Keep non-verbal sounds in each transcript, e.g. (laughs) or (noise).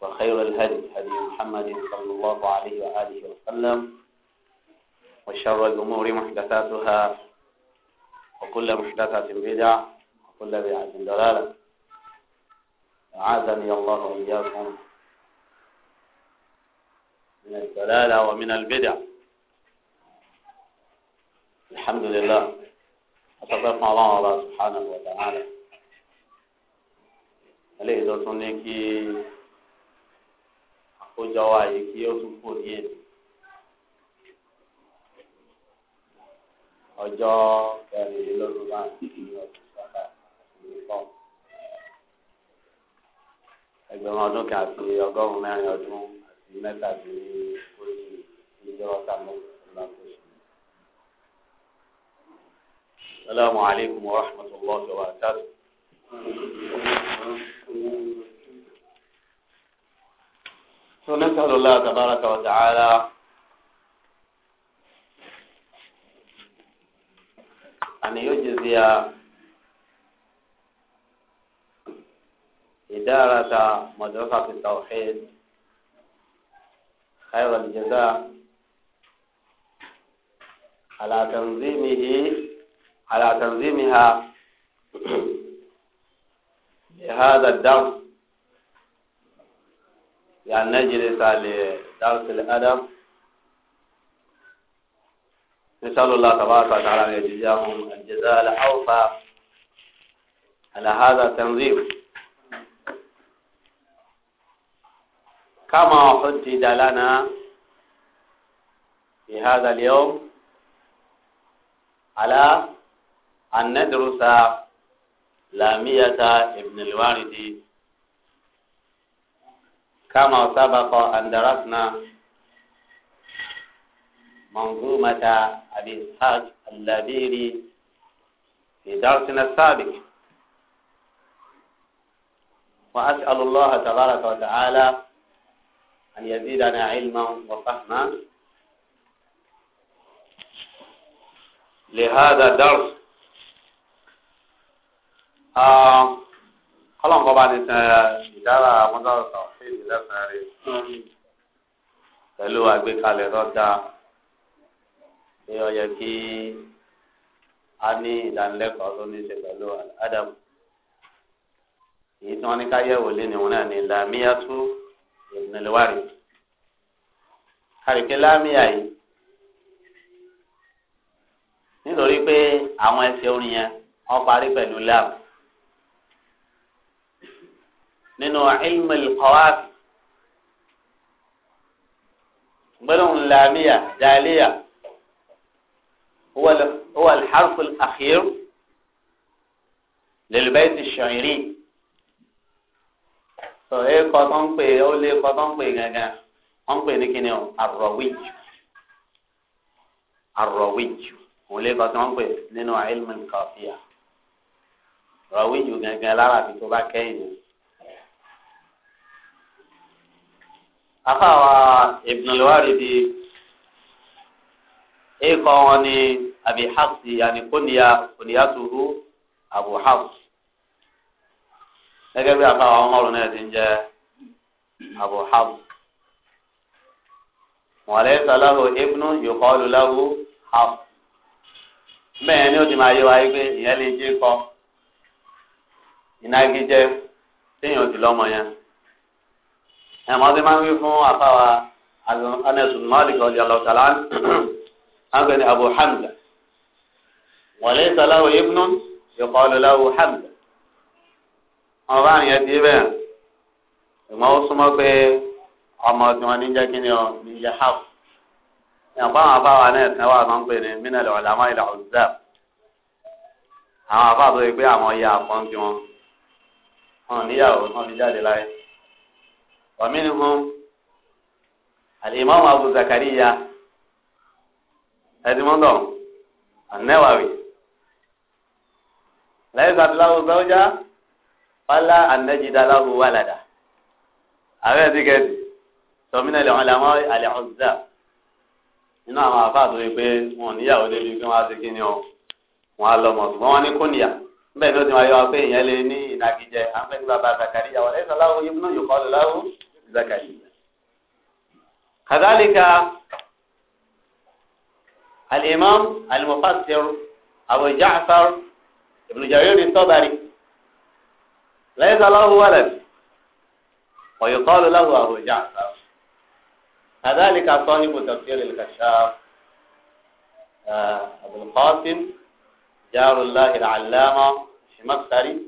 وخير الهدي هدي محمد صلى الله عليه وآله وسلم وشر الأمور محدثاتها وكل محدثة بدعة وكل بدعة ضلالة أعاذني الله وإياكم من الضلالة ومن البدع الحمد لله أتقف الله الله سبحانه وتعالى عليه ذو kó jọ wá yìí kí ó tún kò ní èdè. ọjọ́ kẹrìnlélọ́dún bá ń tì ní ọdún sọ́kà ní fọ́ọ̀m. ẹgbẹ̀rún ọdún kan ọgọ́rùn-ún mẹ́rin ọdún àti mẹ́tàdínlógójì ìjọ ọ̀sánmọ́ ìlàkóso. السلام عليكم ورحمة الله وبركاته. فنسأل الله تبارك وتعالى أن يجزي إدارة مدرسة التوحيد خير الجزاء على تنظيمه على تنظيمها (clears throat) لهذا الدرس يعني نجلس لدرس الأدب نسأل الله تبارك وتعالى أن يجزاهم الجزاء الأوفى على هذا التنظيم كما حدد لنا في هذا اليوم على أن ندرس لامية ابن الواردي كما سبق أن درسنا منظومة أبي إسحاق اللبيري في درسنا السابق وأسأل الله تبارك وتعالى أن يزيدنا علما وفهما لهذا الدرس آه قلم طبعا آه، إدارة مدرسة àṣírí lẹ́sàárẹ̀ pẹ̀lú àgbékalẹ̀ rọ́dà ní ọyẹ kí a ní ìdánilẹ́kọ̀ọ́ tó ní ṣe pẹ̀lú àdàbò èyí tí wọ́n ní ká yẹ̀wò lé nìwọ̀n náà ní làmíyàtú ìmùnẹ̀lẹ́wárì kárìkẹ́ lámìyà yìí nítorí pé àwọn ẹsẹ̀ orin yẹn wọ́n parí pẹ̀lú láàmù. nínú ilmu ìkọ́wáfì gbẹ́rùn làmíyà dàlíyà huwa alḥarfu al-akhir lilbayt ash-sha'iri sọ ẹ kọ́ tó ń pè é ó lé kọ́ tó ń pè é gangan wọ́n ń pè ní kíni o arọ̀wíjù arọ̀wíjù òun lé kọ́ tó ń pè nínú ilmu ìkọ́fíà rọ̀wíjù gangan lára àfi tó bá kẹ́yìn ni. afaawa ibn alwaridi e wọn abi hafsi yani kuniya kuniyatuhu abu hafs gẹ́gẹ́ bí afaawa ọmọrun náà abu hafs walaysa lahu ibnu yuqalu lahu hafs bẹ́ẹ̀ ni ó wa ẹ̀mọ́ ọdún máa ń wí fún àfáwà anẹ́sùn mọ́ọ̀lìkì ọ̀dì ọ̀lọ́tàlá ágbẹ́ni abu hamza wọlé sàláwò ibnu yọkọ̀ ọ̀lọ́láwò hamza ọba àyẹ̀ ti bẹ́ẹ̀ ìmọ̀ ó súnmọ́ pé ọmọ tí wọ́n ní jẹ́ kí ni ọ ní yẹ hàf ẹ̀kọ́ àwọn àfáwà náà kan pè ní mínàlẹ̀ ọ̀làmọ́ ìlà ọ̀zà àwọn àfáà tó yẹ pé àwọn ya àpọ́n tí wọn wọn níyàwó wọn fi jáde láyé. ومنهم الإمام أبو زكريا أدمندون النووي ليس له زوجة فلا أن نجد له ولدا أبي ذكر فمن العلماء العزاب inú àwọn àfáàtò yìí pé wọn níyàwó débi kí wọn á ti kí ni ọ wọn á lọ mọ ṣùgbọ́n wọn ní kúnìyà níbẹ̀ ni ó ti máa yọ pé ìyẹn lè ní ìnagijẹ à ń pè ní bàbá Zakariya wọlé sọláwo yìí náà yòókọ́ lọ́wọ́ زكريا كذلك الإمام المفسر أبو جعفر ابن جرير الطبري ليس له ولد ويقال له أبو جعفر كذلك صاحب تفسير الكشاف آه، أبو القاسم جار الله العلامة الشمسري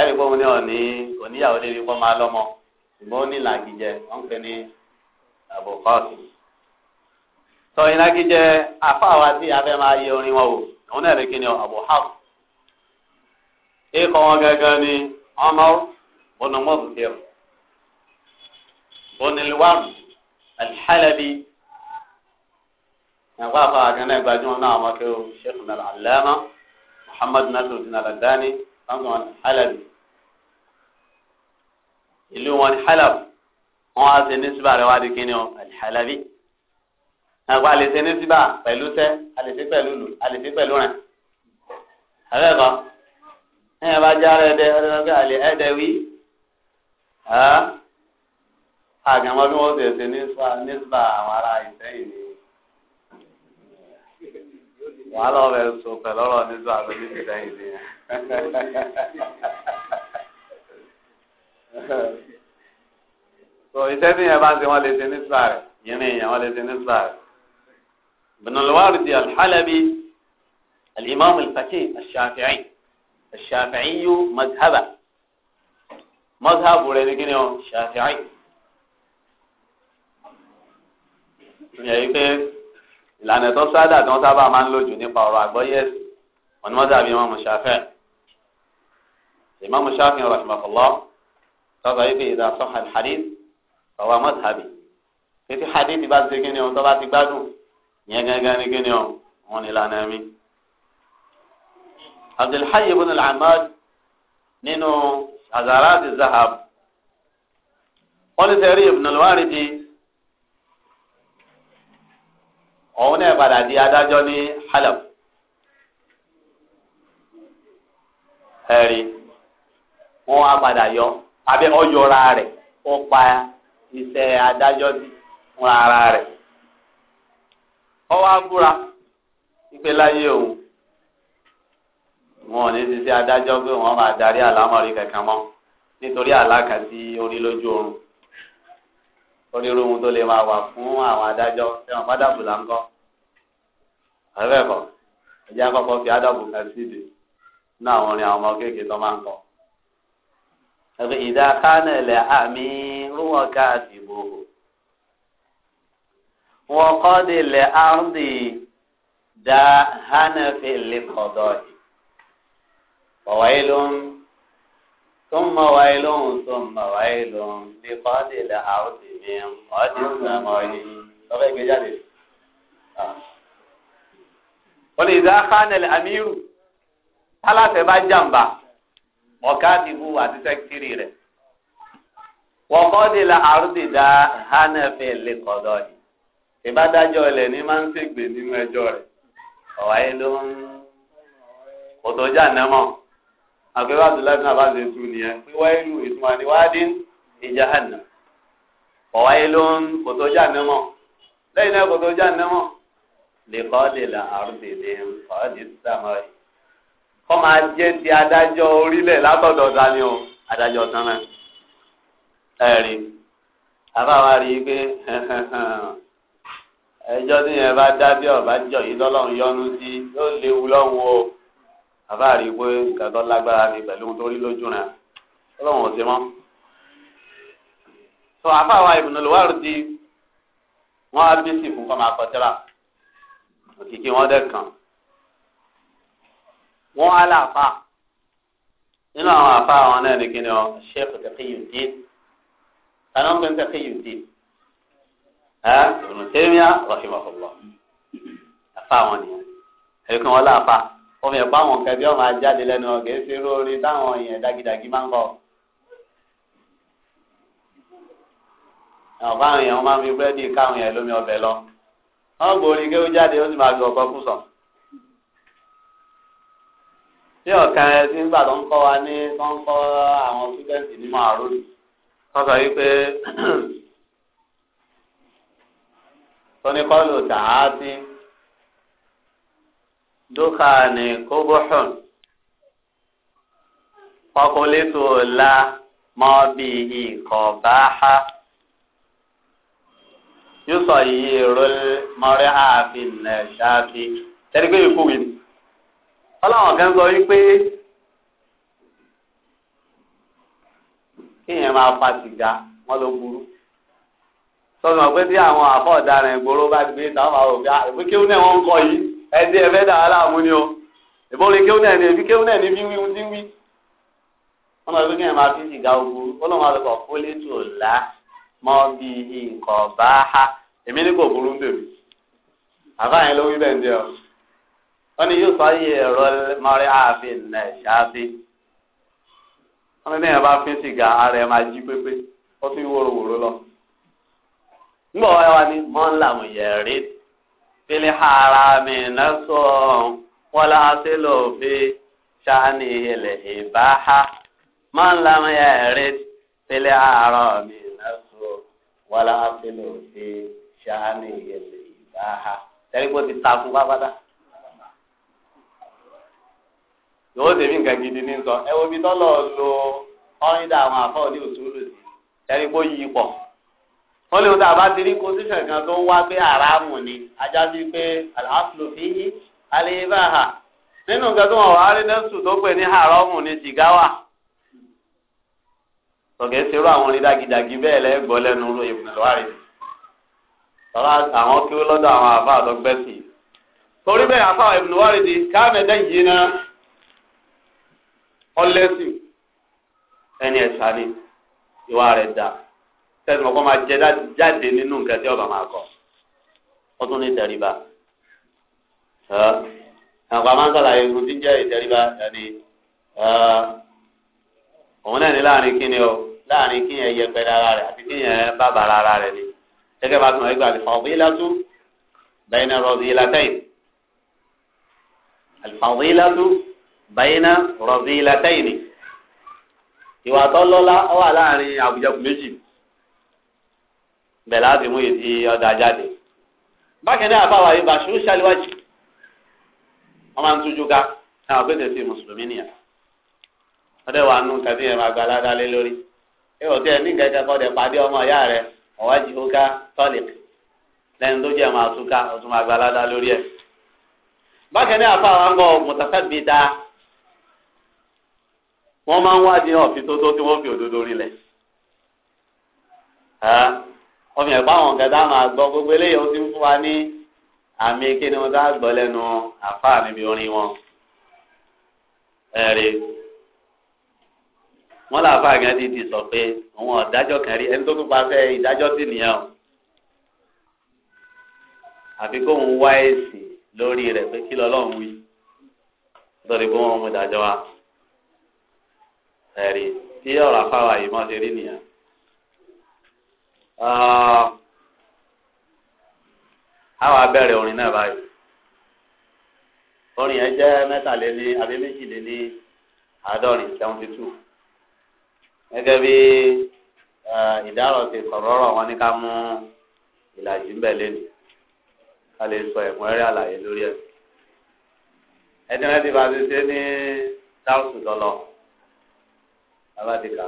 ẹ̀rí pé ni ní ni oníyàwó lè rí kó máa lọ́mọ ṣùgbọ́n ní làgìjẹ wọ́n pè ní àbòkọ́ọ̀sì. sọ ìlàgìjẹ afáwa tí máa yẹ orin wọn wò òun náà lè kí ni àbòháù. ikọ̀ wọn gẹ́gẹ́ ni ọmọ bonumọ́sùkìr bonilwam nàgbà náà nasir wọn alabi ìlú wọn ni halab wọn á ṣe ní síbà rẹ wá di kíni o alihalabi àgbà lè ṣe ní síbà pẹ̀lú sẹ́ àlèṣe pẹ̀lú lù àlèṣe pẹ̀lú rẹ̀ àbẹ́ kan ẹ̀yìn bá já rẹ̀ dẹ ọdún ọgbẹ́ àlè ẹ̀dẹ̀ wí àgbàmọ́ bí wọ́n ṣe ní síbà àwọn ará ìsẹ́yìn ni. وعلى الله يسوق لا لا نزع من الدايز يعني تو اذا يا بعض ما لي تنسى يعني يا ما لي تنسى بن الوارد الحلبي الامام الفقيه الشافعي الشافعي مذهبه مذهب ولا كده شافعي يعني ìlànà tó sáádà tí wọ́n sábà máa ń lò jù nípa ọ̀rọ̀ àgbọ́yé ẹ̀sìn wọn ni wọ́n dàbí Imam Shafi'i Imam Shafi'i rahimahullah tọ́ba yìí fi ìdá sọ́hà hadith ọ̀wà mọ́tàbí títí hadith bá ti ṣe kíni o tọ́ba ti gbádùn ìyẹn gángan ní kíni o wọn ni ìlànà mi. Abdulhayy ibn al-Ammad nínú azara ti zahab wọ́n ti sẹ́rí ibn al òun náà padà di adájọ́ ní Halab ẹ̀rí wọ́n á padà yọ abẹ́ ọ̀yọ́ra rẹ̀ ó pa iṣẹ́ adájọ́ sí fún ara rẹ̀ ọwọ́ abúra ìpè láyé òun wọn ò ní ti ṣe adájọ́ pé wọ́n máa darí àlámọ̀rí kankan mọ́ nítorí àlákàtí orí lójú oorun. onírúurú tó lè máa wà fún àwọn adájọ́ ẹwọn pádàbù là ń kọ àbẹ̀kọ ẹjẹ àkọ́kọ́ fi ádàbù kan síbi ní àwọn orin àwọn ọmọ kéèké tó máa ń kọ. ẹgbẹ́ ìdá kánẹ̀lẹ̀ àmì rúwọ́ káàdì bò wọ́n kọ́ di lẹ̀ áńdì dá hánẹ́fì lè yìí. ọ̀wáyé ló ń. ثم ويل ثم ويل لقد العود من قد السماء طبعا بجد قل إذا كان الأمير هلا تبا جنبا وكاتبه وتسكتري له وقد العرض دا هنا في القضاء ìbádájọ́ ilẹ̀ ní máa ń ṣègbè nínú ẹjọ́ rẹ̀ àgbẹ̀wò abdullahi náà bá ṣe tu nìyẹn pé wáyé lu ìtumọ̀ ni wáyé ìjà hànà ọ̀wáyé ló ń kòtòjà nímọ̀ lẹ́yìn náà kòtòjà nímọ̀ lè kọ́ lè la àrùbè lè kọ́ lè sàmọ́ rẹ̀ kọ́ máa jẹ́ ti adájọ́ orílẹ̀ látọ̀dọ̀ dání o adájọ́ tán ẹ̀rí àbáwá rí i pé (laughs) ẹjọ́ tí yẹn bá dá bí ọ̀bá lọ́lọ́run yọnu sí yóò léwu lọ́hùn o bàbá rí i pé nǹkan tó lágbára ni pẹ̀lú ohun tó rí lójú rẹ̀ ọlọ́run ò sí mọ́. sọ àfàwà Ibnul Wardi wọ́n á bí sí fún kọ́ máa kọ́ tẹ́lá òkìkí wọn dẹ̀ kàn wọ́n á láàfà nínú àwọn àfà àwọn náà ní kíni ọ Sheikh Taqiyuddin tani wọn pè ní Taqiyuddin ẹ Ibn Taymiyyah rahimahullah àfà àwọn nìyẹn ẹ̀yìn kan wọ́n láàfà wọ́n fi àwọn nǹkan bí wọ́n máa jáde lẹ́nu ọ̀gẹ́ táwọn èèyàn dagidagi máa ń kọ́. àwọn fáwọn èèyàn máa ń fi búrẹ́dì káwọn èèyàn lómi ọbẹ̀ lọ. wọ́n gbòòrì kí ó jáde ó sì máa fi ọ̀kọ́ kù sọ. tí ọ̀kan ẹ ti ń gbà tó ń kọ́ wa ní tó ń kọ́ àwọn fúdẹ́ǹtì ní màrún tó sọ wípé tóní kọ́ lò tàá sí dukani kubuhun fakulitu la ma bihi qabaha yusọ yìí rol mọrẹ ààfin nà ṣáfi tẹni pé ikú wí ni ọlọ́wọ́n kan sọ wípé kíyẹn máa fa sìgá wọn ló burú sọdún ọ̀pẹ́ tí àwọn àbọ̀ ọ̀daràn ìgboro bá gbé táwọn àwọn òbí ah, kí ó náà wọ́n kọ yìí. ẹdí ẹfẹ dà ala láàmú ni o ìbọn lè kéwọn náà ẹbí kéwọn náà bí wíwú wí. wọn lọ fi ogun lọ bí nǹkan bá a èmi ní kò burú àbá yẹn ló wí bẹ́ẹ̀ ara ma jí pépé ó wóró wóró lọ. ń bọ̀ wáyé ni fili harami naso wala asilo fi shani hili ibaha man lam yarid fili harami naso wala asilo fi shani hili ibaha tẹ́lẹ̀ kó ti takun pápátá yóò tẹ̀mí nǹkan gidi ní sọ ẹ wo bí tọ́lọ̀ lo ọ́yìn dà àwọn àfọ̀ ní òṣùlù sí tẹ́lẹ̀ kó yí pọ̀. wọ́n lè wọ́n bá ti rí kọ́síṣàn kan tó ń wá pé àràmù ni ajá sí pé àlàáfíò fi yí alẹ́bàá nínú nǹkan tó wọ́n wá rí nẹ́sù tó pè ní àràmù ni sìgá wà. sọ̀gẹ́ ṣerú àwọn onídàgídàgí bẹ́ẹ̀ lẹ́gbọ́ lẹ́nu ìbùnàwárì tọ́lá àwọn kí ó lọ́dọ̀ àwọn àfa àdọ́gbẹ́sì. torí bẹ́ẹ̀ àfa ìbùnàwárì di káàmẹ́dẹ́ yìí ná ọlẹ́sìn ẹni ẹ̀sà ni ìwà rẹ̀ dáa tẹsán kọ́ máa jẹ jáde nínú nǹkan tí ọba máa kọ ó tún ní tẹríba àwọn àmà ń sàlàyé fún tí ń jẹ ìtẹríba ẹni òun náà ní láàrin kíni o láàrin kíni ẹ yẹpẹrẹ ara rẹ àti kíni ẹ bàbàrà ara rẹ ni gẹ́gẹ́ bá tún ẹ gbà alifawilatu bayna rọdìlátẹyìn alifawilatu bayna rọdìlátẹyìn ìwà tó lọ́lá ó wà láàrin àbújá méjì. bẹ̀rẹ̀ láti mú ìdí ọ̀dà jáde. bákan náà àbáwá yìí bàṣú ṣàlíwájú wọ́n máa ń tújú ká àwọn pèsè sí mùsùlùmí nìyẹn. ọdẹ wa nù kàdí lé lórí. ẹ ní kọ́ pàdé ọmọ ìyá rẹ ọ̀wájú lẹ́yìn tó jẹ́ máa túká ọ̀tún lórí ẹ̀. bákan náà ń bọ̀ wọ́n máa ń ọ̀fin tó tó tí wọ́n fi òdodo ọmọ ẹ̀kọ́ àwọn gàdá máa gbọ́ gbogbo eléyìí ó ti ń fún wa ní àmì kí ni wọ́n dá gbọ́ lẹ́nu àfáà níbi orin wọn. ẹ̀rí wọ́n làáfáà gan ti ti sọ pé àwọn ọ̀dájọ́ kan rí ẹni tó tún pa fẹ́ ìdájọ́ sí nìyẹn o. àfi kó òun wá èsì lórí rẹ̀ pé kí lọ́lọ́run wí lórí bí wọ́n mú ìdájọ́ wa. ẹ̀rí tí ọ̀rọ̀ àfáà wà yìí mọ́ ti rí nìyẹn àwọn uh, abẹ́rẹ́ orin náà báyìí orin yẹn jẹ́ mẹ́tàléní àbí méjìléní àádọ́rin seventy two gẹ́gẹ́ bí uh, ìdárọ̀ ti sọ̀rọ̀ ọ̀rọ̀ wọn ní ká mú ìlàjì ń bẹ̀ lẹ́nu ká lè sọ ẹ̀kúnrẹ́rẹ́ àlàyé lórí ẹ̀ ẹni rẹ ti bá ti ṣe ní táùsù dọ́lọ̀ tábàdìkà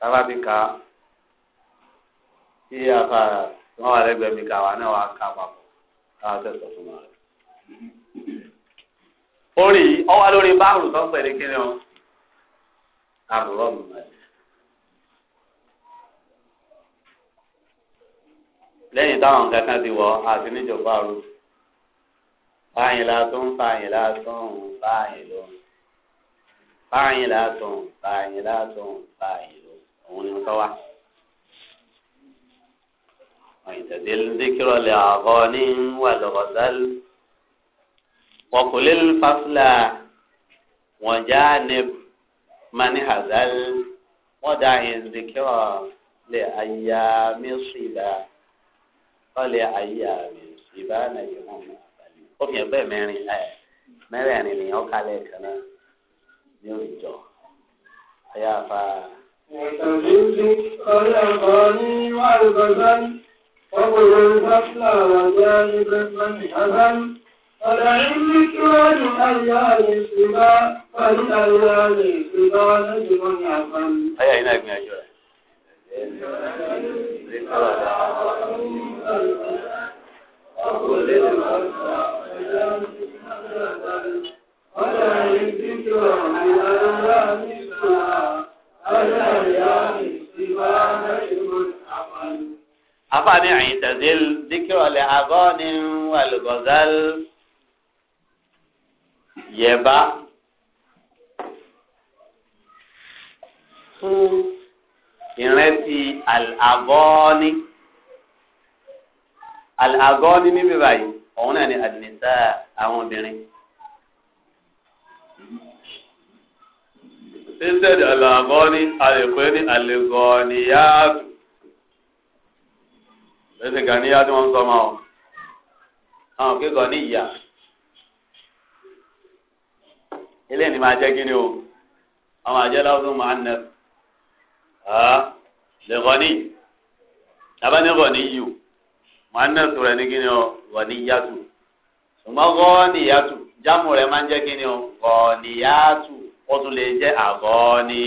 tábàdìkà kí afa wọn wà lẹ́gbẹ̀ẹ́ mi ká wa náà wà ká papọ̀ káwọn tẹsán fún wa. orí ọwọ́ lórí báàrù tó ń pè ní kíni o àbúrò mi mọ̀ lẹ́yìn táwọn kankan ti wọ̀ àti níjọba àrùn fáyìn látún fáyìn látún fáyìn ló fáyìn látún fáyìn látún fáyìn ló òun ni wọ́n tọ́ wa. ويتدل ذكر لأغان والغزل وقل الفصل وجانب من هزل ودع الذكر لأيام الصبا ولأيام الصبا نجم ó fi hàn bẹ́ẹ̀ mẹ́rin ẹ̀ mẹ́rẹ̀ẹ̀rin lèèyàn kálẹ̀ kan náà ní òòjọ́ ọ̀yà àfa. ìtàn líle ọlọ́kọ̀ọ́ ní wàlúùbọ̀sán. وقل البطل وجانب من أذن ولئن ذكران أيام السبا فلأيام السبا نجم يعقل أي أين أجمع جوع وقل البطل وجانب من أذن ولئن ذكران أيام السبا فلأيام afaani ẹyintazil dikirọlẹ agọni walugọzal yẹba fún ìrẹsì alagọni alagọni níbi báyìí òun náà ni àdìnísá àwọn obìnrin. sísèdè alagọni àlèkùn ní alègọni yáàtú ẹsẹ̀ gàníyà tí wọ́n ń sọ ma ọ àwọn kékọ̀ọ́ ní ìyá ilé ni máa jẹ́ kí ni o àwọn àjẹ́ láwùjọ máa ń nẹ lè gọ́ní abáni gọ́ní yìí o máa ń nẹ sọ̀rọ̀ ní kí ni o gọ́ní yàtù ṣùgbọ́n gọ́ní yàtù jámù rẹ̀ máa ń jẹ́ kí ni o gọ́ní yàtù ó tún lè jẹ́ àgọ́ní.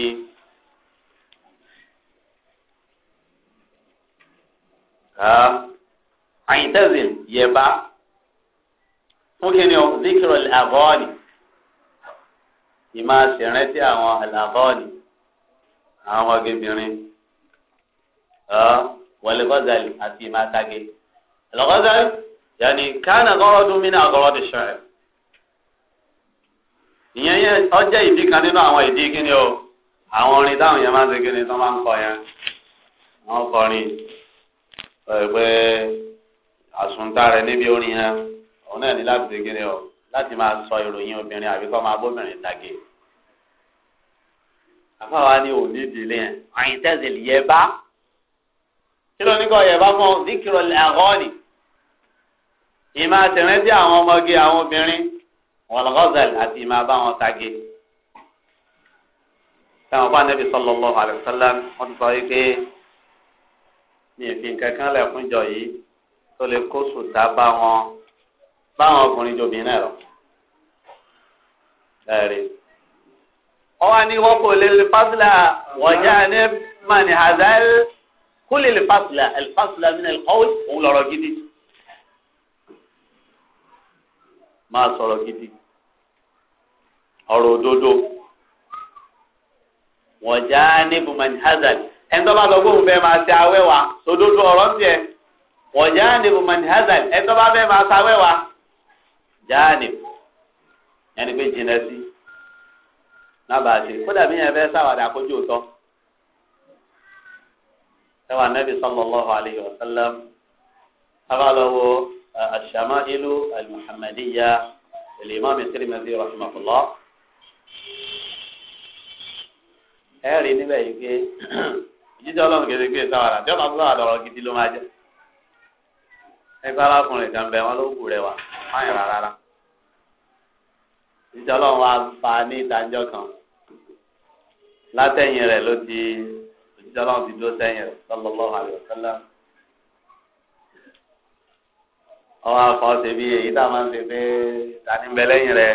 àyìntẹ́sìn yẹ̀bá fún kí ni o zikiro làbọ́ọ̀nì ìmáa ṣèrántí àwọn làbọ́ọ̀nì àwọn ọmọgébìnrin wọlé gọ́zàlì àti ìmáa kágé lọ́gọ́zàlì yàní kánà gọ́rọ́dún mí ní àgọ́rọ́dún ṣẹ̀rẹ̀ ìyẹn yẹn ọjẹ́ ìdí kan nínú àwọn ìdí kí ni o àwọn orin táwọn yẹn máa ń ṣe kí ni tó máa ń kọ yẹn wọ́n kọrin ẹgbẹ́ àsùntàrẹ níbi orin yẹn òun náà ní láti ṣe kéde ọ láti máa sọ ìròyìn obìnrin àbí kọ́ máa bóbìnrin dàgé àfáwa ni ò ní ìdílé yẹn àyìn tẹ́sí yẹ bá kí ló ní kọ́ yẹ bá fún zikiro lẹ́họ́ọ̀nì ìmọ̀ àtẹ̀rẹ́dí àwọn ọmọge àwọn obìnrin wọlọ́gọ́zẹ̀lì àti ìmọ̀ àbá wọn tagé táwọn bá nẹ́bí sallallahu alaihi wọ́n ti sọ yìí ní ìfín kankan lẹ́kún jọ yìí tó lè kó sùtá bá wọn báwọn ọkùnrin jòbìnrin ẹ̀rọ. Ẹ̀rí. Wọ́n wá ní wọ́pọ̀ lè lè fásilà wọ̀já ní Mani Hazel kó lè lè fásilà ẹ̀lfásilà mi nìkan òun lọ̀rọ̀ gidi. Máa sọ̀rọ̀ gidi. Ọ̀rọ̀ òdodo. Wọ̀já ní Mani Hazel ẹni tó bá lọ gbóhùn bẹ́ẹ̀ máa ṣe awẹ́wà òdodo ọ̀rọ̀ ń tiẹ̀ wọ́n jáde bò mọ̀nì hazard ẹni tó bá bẹ́ẹ̀ máa ṣe awẹ́wà jáde ẹni pé jìnnà sí nábàáṣe kódà bí yẹn fẹ́ sáwàdà àkójú òtọ́ ẹwà nẹ́bí sallallahu alayhi wa sallam abalọ́wọ́ ash-shama'ilu al-muhammadiyya al-imam at-Tirmidhi níbẹ̀ yìí pé (clears throat) ìjíjẹ́ ọlọ́run kìí gbé sáwàrà tí ọmọ àbúrò àdọ̀rọ̀ gidi ló máa jẹ́ ẹgbẹ́ arákùnrin kan bẹ̀ wọ́n ló kù rẹwà máyìn rárá ìjíjẹ́ ọlọ́run wa bá ní ìdájọ́ kan látẹ̀yìn rẹ̀ ló ti ìjíjẹ́ ọlọ́run ti dúró sẹ́yìn rẹ̀ sallallahu alaihi wasallam ọwọ́ afọ́ ṣe bí èyí tá a máa ń ṣe pé tani bẹ lẹ́yìn rẹ̀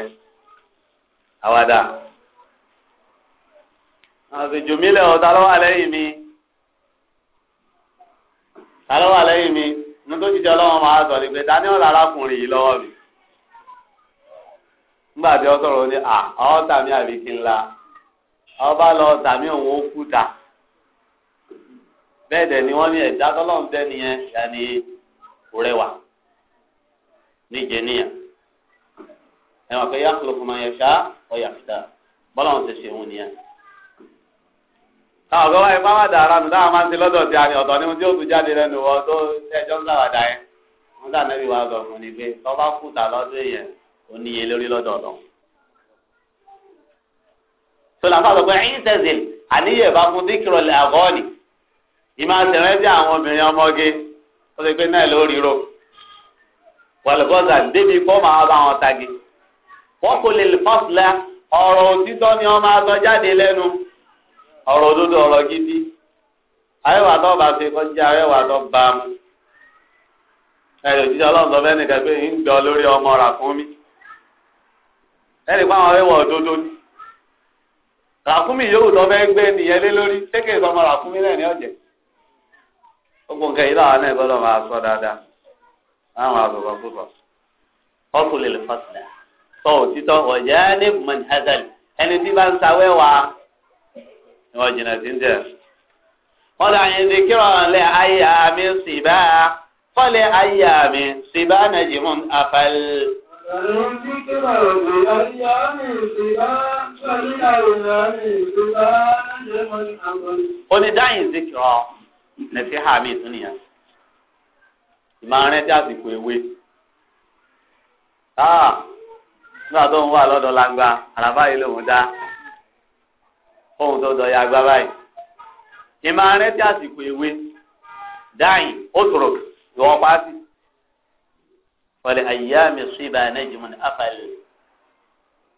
àwàdà àwọn àṣejò mílẹ̀ ọ̀tá lọ́wọ́ àlẹ́yìn mi. tàló wà lẹ́yìn mi ní tó jíjẹ ọlọ́wọ́n máa sọ ni pé daniel arákùnrin yìí lọ́wọ́ mi nígbà tí ó sọ̀rọ̀ ní à ọ́ tàmí àbí ọba lọ tàmí òun ó kú ta bẹ́ẹ̀ dẹ̀ ni wọ́n ní ẹ̀dá tọ́lọ́run ẹ̀wọ̀n pé yẹn ṣá ọ̀yà fìdá bọ́lá wọn ti ṣe òun táwọn ah, ọ̀gá wáyé pàmàdà ara nù táwọn máa ń ṣe lọ́dọ̀ tí a ní ọ̀tọ̀ ní ohun tí ó tún jáde lẹ́nu wọ tó ẹjọ́ ń sàwádà yẹn wọn dà nẹ́bí wa sọ fún ni pé tọ́ba kùtà lọ́dún èèyàn ó níye lórí lọ́dọ̀ ọ̀dọ̀. sọlá fàtọ̀ pé ẹ̀yin tẹ̀sìn àníyẹ̀ bá fún díkìrọ̀ àgọ́ọ̀nì ìmọ̀ àtẹ̀rẹ́sì àwọn obìnrin ọmọge ó ti pé náà lórí rò wàlúbọ́sà ọ̀rọ̀ òdodo ọ̀rọ̀ gidi ayéwà tó bá bẹ́ẹ̀ ọmọ rà fún mi ẹnì pa àwọn òdodo ni gbé nìyẹn lé lórí náà ní ọ̀jẹ̀ gbogbo nǹkan yìí láwọn náà gbọ́dọ̀ máa sọ dáadáa láwọn púpọ̀ ọkùnrin lè fọ́sílẹ̀ sọ òtítọ́ ọ̀jẹ̀ ẹni tí bá ni wọ́n jìnnà sí ń jẹ́ wọ́n lè àyìn ní kírọ̀ lẹ́ ayé àmì síbá kọ́lé ayé àmì síbá nàìjíríà mú àfàl. onídáyìn zikirọ̀ lẹ́sí hàmì ìtúnìyàn ìmọ̀ràn tí àsìkò ewé nígbà tó ń wà lọ́dọ̀ langba àlàbáyé lòún dá ohun tó dọ̀ ya agbá báyìí ìmọ̀ arẹ́ tí àsìkò ewé dáhìn ó tòrò ìwọ́n pa á sí. wọlé àyè àmì sí ibà ẹnẹ́jìmọ̀ ní àfàlẹ́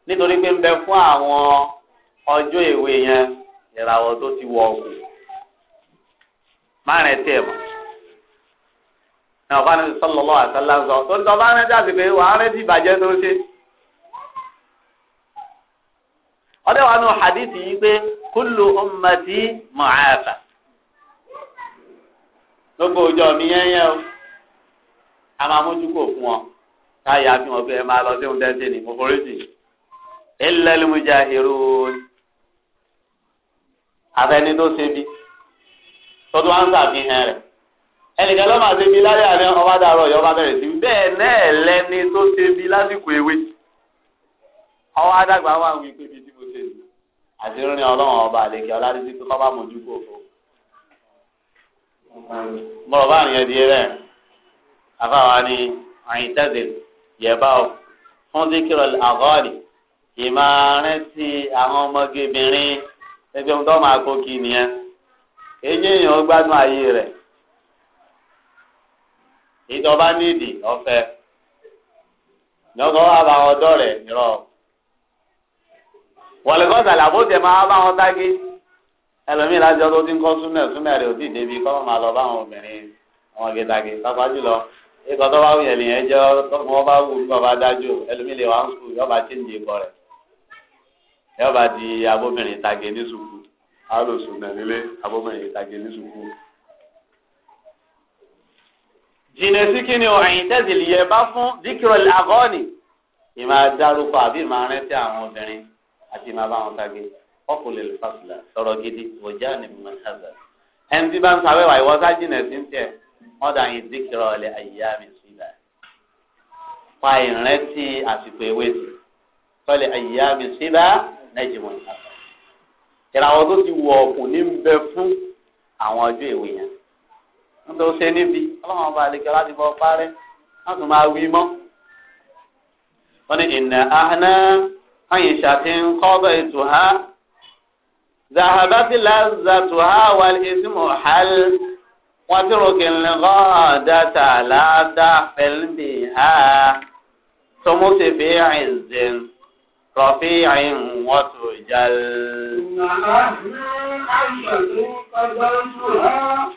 nítorí pé ń bẹ fún àwọn ọjọ́ ewé yẹn ìràwọ̀ tó ti wọ ọkù má rẹ̀ tẹ̀ mọ́ ní ọ̀fà ní sọ́lọ́lọ́ àtàlà ń sọ tó ń sọ bá rẹ̀ jáde pé wàá rẹ̀ ti bàjẹ́ tó ṣe. wá nù hadith yìí pé kullu ummati mu'afa gbogbo ọjọ́ mi yẹn yẹn o a máa mójú kò fún ọ káyà fi hàn pé máa lọ sí ohun ni mo forí sí illa tó ṣe bí wá ń rẹ̀ ẹnìkan ló máa ṣe bí àná ọba bẹ̀rẹ̀ sí bẹ́ẹ̀ náà tó ṣe bí lásìkò àti rìn ọlọ́run ọba àlekè ọlárìsí pé kọ́ bá mojú kò fò. bọ́lọ̀ bá àrùn yẹn di rẹ̀ afáwa ni àyìn tẹ́síl yẹ̀bá o fún síkírọ̀ àgọ́ọ̀lì ìmọ̀-arántí àwọn ọmọgébìnrin ẹgbẹ́ ohun tó máa kó kí nìyẹn èyí èèyàn gbádùn ayé rẹ̀ ìjọba nídìí ọ̀fẹ́ lọ́kọ̀ wà bá ọdọ́ rẹ̀ nírọ̀ wọ̀lẹ́kọ́ sàlàbó tẹ̀ máa bá wọn tágé ẹlòmíì lájọ tó ti ń kọ́ súnmẹ̀ súnmẹ̀ rẹ̀ ò tí ì débi kọ́ máa lọ báwọn obìnrin wọn gé tágé pápá jùlọ ikọ̀ tó bá wù yẹn lèyẹn jọ tọ́kùn wọn bá wù bàbá dájú ẹlòmíì lè wá ń sùn yọba tí ń di ikọ̀ rẹ̀ yọba di abóbìnrin tágé ní sùkú alòsùn nàlélé abóbìnrin tágé ní sùkú jìnnà sí kí ni ọ̀rìn tẹ́sílì yẹn bá fún díkìrọ̀lì àgọ́ọ̀nì ìmáa àti máa bá wọn kági ọkùnrin lè fásilà sọ̀rọ̀ gidi wòjá ni mo máa ń hàzà. ẹni tí bá ń sàwé wà ìwọ́sá jìnà sí ń tẹ̀ wọ́n dà yín díkìrọ̀ ọ̀lẹ̀ àyíyá mi sí ibà. fa ìrántí àsìkò ewé sí sọ̀lẹ̀ àyíyá mi sí lẹ́jì mo ń ìràwọ̀ tó ti wọ̀ ọ̀kùn ní bẹ fún àwọn ọjọ́ ìwé yẹn. nítorí ṣe níbi ọlọ́run ọba àlekẹ́ láti bọ́ parẹ́ wọ́n tún máa wí mọ́. wọ́n ní ìnà àhánà عيشة قضيتها ذهبت لذتها والإثم حل واترك الغادة لا تحفل بها تمت في عز رفيع وتجل ذهبت لذتها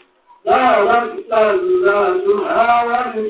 والإثم حل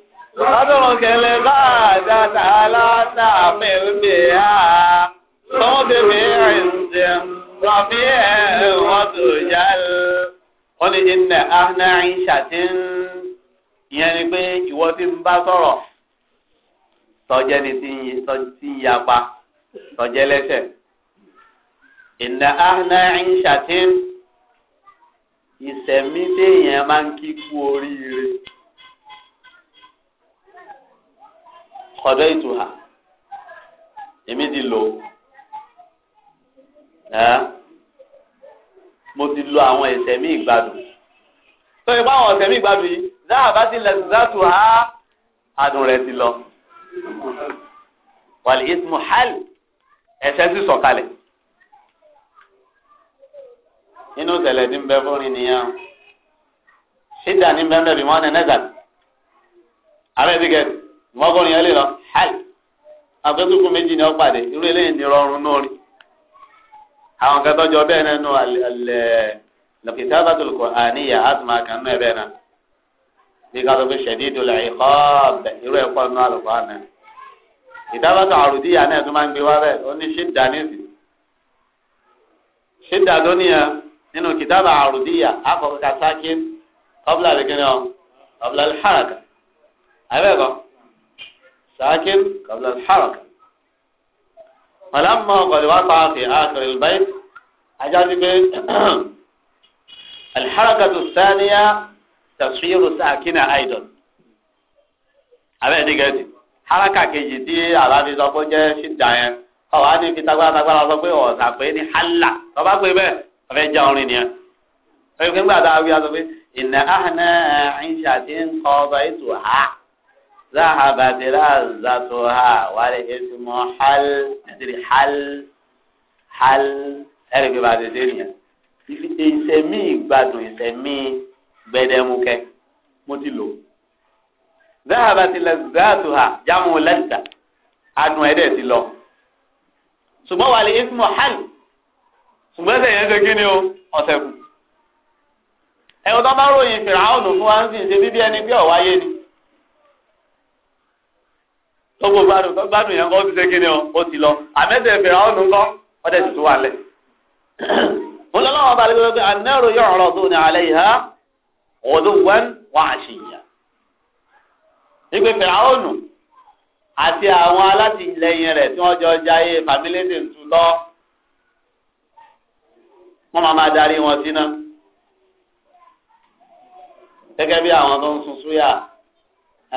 Lọ́dún kẹlẹ̀ bá àdáta aláta àfẹ́wé ha. Sọ́dún bèbè ẹ̀ǹdẹ̀ rọ̀bí ẹ̀ wọ́n tó yá lọ. Wọ́n ní ilẹ̀ ahná ìṣà ti ń ìyẹn ni pé ìwọ ti ń bá sọ̀rọ̀. Tọ́jẹ́ ni ti ń yapa. Tọ́jẹ́ lẹ́sẹ̀. Ilẹ̀ ahná ìṣà ń ìsẹ̀mí téèyàn máa ń kí kú oríire. kọdọ ìtura èmi ti lò ẹ mo ti lo àwọn ẹsẹ mi ìgbádùn tó ipa àwọn ọsẹ mi ìgbádùn yìí náà bá ti lẹ zàtù ha adùn rẹ ti lọ wàlẹ ismu hali ẹsẹ ti sọ̀kalẹ̀ inú tẹ́lẹ̀ ti ń bẹ fún ènìyàn ṣídà ní bẹ́ẹ̀ bí wọ́n ní nẹ́gàdì ààrẹ ti gẹ̀ẹ́dì ìmọ̀kùnrin yẹn lè lọ hàì àpẹtùkù méjì ni ó pàdé irú eléyìí ni rọrùn náà rí àwọn kan tọjọ bẹ́ẹ̀ náà nù alẹ lọkìtà bàtùlù kọ àníyà àtùmá kan náà bẹ́ẹ̀ náà bí ká ló fi ṣẹdí ìdòlà ìkọ ọbẹ irú ẹ pọ nù àlùkò àná ìdábàtà àrùdíyà náà tó máa ń gbé wá bẹ́ẹ̀ ó ní ṣídà nísì ṣídà lónìyàn nínú kìtàbà àrùdíyà àkọ́kọ́ kàtàkì ọbúlà lẹkẹrẹ ọ ọbúlà lẹhàràkà àbẹ́ẹ̀kọ́. ساكن قبل الحركة فلما قد وطع في آخر البيت أجاز بيت (clears throat) الحركة الثانية تصفير ساكنة أيضا أبعد قلت حركة كي جيتي على في زفوجة شدعي أو أني في تقوى تقوى زفوجة وزفويني حلا فبقوي به أبعد جاوليني فيمكن بعد أبعد إن أهنا عيشة قضيتها ذهبت لذتها والاسم حل ادري حل حل ẹrìbí bá ti dé nìyẹn ìsẹ̀mí ìgbádùn ìsẹ̀mí gbẹdẹmukẹ mo ti lò ذهبت لذتها jámu lẹ́tà adùn ẹ̀dẹ̀ ti lọ ṣùgbọ́n والاسم حل ṣùgbọ́n ẹsẹ̀ yẹn ṣe kí ni o ọ̀sẹ̀ kù ẹ̀wọ̀n tó bá ròyìn fìràwọ̀n fún wa ń sìn ṣe bíbí ẹni bí ọ̀wáyé ni tọ́gbọ́n gbádùn tó gbádùn yẹn kọ́ ti ṣe kíni o ó ti lọ àmẹ́tẹ̀ fèrè àwọn nǹkan ọdẹ ti tó wà lẹ̀. wọn lọ́wọ́ balẹ̀ gbogbo pé anẹ́rù yóò ọ̀rọ̀ tó ní alẹ́ yìí ha ọdún wọn wà á ṣe yìí. ìpè fèrè àwọn nù àti àwọn alátìlẹyìn rẹ̀ tí wọ́n jọ jayé fàmílẹ́tì ntutọ́ wọ́n máa máa darí wọn sínú gẹ́gẹ́ bí àwọn tó ń sun súyà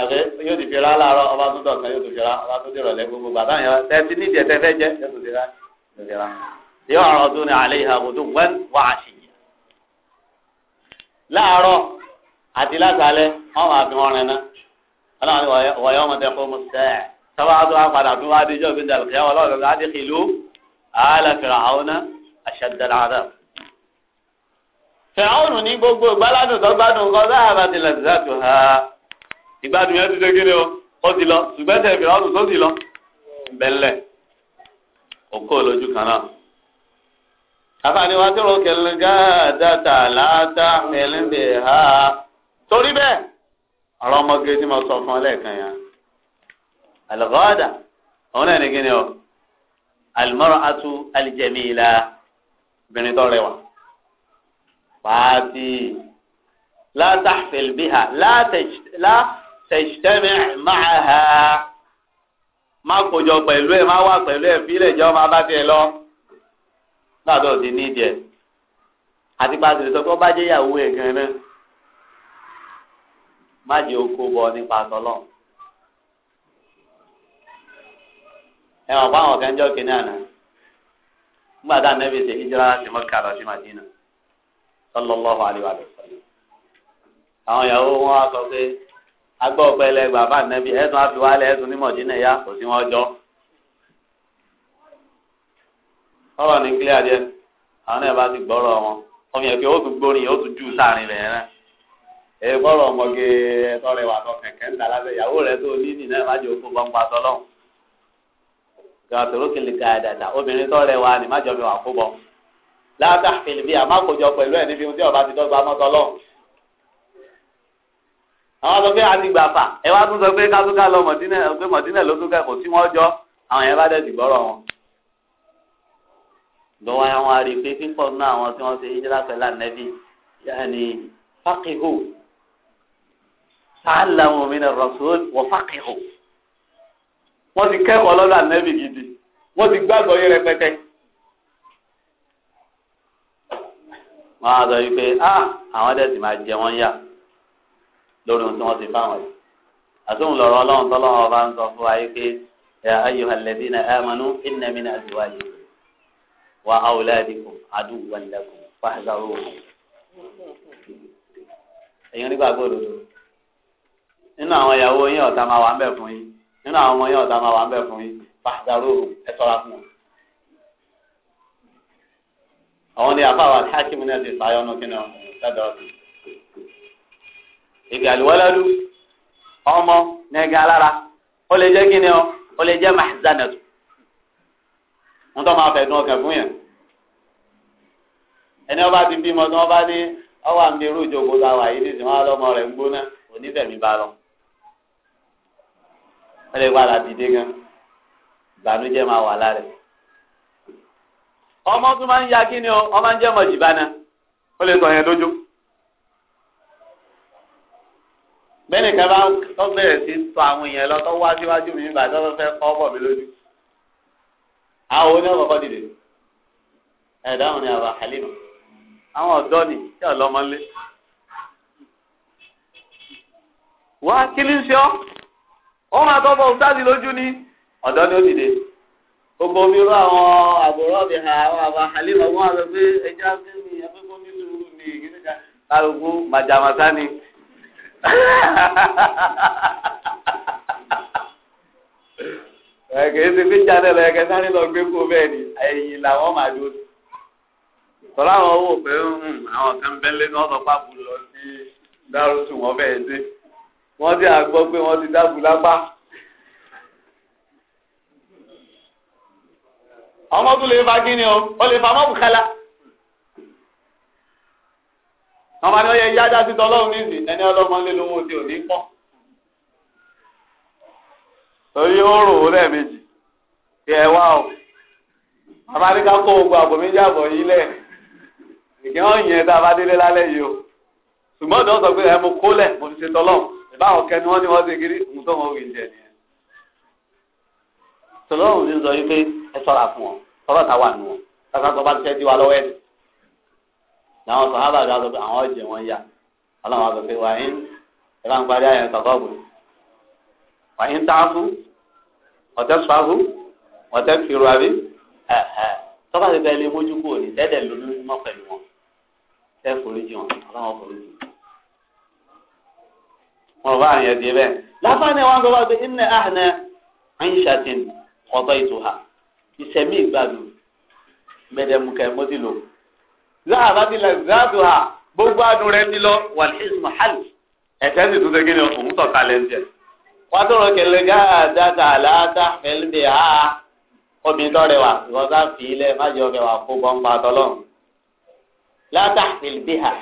àbẹ yóò ti fi ra láàárọ̀ ọba tó dọ̀tàn yóò ti fi ra ọba tó dìrọ̀ lẹ́ gbogbo bàbá yẹn tẹ́tí nídìí ẹ̀ tẹ́fẹ́ jẹ́ yóò ti ra yóò ti ra. yóò ọ̀rọ̀ tó ní alẹ́ ìhà kò tó wẹ́n wá àṣìyẹ. láàárọ̀ àti látàlẹ́ wọ́n máa fi wọn rìn ná ọlọ́run wọ̀nyí ọmọ tẹ fún mùsẹ̀ sábà tó wá padà tó wá dé ìjọ ìbíjà lùkẹ́ ọlọ́run ló dé ìgbádùn yẹn ti dé kíni o ó ti lọ ṣùgbọ́n tẹ̀ fìlà ọ̀dùn tó ti lọ bẹ́lẹ̀ òkú lójú kan náà. àfààní wa tẹ̀rọ kẹlẹ́gà dàtà láàtà mẹ́lẹ́bẹ̀ ha torí bẹ́ẹ̀ ọ̀rọ̀ ọmọge tí mo sọ fún ọ lẹ́ẹ̀kan yẹn alùpàdà òun náà ní kíni o alimọ́rọ̀ atu alijẹ́mìlá obìnrin tó rẹwà pàtì látàfẹ̀lbíhà látàjì tẹ̀sítẹ́mẹ̀ máa ha má kojọ pẹ̀lú ẹ̀ má wà pẹ̀lú ẹ̀ fílẹ̀ jọ ma bá tiẹ̀ lọ gbàdọ̀ ti ní ìdíẹ̀ àti pàṣẹ sọ bá jẹ́ ìyàwó gan na má oko nípa tọ́lọ̀ kan Madina sallallahu alaihi wa sallam agbọ́ ọ̀pẹ̀lẹ̀ bàbá nẹ́bí ẹ̀sùn àfiwálẹ̀ ẹ̀sùn ní mọ̀dínà ya kò sí wọn jọ. ọ̀rọ̀ ní kílíà díẹ̀ àwọn náà ti gbọ́rọ̀ wọn ọmọ yẹn pé ó tún ó tún jù sáàrin rẹ̀ rẹ̀. gbọ́rọ̀ ẹ̀tọ́ rẹ̀ wà kẹ̀kẹ́ ìyàwó rẹ̀ tó ní àwọn sọ pé àdìgbàfà ẹ wá tún sọ pé kásúkà lọ mọ̀dínà pé mọ̀dínà ló tún kẹ́kọ̀ọ́ tí wọ́n jọ àwọn yẹn bá dẹ̀ dìgbọ́rọ̀ wọn. lọ́wọ́ yẹn wọ́n á rí i pé pípọ̀ nínú àwọn tí wọ́n ṣe hijira pẹ̀lú ànẹ́bí yàní fákìhù ta'allamu min ar-rasul wa fákìhù. wọ́n ti kẹ́kọ̀ọ́ lọ́dọ̀ ànẹ́bí gidi wọ́n ti gbàgbọ́ yẹn rẹpẹtẹ. wọ́n á sọ ah àwọn dẹ̀ sì máa jẹ lórí ohun tí wọ́n ti fáwọn yìí àtúntò lọ́rọ̀ ọlọ́run tọ́lọ́run ọba ń sọ fún mi yìí pé ya wa awladikum aduwwan lakum fahdharuhum. èyí nígbà gbọ́dọ̀ nínú àwọn ìyàwó yín ọ̀tá máa wà ń bẹ̀ fún yín nínú àwọn ọmọ yín ọ̀tá máa wà ń bẹ̀ fún yín ẹ fún wọn. àwọn ni náà ti kí ìgbà àlùwọ́lọ́dù ọmọ nẹ́gẹ́ alára ó lè jẹ́ kí ni ọ ó lè jẹ́ mahzanatu wọ́n tó máa fẹ̀dùn ọkàn fún yẹn ẹni ọba ti bímọ tí wọ́n bá ní ọwọ́ àmì irú ìjókòó ta wà yìí ní ìsìn wọn lọ́mọ rẹ̀ ń gbóná onífẹ̀mí bá lọ ó lè padà dìde gan ìbànújẹ́ máa wà lára ọmọ tún máa ń ya kí ni ọ ọmọ ń jẹ́ mọ̀jìbá náà ó lè sọ yẹn lójú. bẹ́ẹ̀ni kan bá tó bẹ̀rẹ̀ sí tọ àwọn èèyàn lọ tó wá síwájú mi nígbà tó fẹ́ kọ́ bọ̀ mí lójú àwọn oní ọkọ̀ọ̀kọ̀ dìde ẹ̀dáhùn ni àbá Halima àwọn ọ̀dọ́ ni tí ọlọ́mọ lé wá kí ni ṣe ọ́ ó máa tọ́ bọ̀ ọ̀sáàdì lójú ni ọ̀dọ́ ni ó dìde gbogbo omi rú àwọn àbúrò ọ̀bì ha àwọn àbá Halima wọ́n á sọ pé ẹja fẹ́ mi ẹgbẹ́ mi ni ká ẹ̀kẹ́ ṣe fi jáde lọ ẹ̀kẹ́ sáré lọ gbé kó bẹ́ẹ̀ ni ẹ̀yìn làwọn máa dúró sí. tọ́lá àwọn wò pé hmm, àwọn kan bẹ́lẹ́ ní wọ́n sọ lọ sí dárúsù wọn bẹ́ẹ̀ dé wọ́n ti àgbọ́ pé wọ́n ti dábù lápá. ọmọ tún lè fa kí ni o ó lè fa mọ́bùkálá ọmọ ni ó yẹ yájá sí tọ́lọ́run nísìn ẹni ọlọ́mọ lé lówó tí ò ní pọ̀ torí ó rò ó lẹ́ẹ̀mejì kí ẹ wá o bàbá ní ká kó gbogbo àbò méjì àbọ̀ yìí lẹ̀ ìkẹ́ wọn yẹn tá a bá délé lálẹ́ yìí o ṣùgbọ́n ọ̀dọ́ sọ pé ẹ mo kó lẹ̀ mo fi ṣe tọ́lọ́run ìbáwọn kẹni wọ́n ní wọ́n ṣe kiri ohun tó wọn ò rìn jẹ nìyẹn tọ́lọ́run ti sọ yìí pé ẹ sọ́ra fún ọ sọ́rọ̀ ta wà nù ọ tàbí àgbà bá ti ṣẹ́ di wa lọ́wọ́ ẹ̀ làwọn sọ̀hábà rẹ̀ sọ pé àwọn ọ̀jẹ̀ wọn yà ọlọ́run sọ pé wàá ń ẹ̀ka ń parí àyẹ̀kọ̀ kọ́ọ̀bù wàá ń tààfù ọ̀tẹ́ sọ́àfù ọ̀tẹ́ fìrù àbí tọ́ba ti bẹ́ẹ̀ lé mójú kúrò ní tẹ́tẹ̀ lónìí mọ́ pẹ̀lú wọn tẹ́ foríjì wọn ọlọ́run foríjì wọn bá àyẹ̀ dé bẹ́ẹ̀ láfáàní wọn gbọ́ pé ìnà àhànà àyíṣàtìn ọ̀tọ̀ ìtòhà ìṣẹ̀mí ìgbàdùn mẹ́dẹ̀mùkẹ́ mọ́tìlógún záàbá ti lẹ záàbù ha gbogbo adùn rẹ ti lọ wàlísìmọ hàlì ẹsẹ ti tún segin ní òun tọ kalẹ ń jẹ wàtúrò kẹlẹ gáàdá tààlàtà fẹlẹmì ha obìnrin tó rẹwà ìwọsá fìlẹ májè ọbẹ wà fún bọmpa tọlọ látà fìlẹmì ha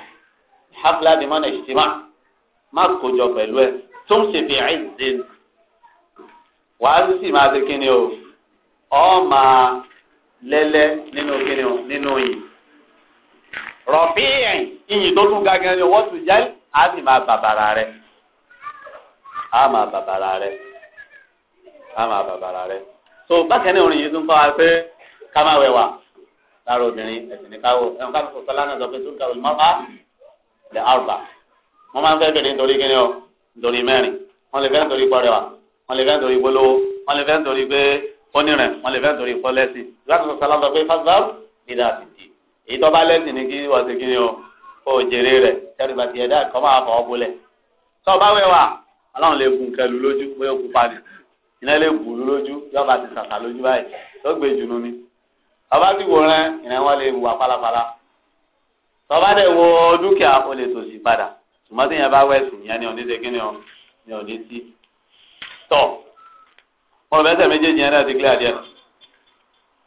hafla bímọ náà ìṣìmá má kojọ pẹ̀lú ẹ tó ń ṣe fi ẹ̀zẹ̀ wàá sì máa ṣe kíni o ọ máa lẹ́lẹ́ nínú kíni o nínú yìí rọ̀bíyàn iyì tó tún ga gan ni wọ́n tún jẹ́ á sì máa bàbàrà rẹ̀ á máa bàbàrà rẹ̀ á máa bàbàrà rẹ̀. so bákan náà orin yìí tún kọ́ wa pé ká máa wẹ̀wà lára obìnrin ẹ̀sìn ní káwọ́ ẹ̀hún káfíńkò sọlá náà sọ pé tún kàwé mọ́fà lè àrùbà wọ́n máa ń fẹ́ bẹ̀rẹ̀ nítorí kíni o nítorí mẹ́rin wọ́n lè fẹ́ nítorí pọ́rẹ́wà wọ́n lè fẹ́ nítorí polówó wọ́n lè fẹ́ nítorí pé kọ́nìrẹ̀ wọ́n lè fẹ́ nítorí pọ́lẹ́sì ìgbà sọ sọlá sọ pé fásitì èyí tó bá lẹ́sìn ní kí wọ́n ti kíni o kó jèrè rẹ̀ kẹ́rù bàtì ẹ̀dá kọ́ máa fọ́ bọ́lẹ̀ tó bá wẹ̀ wà aláwọn lè bu nkẹlù lójú bóyá òkú pa ni iná lè bu lójú yóò bá ti sàkà lójú báyìí tó gbé jùnú ni tọ́ba ti wò rẹ ìrìn wọn lè wà pálapàla tọ́ba dẹ̀ wo dúkìá o lè tòṣì padà ṣùgbọ́n tí yẹn bá wẹ̀sìn yẹn ni òní ṣe kíni o ni òní sí tọ́ wọn bẹ́sẹ̀ méjèèjì yẹn náà ti kílẹ̀ àdìẹ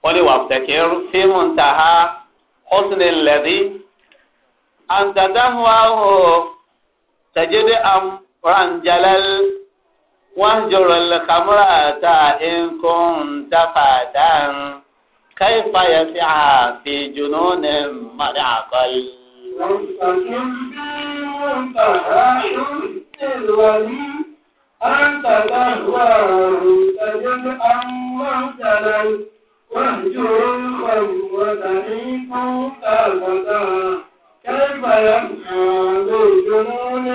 wọ́n lè wà tẹ̀kẹ́ fíìmù ń ta ha. حسن الذي أنت تهواه تجد أمرا جلل واهجر الخمرة إن كنت فاتا كيف يسعى في جنون من عقل أنت تهواه تجد أمرا جلل واهجرهم مروة إن كنت فتى كيف يسعى بجنون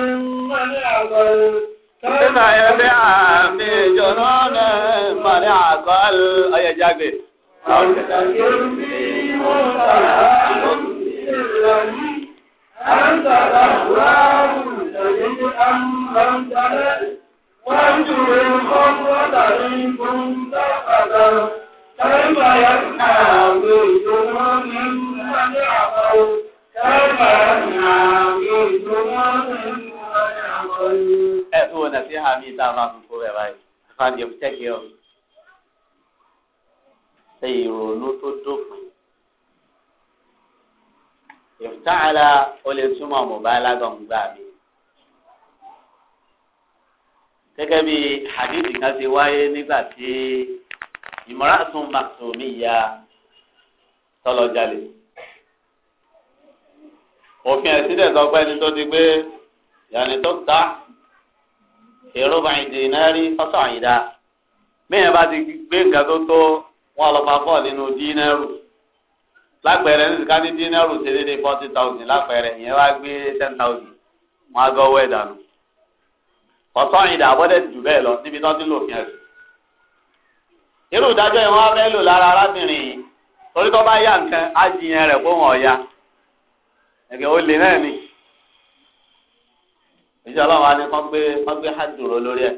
ولعقل كيف يسعى بجنون ولعقل أي جاكي فارتكب في مرتاح سرا أنت الأهوال تجد أم لم تلد وانجر الخطوة إن كنت فتى كيف يصنع بيتم من يعقل كيف يصنع بيتم من يعقل ẹ̀fún wọn àti hàmí tá a máa fi kó rẹ̀ báyìí fàdí ọ̀tẹ́kì ọ̀ ṣe ìrònú tó dófin ìfúntàlá o lè gẹ́gẹ́ bí hadithi kan ti wáyé nígbà tí imra'atun maksumiyya tọ́lọ́jalè òfin ẹ̀sìn dẹ̀ sọ pé ẹni tó ti gbé yàní tó ta èrò báyìí dìnnárì fọ́sọ̀ àyídá bẹ́ẹ̀ bá ti gbé nǹkan tó tó wọn lọ máa bọ̀ nínú dínẹ́rù lápẹẹrẹ ní sìkà ní dínẹ́rù ṣe déédéé forty thousand lápẹẹrẹ ìyẹn wá gbé ten thousand wọn á gbọ́ owó ẹ̀dánù ọ̀tọ́ àyìndà àbọ̀dẹ̀ jù bẹ́ẹ̀ lọ níbi tó ti lò fi ẹ̀sìn irú ìdájọ́ yẹn wọ́n á fẹ́ lò lára arábìnrin yìí torí tó bá yá nǹkan á jiyàn rẹ̀ fóun ọ̀ya ẹ̀gẹ́ ó lè náà ni ìjọ ọlọ́run wa ni kán gbé kán gbé hádùrọ̀ lórí ẹ̀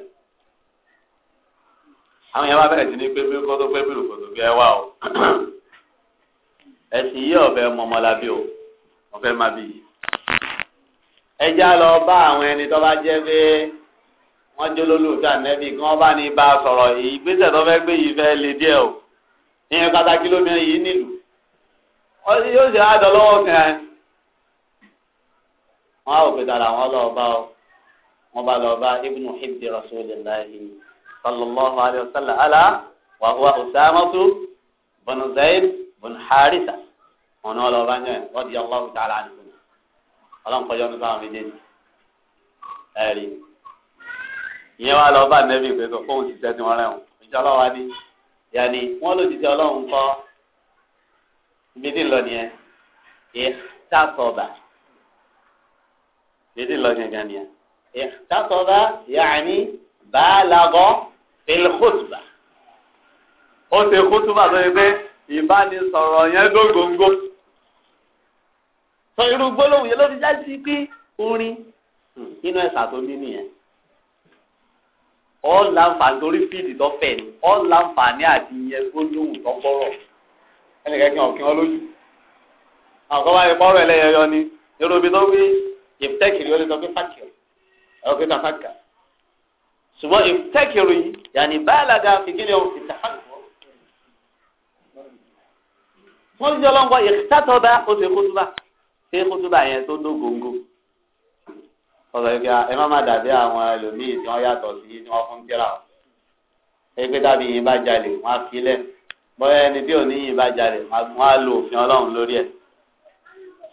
àwọn yẹn bá bẹ̀rẹ̀ sí ní pé bí kó tó pé bí kò tó gbé ẹ wá o (clears throat) ẹ̀sìn yìí ọ̀fẹ́ mọmọlábí o ọ̀fẹ́ má bí yìí ẹ já lọ bá àwọn ẹni tó bá jẹ́ pé wọ́n jó lólùfẹ́ ànẹ́bí kí wọ́n bá ní bá a sọ̀rọ̀ ìgbésẹ̀ tó fẹ́ gbé yìí fẹ́ le díẹ̀ o ìyẹn pàtàkì lómìnira yìí nílùú yóò ṣe àádọ́ lọ́wọ́ kan ẹ̀ wọ́n á òkè dára wọ́n lọ bá o wọ́n bá lọ bá ibnu hibbi rasulillahi sallallahu alayhi wa sallam ala wa huwa usamatu bin zayd bin harisa wọn náà lọ bá yẹn radiyallahu ta'ala anhu ọlọ́nkọ́jọ́ nípa àwọn méjèèjì ẹ̀rí ìyẹn wà lọ bá nẹ́bí pé kò fóun ti tẹ́tí wọn rẹ̀wọ̀n ìjọ ọlọ́wà ni yàní wọ́n lò jíjẹ ọlọ́run kọ́ bídì lọ nìyẹn ìtàsọ̀bà bídì lọ gẹ̀gẹ̀ nìyẹn ìtàsọ̀bà yàní bàálàgọ́ fìlìkùtùbà ó ṣe kùtùbà tó yẹ pé ìbánisọ̀rọ̀ yẹn gbogbogbò sọ irú gbólóhùn yẹn ló fi já sí pé orin hmm, inú ẹ̀sà tó ní nìyẹn ọ̀n láǹfààní torí fíìdì tó fẹ̀ ni ọ̀n láǹfààní àti ìyẹn gbólóhùn tó gbọ́rọ̀ ẹnì kẹ́kẹ́ ọ̀kìn wọn lójú. àwọn kan bá yẹ pọ́nrọ̀ ẹlẹ́yẹyọ ni irú omi tó wí ìfẹ́kìrì ó lè sọ pé fàkìrì ẹ̀rọ pé tàfàkà. ṣùgbọ́n ìfẹ́kìrì yìí yàní báyàlága fìkìlẹ̀ ọ̀hún ìtàfàkọ̀. wọ́n ti jọ lọ́ngọ ìtàtọ̀ bá ó ti kótó bá ṣé kótó bá yẹn tó dó góńgó ọsọ yìí pé ẹ má má dàbí àwọn ẹlòmíì tí wọ́n yàtọ̀ sí tí wọ́n fún kíra o ẹ pé tàbí yìí bá jalè wọ́n á filẹ̀ bóyá ẹni bí òní yìí bá jalè wọ́n á lo òfin Ọlọ́run lórí ẹ̀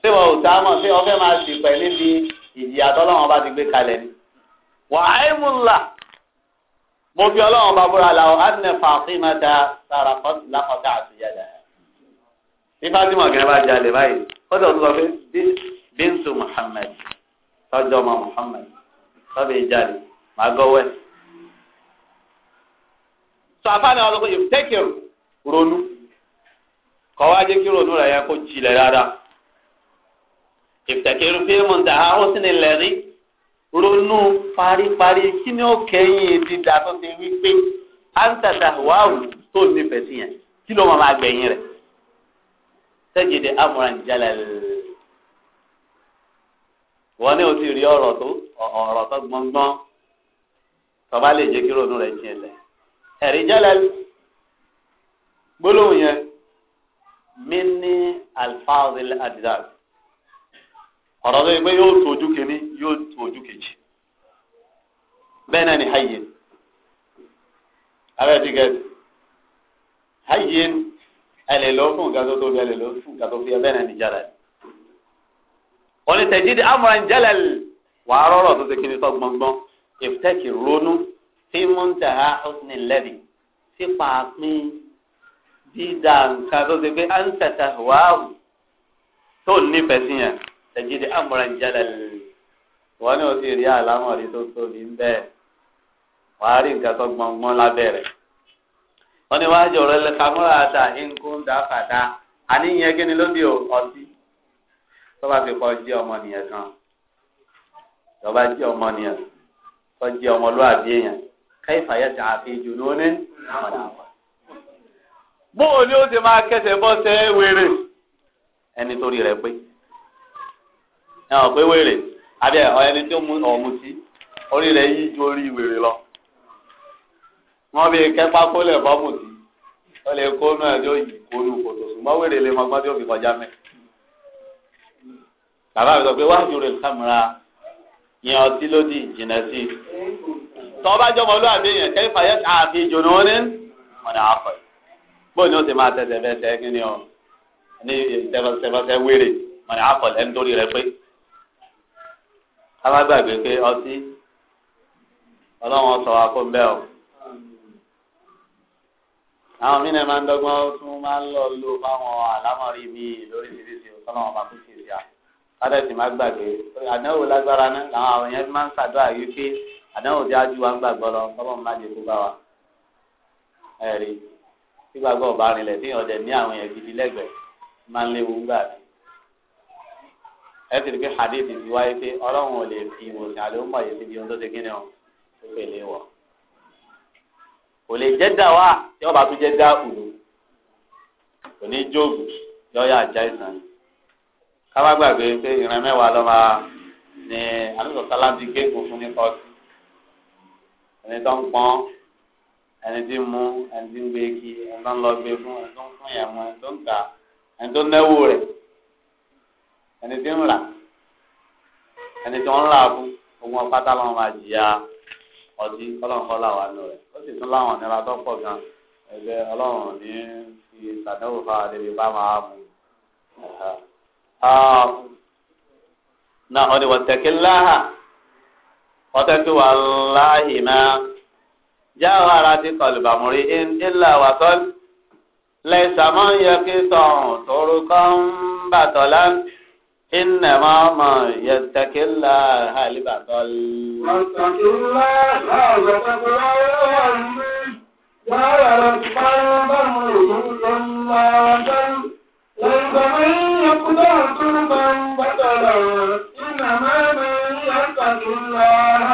ṣé wọn ò sá mọ̀ ṣé ọfẹ́ máa sì pẹ̀ níbi ìjìyà tọ́lọ́wọ́n bá ti gbé kalẹ̀ ni. wàhálà ìmúlá mo fi Ọlọ́run bá búra la ọ adìnnẹ Fatima ta sara lakọta àtúnyẹ̀dá ifá tí mo kẹ́ bá jalè báyìí ó dọ̀ tó sọ pé bíntu tọ́jú ọmọ Muhammad tọ́bí ìjáde màá gọ́wẹ́. sọ afáàní ọlọ́kọ̀ yìí tẹ́kìrì ronú kọ́ wá jẹ́ kí ronú rẹ̀ yẹ kó jilẹ̀ rárá. ìtẹ̀kìrì fíìmù dàá ó sì ní lẹ́rí ronú paríparí kí ni ó kẹ́yìn dídá tó ti wí pé áńtàtà wàhù tó nífẹ̀ẹ́ sí yẹn kí ló máa gbẹ̀yìn rẹ̀. sẹ́jẹ̀dẹ̀ amúra ń jalè lẹ́lẹ́ wọn ní o ti rí ọ̀rọ̀ tó ọ̀rọ̀ tó gbọngbọn tọba lè jẹ kí ronú rẹ jinlẹ̀ ẹrí jẹlẹ gbólóhùn yẹn mi ní alfaazil adidal ọ̀rọ̀ tó yẹ pé yóò tójú kìíní yóò tójú kejì bẹ́ẹ̀ náà ni hayyin abẹ́ ti gẹ̀ẹ́sì hayyin ẹ lè lọ fún nǹkan tó tóbi ẹ lè lọ fún nǹkan tó fi ẹ náà ni jẹlẹ wọ́n ní tẹ̀jídì amọ̀njẹ́lẹ̀l wà á rọ̀rọ̀ tó ṣe kí ni sọ gbọ̀ngbọ̀n ìfẹ́kì ronú tí múntàhá ọ̀sìn lẹ́bi tí pàápín dídá nǹkan tó ṣe pé à ń tẹ̀tẹ̀ wáhù tó nífẹ̀ẹ́ sí yẹn tẹ̀jídì amọ̀njẹ́lẹ̀l wọ́n ní o ti rí àlámọ̀rí tó tóbi ń bẹ́ẹ̀ wà á rí nǹkan tó gbọ̀ngbọ̀n lábẹ́rẹ̀ wọ́n ní wájú ọ̀rẹ́ lẹ́ka múra àtà ìǹkó ń dá fàdá àníyàn kí ni ló tọ́ba fi kọ́ jẹ́ ọmọnìyàn kan tọ́ba jẹ́ ọmọnìyàn kọ́ jẹ́ ọmọlúwàbí èèyàn káyìfà yẹ ti àfi jù lóní àmàlàmà. bóò ni ó ti máa kẹsẹ̀ bọ́ sẹ́ wèrè ẹni torí rẹ̀ pé ẹ hàn pé wèrè àbí ẹni tó mú ọ̀mùtí orí rẹ̀ yí ju orí wèrè lọ wọ́n bí kẹ́pá kólẹ̀ bọ́mùtí ó lè kó náà yóò yí kó nu kòtò ṣùgbọ́n wèrè lè mọ́gbọ́n tí fi kọjá mẹ́ta bàbá mi sọ pé wájú rẹ̀ kàmúra yẹn ọtí lódì jìnnà sí i tọ́ bá jọmọ olúwàbí yẹn kẹ́ fàyẹ́ káàfi ìjòyè wọn ní ọ̀nà àfọ̀ yìí bó ni ti máa tẹ̀sẹ̀ bẹ́ẹ̀ tẹ́ kí ni ọ ní tẹ̀fẹ̀tẹ̀ wéré ọ̀nà àfọ̀ lẹ́ nítorí rẹ pé alágbàgbé pé ọtí ọlọ́wọ́n sọ wa kó bẹ́ẹ̀ o àwọn mí náà máa ń dọ́gbọ́n tún máa ń lọ lò fáwọn àlámọ̀rí mi lóríṣiríṣi ọlọ́wọ́n bá kú sí ìyá kádẹ́sì má gbàgbé àdánwò lágbára náà làwọn àwọn yẹn máa ń ṣàdúrà yìí pé àdánwò tí ájú wa ń gbàgbọ́ lọ ọlọ́run má jẹ́ kó bá wa ẹ̀rí tí gbàgbọ́ ọ̀bá rinlẹ̀ tí ọ̀dẹ̀ ní àwọn yẹn gidi lẹ́gbẹ̀ẹ́ máa ń léwu gbà mí. ẹ ti rí pé hadith ti wáyé pé ọlọ́run ò lè fi ìwòsàn àlè ó mọ̀ síbi ohun tó ti kí ni ọ ó pè lé wọ. kò lè jẹ́ dà wá tí ọba tún jẹ́ dá òdò kò ní kábà gbàgbé pé ìran mẹ́wàá lọ́ba ni àlùkò sáláńtì géèkù fún ní kọ́ọ̀tù ẹni tó ń pọ́n ẹni tí ń mú ẹni tí ń gbé kí ẹni tó ń lọ gbé fún ẹni tó ń fún yẹn mú ẹni tó ń ta ẹni tó náwó rẹ̀ ẹni tí ń rà ẹni tó ń rà fún ogun ọ̀pátá lọ́wọ́ máa jìyà ọtí ọlọ́run kọ́ làwọn àánú rẹ̀ ó sì tún láwọn ìnira tó pọ̀ gan ẹgbẹ́ ọlọ́run ní fi fáwọn adébí máa mú ẹ̀ha náà ọ̀dẹ̀ wọ̀tẹ̀kí láhà ọ̀tẹ̀kí wà láàyè máa já wàrà ti kọlùbàmùrí ńlá wà tọ́lù lẹ́sàmọ́ yẹ kí tọ̀hún tóru kan bàtọ̀ lánàá. إنما ما يتق الله البطل واتق الله وتقوى يوم ولا يتقلب إنما من يتق الله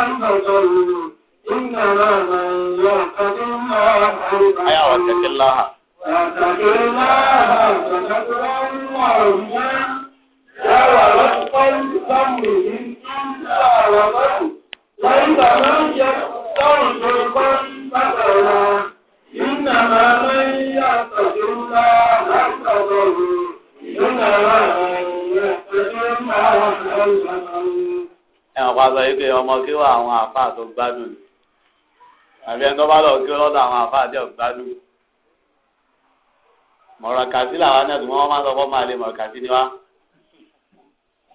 فقد ẹ̀wọ̀n pàṣẹ yìí pé ọmọ kí wà àwọn àfáà tó gbádùn ni àbí ẹni tó bá lọ kí ọlọ́dọ̀ àwọn àfáà tí ò gbádùn mọ̀rọ̀kàtí làwọn náà tí wọ́n máa sọ fọ́ máa mọ̀rọ̀kàtí ni wá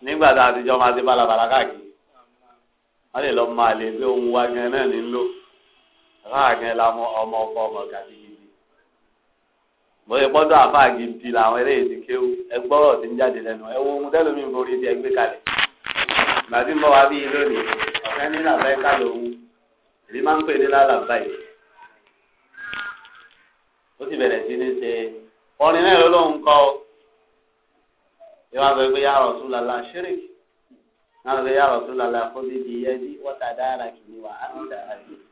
nígbà tá a ti jọ máa ti balabala káàkiri wọ́n lè lọ máa lè gbé ohun wa gan náà nílò ráà gan la mọ ọmọ ọkọ mọ̀rọ̀kàtí mo lè gbọ́dọ̀ àfáà gidi làwọn eléyìí ti kéwù ẹgbọ́rọ̀ ti ń jáde lẹ́nu ẹ wo ohun tẹ́lómi borí ti ẹgbẹ́ kalẹ̀ gbàdí mọ́ wa bí ilé mi ọ̀kẹ́ ní làbá ẹ̀ ká lòun èmi máa ń pè ní làlàbá yìí ó sì bẹ̀rẹ̀ sí ní ṣe ọrin náà lọ́lọ́run kọ́ ọ yóò wá sọ pé yàrá ọ̀tún làlà ṣírí náà sọ pé yàrá ọ̀tún làlà fún bíbí ẹbí wọ́tà dára kìíní wà á ń dára kìíní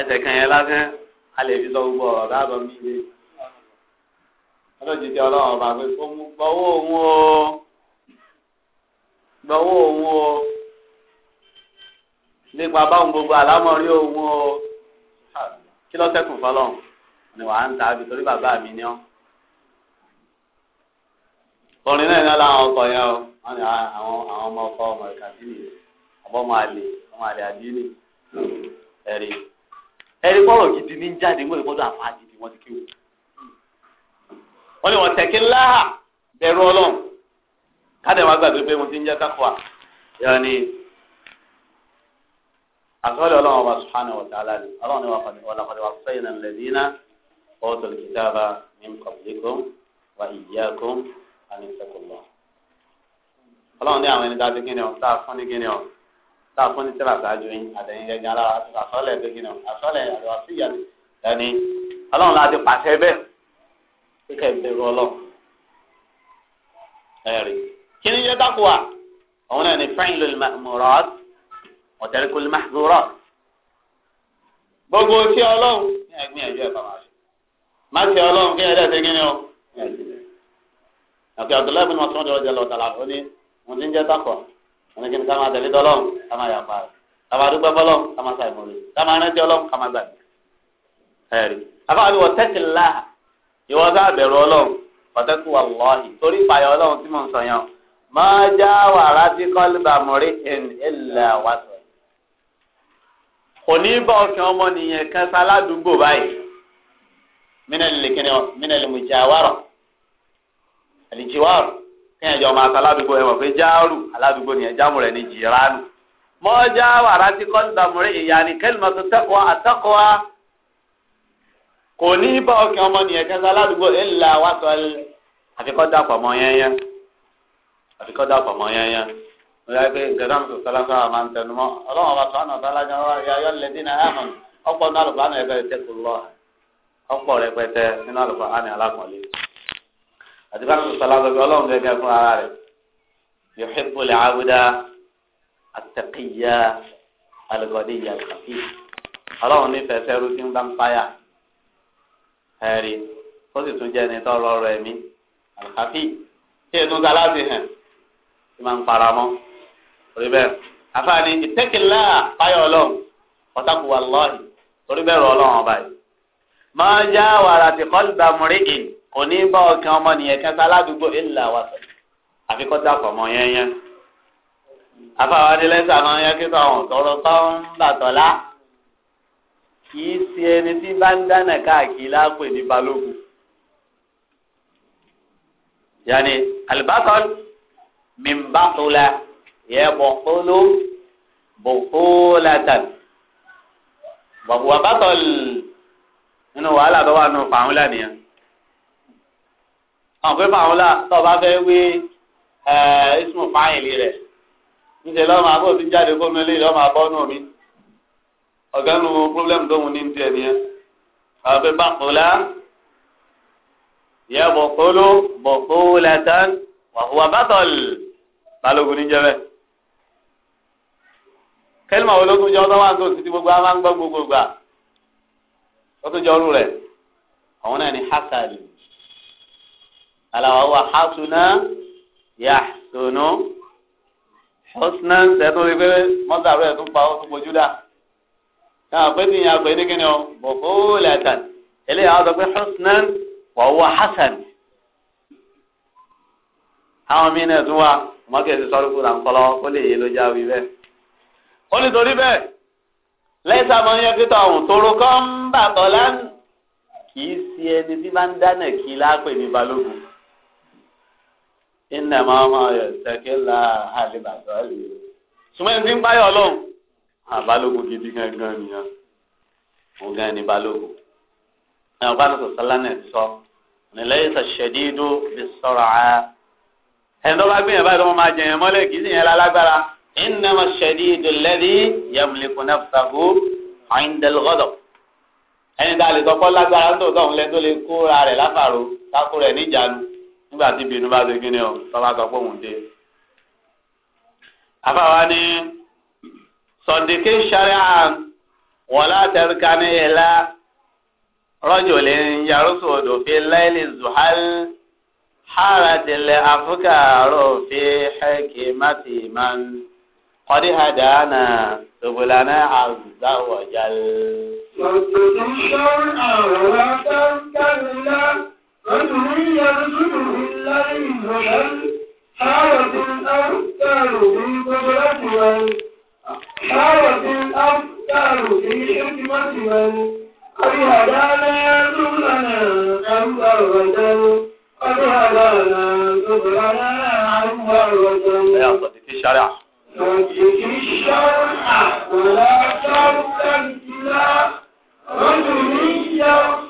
ẹsẹ̀ kan yẹn lásán a lè fi sọ gbogbo mi lé ọlọ́jì tí ọlọ́run ọba pé kó mú gbọ́wọ́ òun o gbọ́wọ́ òun o nípa báwọn gbogbo àlámọ̀rí òun o kí ló sẹ́kùn fọlọ́run ni wàá ń ta àbí torí bàbá mi ni ọ́ orin náà iná láwọn ọkọ yẹn o wọ́n ní àwọn ọmọ ọkọ ọmọ ìkàtí nìyẹn àbọ̀mọ àlè ọmọ àlè àdínì ẹ̀rí ẹni bọ́rọ̀ gidi ní jáde wọ́n ìbọ́dọ̀ àfa gidi wọ́n ti kí o. wọ́n ní wọ́n tẹ̀kí láhà bẹ̀rù ọlọ́run káde wàá gbàgbé pé mo ti ń jẹ́ káfọ́ à yọ ni àtọ́lẹ̀ ọlọ́run ọba subhanahu wa ta'ala ni ọlọ́run ni wọ́n fàdé wọ́n lọ́kọ̀dé wọ́n sẹ́yìn náà lẹ́dínà ọ̀tọ̀ kìtàbà ní àwọn ẹni dáadé kí tá a fún ní sẹ́lá ṣáájú yín àtẹ̀yìn gẹ́gẹ́ alára àsọ́lẹ̀ gbẹ́gìnà àsọ́lẹ̀ àlọ́ àfíyà dání ọlọ́run láti pàṣẹ bẹ́ẹ̀ kíkẹ́ ìbẹ̀rù ọlọ́run ẹ̀rí kí ni yẹ dákú wa òun náà ní fẹ́yìn lórí mọ̀rọ́t ọ̀tẹ̀rẹ̀kọ lórí mọ̀rọ́t gbogbo tí ọlọ́run ní ẹgbẹ́ ẹ̀jọ́ ẹ̀fà máa ṣe má ti ọlọ́run kí ẹ̀dẹ́ ṣe kí ni o àti àdúlẹ́bùn ni wọ́n tún ọjọ́ ọjọ́ lọ́tàlá ó ní mo ti ń jẹ́ dákú wọn ní kí ni ká máa tẹ̀lé tọ́lọ́run ká máa yàpá rẹ̀ ká máa dúpẹ́ fọlọ́run ká máa ṣàìmọ̀ rẹ̀ ká máa rántí ọlọ́run ká máa gbàgbé. ẹ̀rí afáàbí wọ tẹ́tì ńlá ìwọ sá bẹ̀rù ọlọ́run pàtẹ́kù wà lọ́ọ̀hì torí ìpàyọ̀ ọlọ́run tí mò ń sọ yẹn máa já wàrà tí kọ́líbà mọ̀rí ẹ̀ǹ ẹ̀là wà òní bá ọkàn ọmọnìyàn kan sáládùúgbò báyìí kéèyàn jọ máa sọ aládùúgbò ẹ mọ̀ pé jáàrù aládùúgbò nìyẹn jáàmù rẹ̀ ní jìránù. mọ́ já wàrà tí kọ́ńtàmùrẹ́ ìyá ni kẹ́lìmọ̀ tó tẹ́kọ̀ọ́ àtẹ́kọ̀ọ́ kò ní bá ọkàn ọmọ nìyẹn kẹ́sà aládùúgbò ẹ̀ là wá sọ ẹ àfikọ́ dàpọ̀ mọ́ yẹ́nyẹ́ àfikọ́ dàpọ̀ mọ́ yẹ́nyẹ́ mo yà pé gẹ̀dọ́n tó sọlọ́sọ́ àmà ń tẹnu mọ́ ọlọ́wọ́n bá tọ́nà sálájà wá yà yọ lẹ́dí náà ẹ̀mọ̀ ọ̀pọ̀ nínú àlùkò àná ẹ̀fẹ́ tẹ́kù lọ ọ̀pọ̀ rẹpẹtẹ nínú àlùkò àná alákùnrin àti bá tó sọlá gbẹgbẹ ọlọ́run gẹ́gẹ́ fún ara rẹ̀ yuhibbu al-abda at-taqiyya al-ghadiyya al-khafif ọlọ́run nífẹ̀ẹ́ sẹ́rú tí ń bá ń fáyà ẹ̀rí ó sì tún jẹ́ ẹni tó rọrọ̀ ẹ̀mí al-khafif tí ètò ń sálá ti hàn tí máa ń fara mọ́ orí bẹ́ẹ̀ àfààní ittaqillah fáyà ọlọ́run ọ̀tàkù wallahi orí bẹ́ẹ̀ rọ ọlọ́run ọba yìí máa já wàrà ti qalba kò ní bá ọkàn ọmọnìyàn kẹta aládùúgbò ìlà wa sọ àfi kọ́ dà pọ̀ mọ́ yẹn yẹn afáwọn adélẹ́sà máa ń yẹ kí káwọn tọrọ bá ń bàtọ́lá kì í ṣe ẹni tí bá ń dáná káàkiri lápè ní balógun yàní alibatol mimbatula yẹ bọ̀kúlù bọ̀kúlàtàn bọ̀bùwàbatol nínú wàhálà tó wà nù fàáhùn lánìyàn àwọn pé fáwọn là tó o bá fẹ́ wé ismu fáyìlì rẹ̀ níṣẹ́ lọ́wọ́ máa bọ̀ sí jáde kó mi léyìí lọ́wọ́ máa bọ́ nù mí ọ̀gá nu pírọ́blẹ́mù tó ń ní tiẹ̀ nìyẹn àwọn pé bàkúlá yẹ bọ̀kúlú bọ̀kúlá tán wàhùwà bàtọ̀lì balógun níjẹ́ bẹ́ẹ̀ kẹlima wo ló tún jọ ọdún wa tó ti di gbogbo àwọn gbọ́ gbogbo gbà ó tún jọ ọrùn rẹ̀ àwọn náà ni hasad aláwọ̀ wà hasuna yahsunu hosna sẹ́tún rí pé mọ́sàrú ẹ̀ tún pa ó tún bójú dà náà pé ní àgbẹ̀ ní kíni o mọ̀kó lẹ́tàn eléyà wọ́n sọ pé hosna wà wọ́ hasan àwọn míín náà tún wà mọ́kẹ́sì sọ́rọ́ fún làǹkọ́lọ́ ó lè yé ló jáwé bẹ́ẹ̀ ó lè torí bẹ́ẹ̀ lẹ́sà mọ́ yẹn pé tọ̀hún tóró kọ́ bàtọ̀ lánàá kì í ṣe ẹni tí máa ń dáná kí lápè ní balógun iná máa ma ṣẹ̀kẹ́ la àlebàtà rẹ̀ o. Súnmọ́ ẹni tí ń báyọ̀ ọlọ́run. Àbálòkù gidi gangan nìyẹn. Òun gan ni balógun. Ẹ̀rọ bá lọ́sọ̀ sálánẹ̀ sọ. Nílẹ̀ ìsọ̀ ṣẹ̀dídó fi sọ̀rọ̀ á. Ẹni tó bá gbìyànjú báyìí tó wọ́n máa jẹ̀yàn mọ́lẹ̀ kì í sì yẹn lálágbára. Iná ma ṣẹ̀dídó lẹ́dí yamlikun nafsahu àyíndẹ́lgọ́dọ̀. Ẹni tá a lè sọ pé lágbára ń tòótọ́ nígbà tí bínú bá ṣe kíni o tọ́ba sọ pé òun dé. àfàwa ni sọ̀dìkì ṣàríà wọ̀lá tẹ̀ríkà ní ìlà rọ́jò lè ń yarúsù odò fi láìlì zuhal xaaradìlẹ̀ afukàrò fi xẹ́kì mátì man kọ́dí hàdáná tubulana azza wa jal. sọ̀dìkì ṣàríà wọ̀lá tẹ̀ríkà ní رجل يبسط الله الليل ولن حارة أفكار في قدرة من حارة أفكار في حكمة من قد هدانا سبلنا عن ضرة قد هدانا سبلنا عن ضرة في الشرع في الشرع ولا شرطا إلا رجل يبسط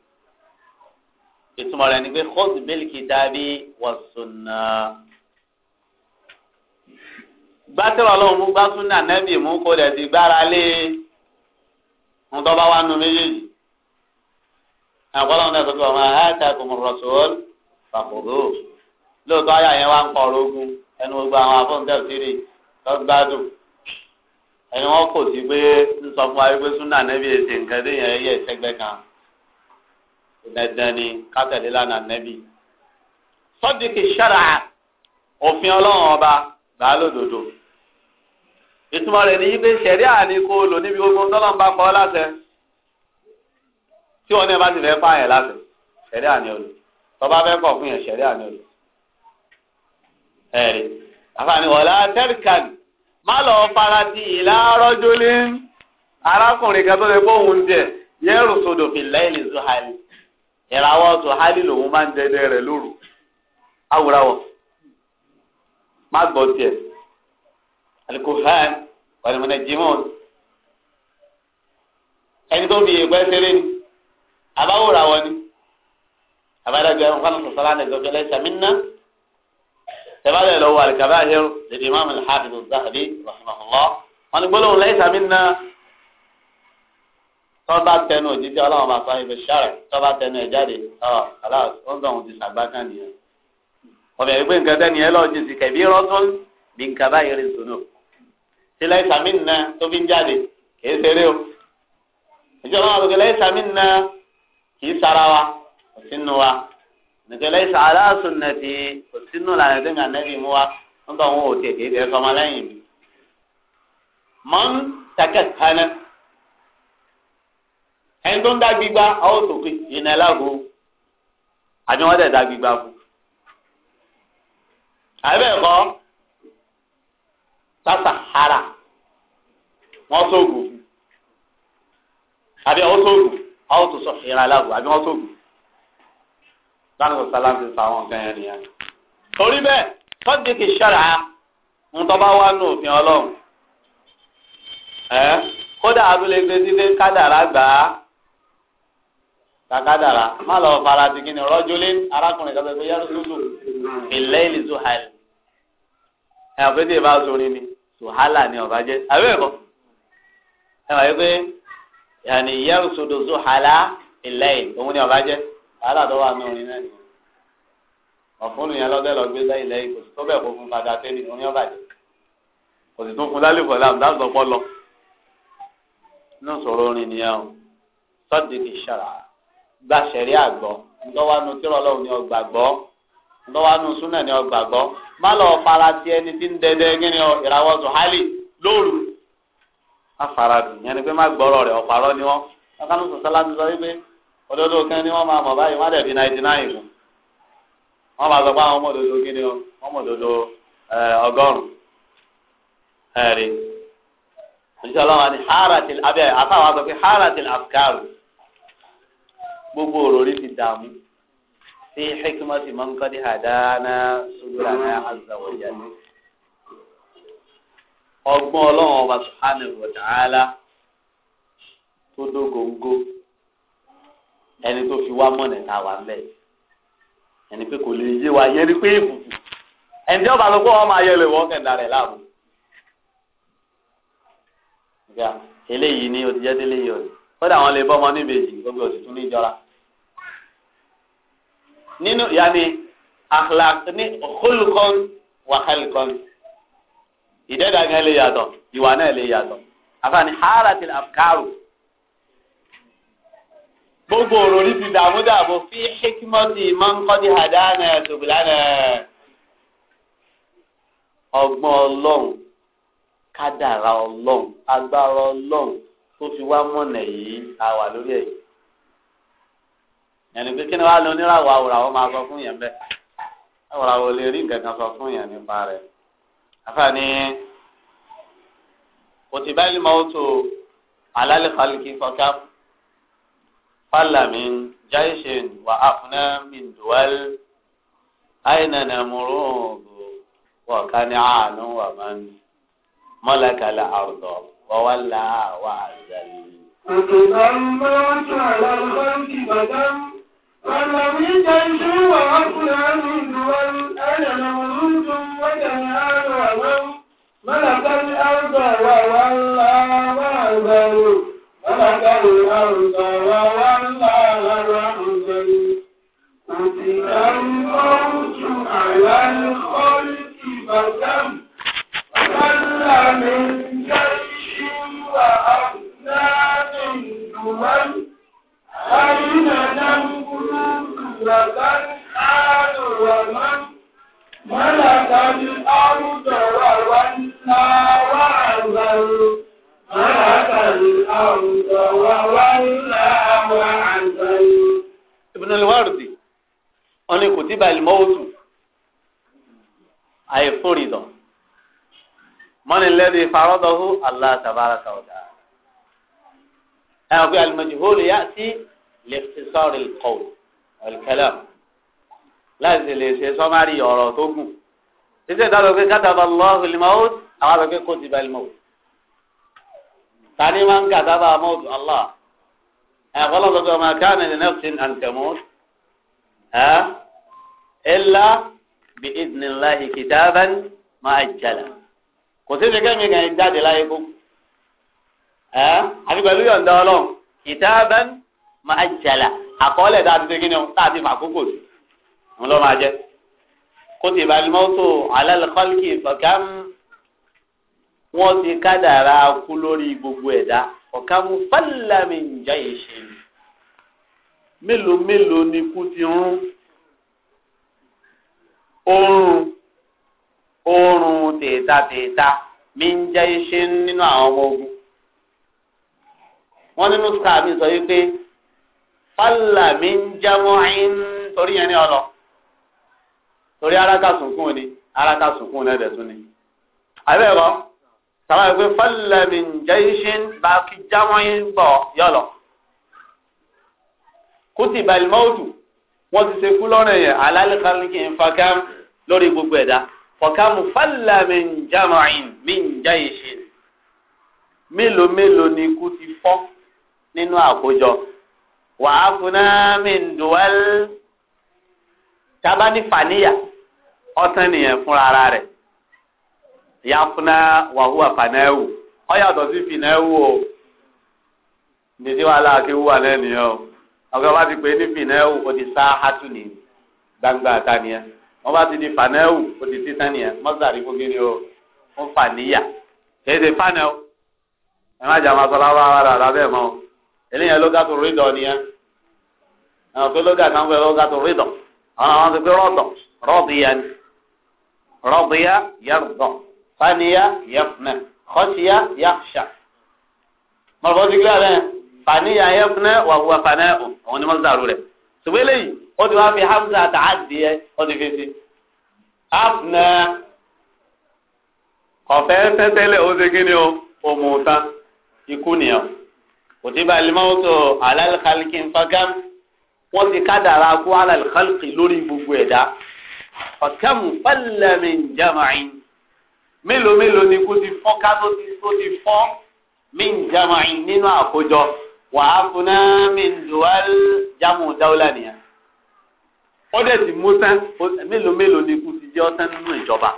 ìtumọ̀ rẹ̀ ni pé khudh bil kitabi was sunnah. gbàtẹ́wà lọ́wọ́ mú bá súnà nẹ́bì mú kó lè ti gbára lé ńdọ́bá wa nu méjèèjì. àgbọ̀lọ́wọ́ náà sọ́kọ̀ ma atakumur rasul fakhudhuh lóòótọ́ ayé àyẹ̀wò à ń kọ̀ ọ̀rọ̀ ogun ẹnu gbogbo àwọn afọ́nkẹ́ òsèré lọ́gbàdùn ẹni wọn kò sí pé ń sọ fún wa wípé súnà nẹ́bí èsì nǹkan dandan ni kátẹ̀lé lánà nẹ́bí. sọ́díkì ṣẹ́ra òfin ọlọ́run ọba gbàá lódodo. ìtumọ̀ rẹ̀ nìyí pé ṣẹ̀rí àní kó lò níbi gbogbo tọ́lọ́n bá kọ́ láṣẹ. tí wọ́n ní ẹ bá ti fẹ́ pààyàn láṣẹ ṣẹ̀rí àní olù tọ́ba fẹ́ kọ̀ fún yẹn ṣẹ̀rí àní olù. ẹ̀rí àfààní wọ̀lá tẹ́ríkàn má lọ farati ìlà rọ́jòlín arákùnrin kan tó lè gbóhùn tiẹ̀ yẹ́rù sódò fìlà ìlú zuhari ìràwọ̀ sọ̀hálì lòun máa ń dẹdẹ rẹ̀ lóru awùràwọ̀ má gbọ́ tiẹ̀ alikohan wàlúmọ̀nà jimon ẹni tó fi ìgbẹ́ sẹ́rẹ́ ni àbáwòràwọ̀ ni àbádájọ ẹ̀rọ fún àwọn sọ̀rọ̀ àlejò ọ̀gbẹ́lẹ̀ sàmínà tẹ́bàlẹ̀ lọ́wọ́ àlìkàbáyé lèdè imáàmù alḥàfíìsì zahabi rahimahullah wọn ni gbọ́dọ̀ lẹ́sàmínà tọ́ba tẹnu òjijì ọlọ́run bá sọ ibẹ̀ ṣáàrẹ̀ tọ́ba tẹnu ẹ̀ jáde ọ aláàs ó ń dọ̀ ohun ti sàgbákà nìyẹn. ọbẹ̀ yìí pé nǹkan tẹ́ni ẹ lọ́ọ́ jìnsì kẹ̀bí rọ́tún bí nǹkan báyìí rí sùnú. sílẹ̀ ìsàmì nà tó fi ń jáde kìí ṣeré o. ìjọba àwọn àgbègbè lẹ́yìn ìsàmì nà kìí sara wa kò sínú wa. nìkẹ́lẹ́ ìsà aláàsùn nà ti kò sínú lànà ẹni tó ń dá gbígbá ọwọ́ sókè ìnà ẹ̀lágo àti wọ́n tẹ̀ dá gbígbá fún. àbẹ̀kọ́ sásàhárà wọ́n sóògùn fún àbí ọwọ́ sóògùn ọwọ́ tó sọ ìnà ẹ̀lágo àbí wọ́n sóògùn láti sàlám ti fa àwọn nǹkan yẹn nìyẹn. torí bẹ́ẹ̀ tọ́jú kì í ṣọ́ra ń tọ́ bá wá nù òfin ọlọ́run. ẹ kódà abúlé gbèsè kádàrá gbà á kakadara má lọ fara ti kí ni rọjòlé arákùnrin kan pẹpẹ yàrá lóso ilẹ̀ ìlú suhal ẹ ọ pété bá sori ni suhala ni ọba jẹ àbí ẹkọ ẹ wà yí pé yàní yàrá sodo suhala ilẹ̀ ìlú òun ni ọba jẹ wàhálà tó wà ní orin náà nìyẹn ọ̀fun nìyẹn lọ́dẹ lọ gbé sáyìn lẹ́yìn kò sí tó bẹ̀ kó fún padà tẹ́lẹ̀ orin ọba jẹ kò sì tún fún lálẹ́ ìfọ̀lá àmúdásọ̀pọ̀ lọ inú sọ̀rọ̀ orin nìyẹn o sọ́ọ̀dì kì gba sẹ̀rí àgbọ̀ ńlọ́wọ́nù tí ọlọ́run ni ọgbà gbọ́ ńlọ́wọ́nù súnà ni ọgbà gbọ́ má lọ fara ti ẹni tí ń dẹdẹ gíní ọ ìràwọ̀ zuhali lóru má fara dùn yẹn ni pé má gbọ́rọ̀ rẹ̀ ni wọ́n akánú sọ̀sálà ti sọ wípé kan ni wọ́n máa mọ̀ báyìí wọ́n dẹ̀ fi ọmọ gíní ọgọ́rùn-ún ẹ̀rí ìṣọlọ́wọ́n ni abẹ́ àfáwọn sọ pé gbogbo òròrí ti dààmú sí hikimati mọ́nkọ́dí àdáná subhanahu azza na jalla ọgbọ́n ọlọ́run ọba subhanahu wa tó dógóńgó ẹni tó fi wá mọ̀nà wà ń bẹ̀ ẹni pé kò lè yé wa yẹn ni pé ìbùkún ẹni tí ọba ló kó wọn máa yẹ lè wọ́n rẹ̀ ni o ti kódà wọn lè bọ́mọ níbejì gbogbo òsì tún níjọra nínú yanni akhlaq ní khulqan wa khalqan ìdẹ́gà gan lè yàtọ̀ ìwà náà lè yàtọ̀ àfààní haratil afkaru gbogbo òròrí ti dààmú dààbò fi hikimọ́tì mọ́ńkọ́dí hadana tòbìlánà ọgbọ́n ọlọ́run kádàrá ọlọ́run agbára ọlọ́run tó fi wá mọ̀nà yìí a wà lórí ẹ̀ yẹn ni pé kí ni wàá lọ oníràwọ̀ àwòràwọ̀ máa sọ fún yẹn bẹ́ẹ̀ àwòràwọ̀ lè rí nǹkan kan sọ fún yẹn nípa rẹ̀ àfààní òtìbá ilé máa tó alálẹ̀ kálukì fọ́ká fálàmì jáìṣìn wà áfúná mìndùwẹ́l àìnànà múrùn wọ̀ká àánú wà máa ń mọ́lákàlà àrùdọ̀. وولى وعزل فتدمرت على الخلق بدم فلم يجد وعفنا من دول أنا مولود وجنان ومن ملك الأرض وولى وعزل ملك الأرض وولى وعزل فتدمرت على الخلق بدم فلم يجد ìbùnú ìwádìí wọn ni kò tí balùwẹ̀ mọ́wótù àìfún rìdàn. من الذي فرضه الله تبارك وتعالى هذا المجهول ياتي لاختصار القول والكلام لازم ليش سماري يا رتوك اذا قالوا كتب الله الموت قالوا كتب الموت ثاني من كتب موت الله قال الله ما كان لنفس ان تموت ها الا باذن الله كتابا مؤجلا ما kò sí ṣe kẹ́mi kan jáde láyé kó ẹ́ àfi pẹ̀lú yọ̀ǹda ọlọ́run kitaban ma'ajjala àkọọ́lẹ̀ tá a ti ṣe kí ni o tá a ti fà kókò sí òun ló máa jẹ kutiba al-mawtu ala al-khalqi fakam wọ́n ti kádàrá kú lórí gbogbo ẹ̀dá ọ̀kam falla min jayshin mélòó mélòó ni kú ti rún oorun oorun tèta tèta mi ń jẹ́ iṣẹ́ nínú àwọn ọmọ ogun. wọ́n nínú sùkà mi sọ wípé fàlà mi ń jámọ́ ẹ̀yìn torí yẹn ní ọlọ. torí araka sunkún ni araka sunkún náà dẹ̀tún ni. àbẹ̀ bọ́ sábà wípé fàlà mi ń jẹ́ iṣẹ́ bá kí jámọ́ ẹ̀yìn bọ̀ yọlọ. kùtìbà ìmọ̀ọ́tù wọ́n ti ṣe kú yẹn alálẹ́ kan kì í fa kám lórí gbogbo ẹ̀dá. ọ̀kàmù fàlà mìjàmáìn min ìṣe mélòó mélòó ni ikú ti fọ́ nínú àkójọ wàá fúnná mìndùwẹ́l tábà ní fàníyà ọ̀tán nìyẹn fúnra ara rẹ̀ ìyá fúnná wàhùwà fànáwù ọ̀yàtọ̀ sí fìnáwù o nìdí wàhálà akéwù wà lẹ́nìyàn o ọ̀gá wa ti pè é ní fìnáwù o ti sá hátù n'i gbangba àtàníyàn. wọ́n bá ti di fanẹ́wù ó ti ti sẹ́ni ẹ̀ mọ́sàrí fún kíni o fún fàníyà kì í ṣe fanẹ́wù ẹ má jà máa sọ lábá wa rà lábẹ́ mọ́ eléyàn lóga tó rí dọ̀ nìyẹn ẹ̀ pé lóga kan fẹ́ lóga tó rí dọ̀ ọ̀nà wọn ti pé rọ̀dọ̀ rọ̀dìyà ni rọ̀dìyà yẹ̀rọ̀dọ̀ faniya yẹ̀fúnẹ̀ kọ́síyà yẹ̀fṣà mọ̀lùbọ́sí kílẹ̀ faniya yẹ̀fúnẹ̀ wà wà fanẹ́ òun ni mọ́sàrú rẹ̀ ṣùgbọ́n eléyìí wọ́n ti wá fi hamza àtàdé ẹ wọ́n ti fi fi afna ọ̀fẹ́ tẹ́tẹ́lẹ̀ ó ṣe kí ni o òmùtán ikú nìyẹn kutiba al-mawtu ala al-khalqi fagam wọ́n ti kádàrá kú ala al lórí gbogbo ẹ̀dá ọ̀kẹ́m fẹ́lẹ́mìn jama'in mélòó mélòó ni kó ti fọ́n ká tó ti fọ́n min jama'in nínú àkójọ wàhálà min duwal jamu dawla nìyẹn ó dẹ̀ ti mú tán mélòó mélòó ni ikú ti jẹ́ ọ́tán nínú ìjọba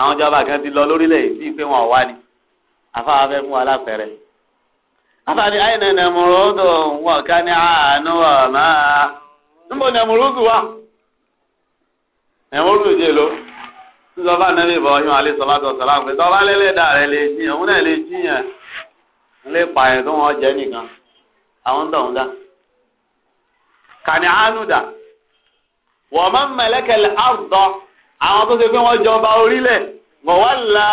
àwọn ìjọba kan ti lọ lórílẹ̀ yìí bíi pé wọn ò wá ni afáwa fẹ́ fún wa lápẹẹrẹ afáàní àyìnà nàmúrúdù wọn ká ní àánú ọ̀mà níbo nàmúrúdù wa nàmúrúdù jẹ ló sísọ bá nàbí ìbọn yún alẹ́ sọlá tó sọlá pé tọ́ba lẹ́lẹ́dà rẹ lè jiyàn òun náà lè jiyàn ilé ìpààyàn tó wọn jẹ nìkan àwọn ń dọ̀hún dá kàní àánú dà wọ́n máa ń mẹ̀lẹ́kẹ̀lẹ̀ àrùtọ́ àwọn tó ṣe pé wọ́n jọba orílẹ̀ wọ́n wá la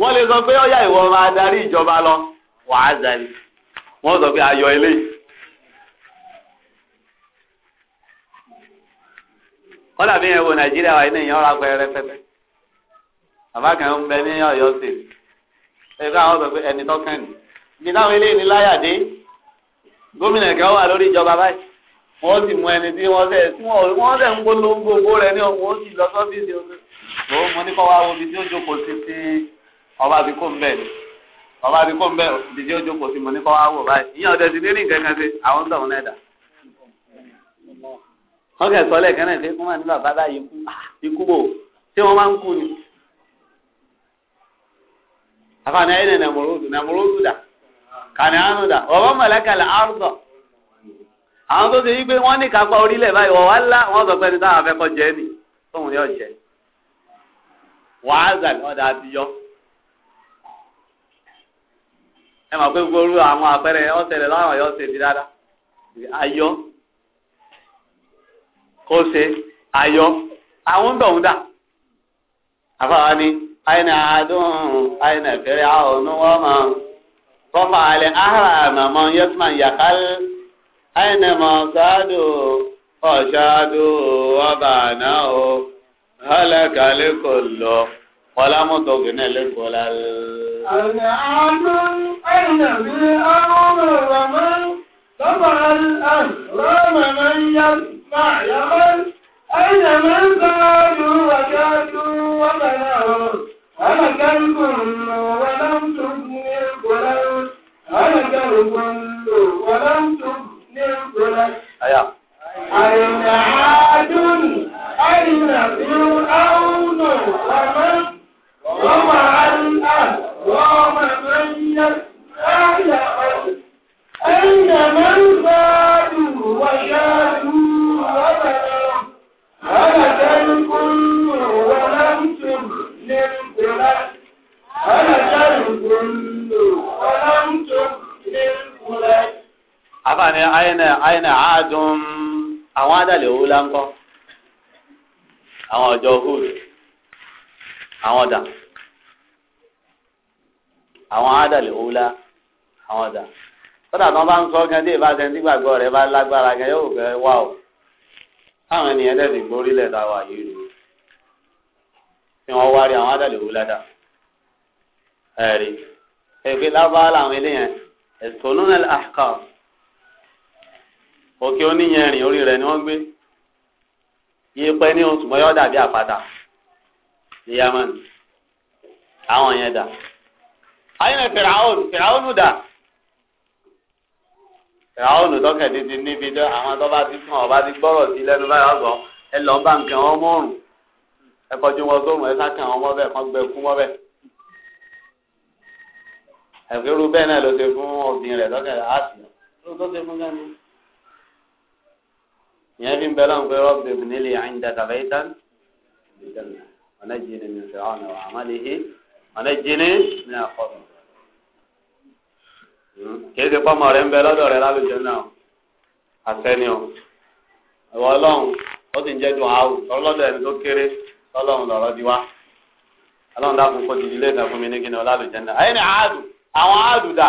wọ́n lè sọ pé ọ̀yà ìwọ máa darí ìjọba lọ wàá zari wọ́n sọ pé ayọ̀ ilé kọ́dà bí yẹn wo nàìjíríà wà ní ìyẹn ọ̀rọ̀ apẹ̀rẹ̀ bàbá kan ń bẹ ní ọ̀yọ́ sèlú ẹ̀ka àwọn bẹ̀rẹ̀ ẹni tọ́kàn ni ibi táwọn eléyìí ní láyàdé gómìnà kan wà lórí ìjọba báyìí wọ́n sì mú ẹni tí wọ́n sẹ̀ tí wọ́n sẹ̀ ń polongo owó rẹ̀ ní ọ̀hún ó sì lọ sọ́fíìsì ọ̀sẹ̀ òun mo ní kọ́ wá wo ibi tí ó jókòó sí ti ọba àbíkó ń bẹ̀ ni ọba àbíkó ń bẹ̀ ibi tí ó jókòó sí mo ní kọ́ wá wò báyìí ìyẹn ọ̀dẹ̀ ti délé nǹkan kan sí àwọn ń dọ̀hún lẹ́dà. wọ́n kẹ̀ sọ́lẹ̀ kẹ́nẹ̀ pé kó má ní bàbá báyìí ah, ikú bò ṣé wọ́n máa ń kú ni afa na aina namurudu namurudu da kanaanu da ọba mọlẹkẹlẹ arúgbọ àwọn tó ṣe yí pé wọn ní kápá orílẹ̀ báyìí wọ́n wá ńlá wọ́n sọ pé ní táwọn afẹ́kọ́ jẹ́ ni tóun yóò jẹ́ wàhálà ni wọ́n dáa ti yọ. ẹ mọ̀ pé gbogbo orú àwọn àpẹẹrẹ ọ̀sẹ̀lẹ̀ láwọn yóò ṣe fi dáadáa ayọ́ kó ṣe ayọ́ àwọn ń dọ̀hún dà àfàwọn ni. أين عاد أين فرعون ومن رفع الأهرام من يسمع يخل أين ما صادوا وشادوا وبانوا هلك لكل ولم تغن لكل أين عاد أين فرعون ومن رفع الأهرام من يسمع يخل أين من صادوا وشادوا وبنوا أنا كرب ولم تبني القلب أنا كرب ولم تبني القلب أين عاد أين فرعون ومن ومع الأهل ومن يسعى أين من زادوا وشادوا afaani ayina ayina aadun Awon Adale owó la kọ hood Awon ọdà àwọn adalẹ owó la àwọn ọdà sọdà tó bá ń sọ gan dé ìbáṣẹ nígbàgbọ́ rẹ̀ bá lágbára gan yóò fẹ́ wá o táwọn ènìyàn dẹ̀ yìí rèé wá rí àwọn owó ẹ̀rí ẹ̀fẹ́ lábáà làwọn eléyẹn ẹ̀sọ́nùnà àkà òkè oníyẹrin orí rẹ̀ ni wọ́n gbé yé pẹ́ ní oṣù mọ́yọ́ dàbí àpáta ní yamani àwọn yẹn dà ayé fìràwọ́nù fìràwọ́nù dà fìràwọ́nù tọkẹ̀dé ti níbi dẹ́ àwọn tó bá ti fún ọ bá ti gbọ́rọ̀ sí lẹ́nu báyọ̀ gbọ́ ẹ lọ́ọ́ bá nǹkan wọn mọ́rùn ẹ kọjú wọn sórùn ẹ sákàn wọn mọ́bẹ̀ kan gbẹ kú mọ́bẹ̀ ẹ̀fẹ́rú bẹ́ẹ̀ náà ló ṣe fún obìnrin rẹ̀ lọ́kẹ́ àti ló tó ṣe fún gani. ìyẹn fi ń bẹ lọ́n pé rọ́bì nílé àyíǹda tàbí ìtàn ọ̀nà jìnnì ní fẹ́ràn ọ̀nà àmàlẹ́hẹ́ ọ̀nà jìnnì ní àkọ́bù. kìí ṣe pọ́nmọ́ rẹ̀ ń bẹ lọ́dọ̀ rẹ̀ lálùjọ náà àtẹni o ẹ̀wọ̀ ọlọ́run ó sì ń jẹ́ dùn áwù ọlọ́dọ̀ ẹni tó kéré ọlọ́run lọ̀rọ̀ àwọn àdùdà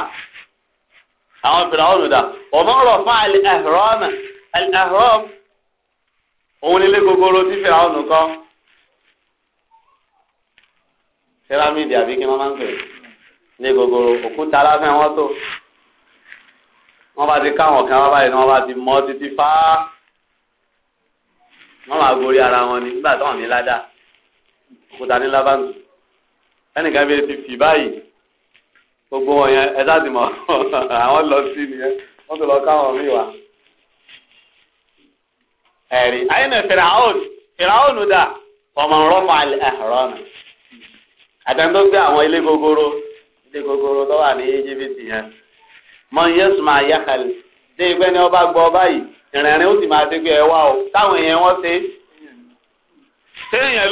àwọn fìlàwọ́nù dà ọmọ ọ̀rọ̀ fún al-ahram al-ahram òun nílé gogoro tí fìlàwọ́nù kọ́ pyramid àbí kí wọ́n máa ń pè ní gogoro òkúta láfẹ́ wọn tó wọ́n bá ti káwọn kan wọ́n báyìí ni wọ́n bá ti mọ́ títí fáá wọ́n máa gorí ara wọn ni nígbà tó wọ́n ní ládàá òkúta ní lábàǹtù ẹnìkan bí ti fì báyìí. gbogbo wọn yẹn ẹ dáàdì mọ (laughs) àwọn lọ sí nìyẹn wọn tó lọ káwọn mí wá. ẹ̀rí àyìnbó fìràhùn fìràhùn dà ọmọ rọ́mọ àhùrọ́nà àtẹnudó gbé àwọn ilé gogoro ilé gogoro tó wà ní mọ yéésù máa yá kalẹ̀ dé ìgbẹ́ ni wọ́n bá gbọ báyìí ìrìnrìn ó sì máa dé ẹ wá o táwọn èèyàn ṣe.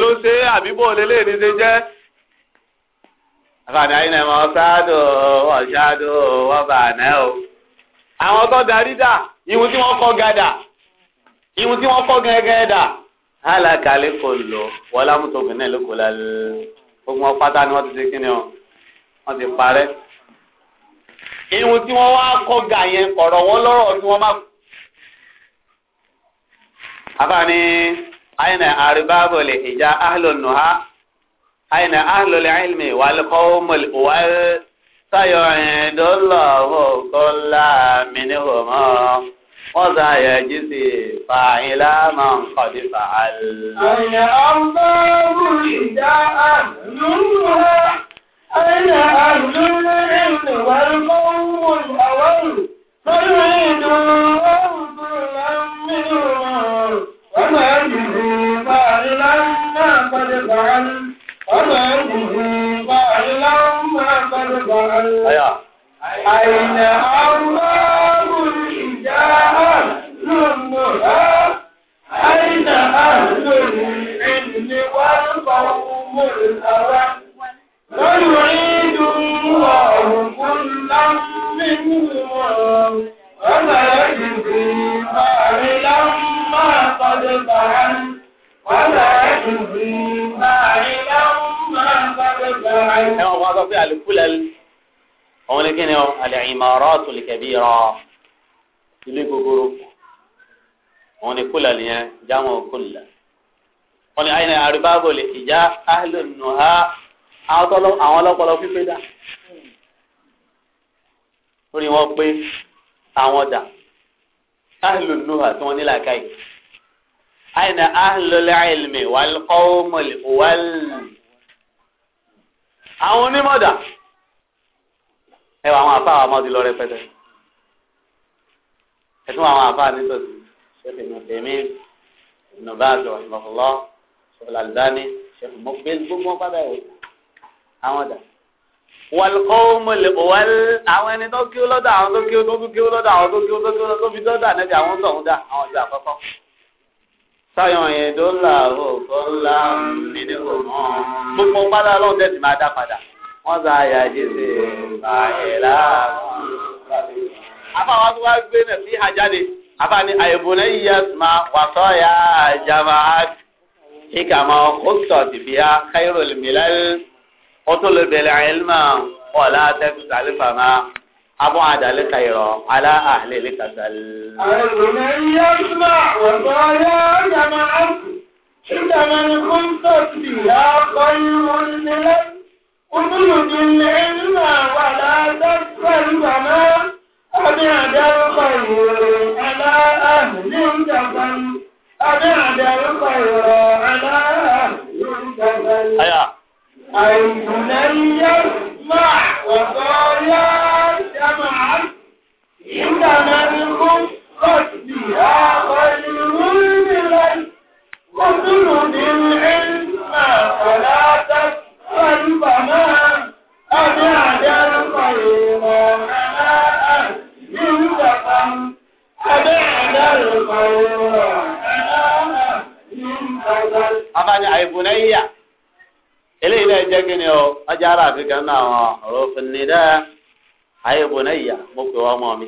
ló ṣe àbíbò lélẹ́ẹ̀ni ṣe jẹ́ àfààní àyínà ẹ̀mọ́ sáádò ọ̀ṣáádò ọ̀bàánẹ́ o. àwọn tó darí dà ìhun tí wọ́n kọ́ gàdà ìhun tí wọ́n kọ́ gẹ́gẹ́ dà alákàlẹ́ kò lọ wọlé amútòkùn náà ló kò lálẹ́ ogun ọ̀pátá ni wọ́n ti ṣe kí ni o wọ́n ti parẹ́. ìhun tí wọ́n wá kọ́ gà yẹn ọ̀rọ̀ wọn lọ́rọ̀ tí wọ́n bá. àfààní àyínà àríbábọ̀lẹ̀ ìjà áhìlò nù أين أهل العلم والقوم الأول الله كل منهما وسيجزي فاعل من قد فعل أين أرباب الهداء أهلها أين أهل العلم والقوم الأول سيعيد الله كل منهما وسيجزي فاعل من قد فعل Aya. Aina Allahul Hijab lumbuha Aina ahlul ilmi wal qawmul awam Wal yu'idu Allahu kullam minhum Wala yajzi fa'ilan ma qad fa'al Wala yajzi ẹ̀wọ̀n kan sọ pé àlùkùlẹ̀ òun ni kí ni ọ al-imaratul kabira ilé gogoro òun ni kùlẹ̀ nìyẹn jáwọn kùlẹ̀ wọn ni àyìn àrùbáàbò lè ìjà ahlun nuha àwọn ọlọ́pọlọ pípé dá lórí wọn pé àwọn dà ahlun nuha tí wọn ní làákàyè àyìn ahlul ilmi wal qawmul wal àwọn onímọ̀dà ẹ wà àwọn àfa àwọn ọmọdé lọ rẹpẹtẹ ẹ tún àwọn àfa nítòsí ṣẹfì nùtẹmí nùbàdàn ìmọ̀fọlọ́ ṣọlálùdáni ṣẹfì mọ́gbé gbogbo padà ẹ̀ àwọn ọ̀dà wàlùkọ́wọ́mọlẹ̀ wàl àwọn ẹni tó kí ó lọ́dọ̀ àwọn tó kí ó tó kí ó lọ́dọ̀ àwọn tó kí ó tó kí ó lọ́dọ̀ tó fi lọ́dọ̀ ànẹ́bí àwọn tó ń dá àwọn ọjà àkọ́kọ́ sáyọ̀n yẹn tó là òkò ńlá nínú òmò gbogbo padà lọ́n tẹ̀sí máa dá padà wọ́n sá àyà jẹ́sẹ̀ àyẹ̀lá. àbáwá tó wá gbé náà sí àjáde àbá ni àyẹ̀bùnà yíyá sùnmá wàtọ́ ya àjàmá ìkàmọ́ ó sọ̀ tìbíyá káírò lèmílẹ́ ọtún lè bẹ̀rẹ̀ àyẹ̀lmà ọ̀là tẹ́kùtà lè fàmà abu adale kayiro ala ahle le kasal. ẹlòmí yẹ sùnà wọ́n yẹ jama àti jama ní kọ́ńtọ̀tì yàtọ̀ irun nílẹ̀ kúndùlùdì ní ẹ̀yìnà wà látàkùn jama àbí àdàlùkọ ìwòrò ala ahle ń jàmbá àbí àdàlùkọ ìwòrò ala ahle ń jàmbá. ẹlòmí yẹ sùnà wọ́n yẹ. جمعا عندنا منكم قد بها والمنزل وطلب العلم فلا تسأل فما أبعد الخيرون ما أهلكم أبعد الخيرون Abáni àìbùnẹ́yà, eléyìí náà jẹ́ kí ni ọ, ọjà ara àfikàn náà ọ̀rọ̀ òfin nìdá ayé bọ̀nà ìyá mo pè wọ́n ọmọ mi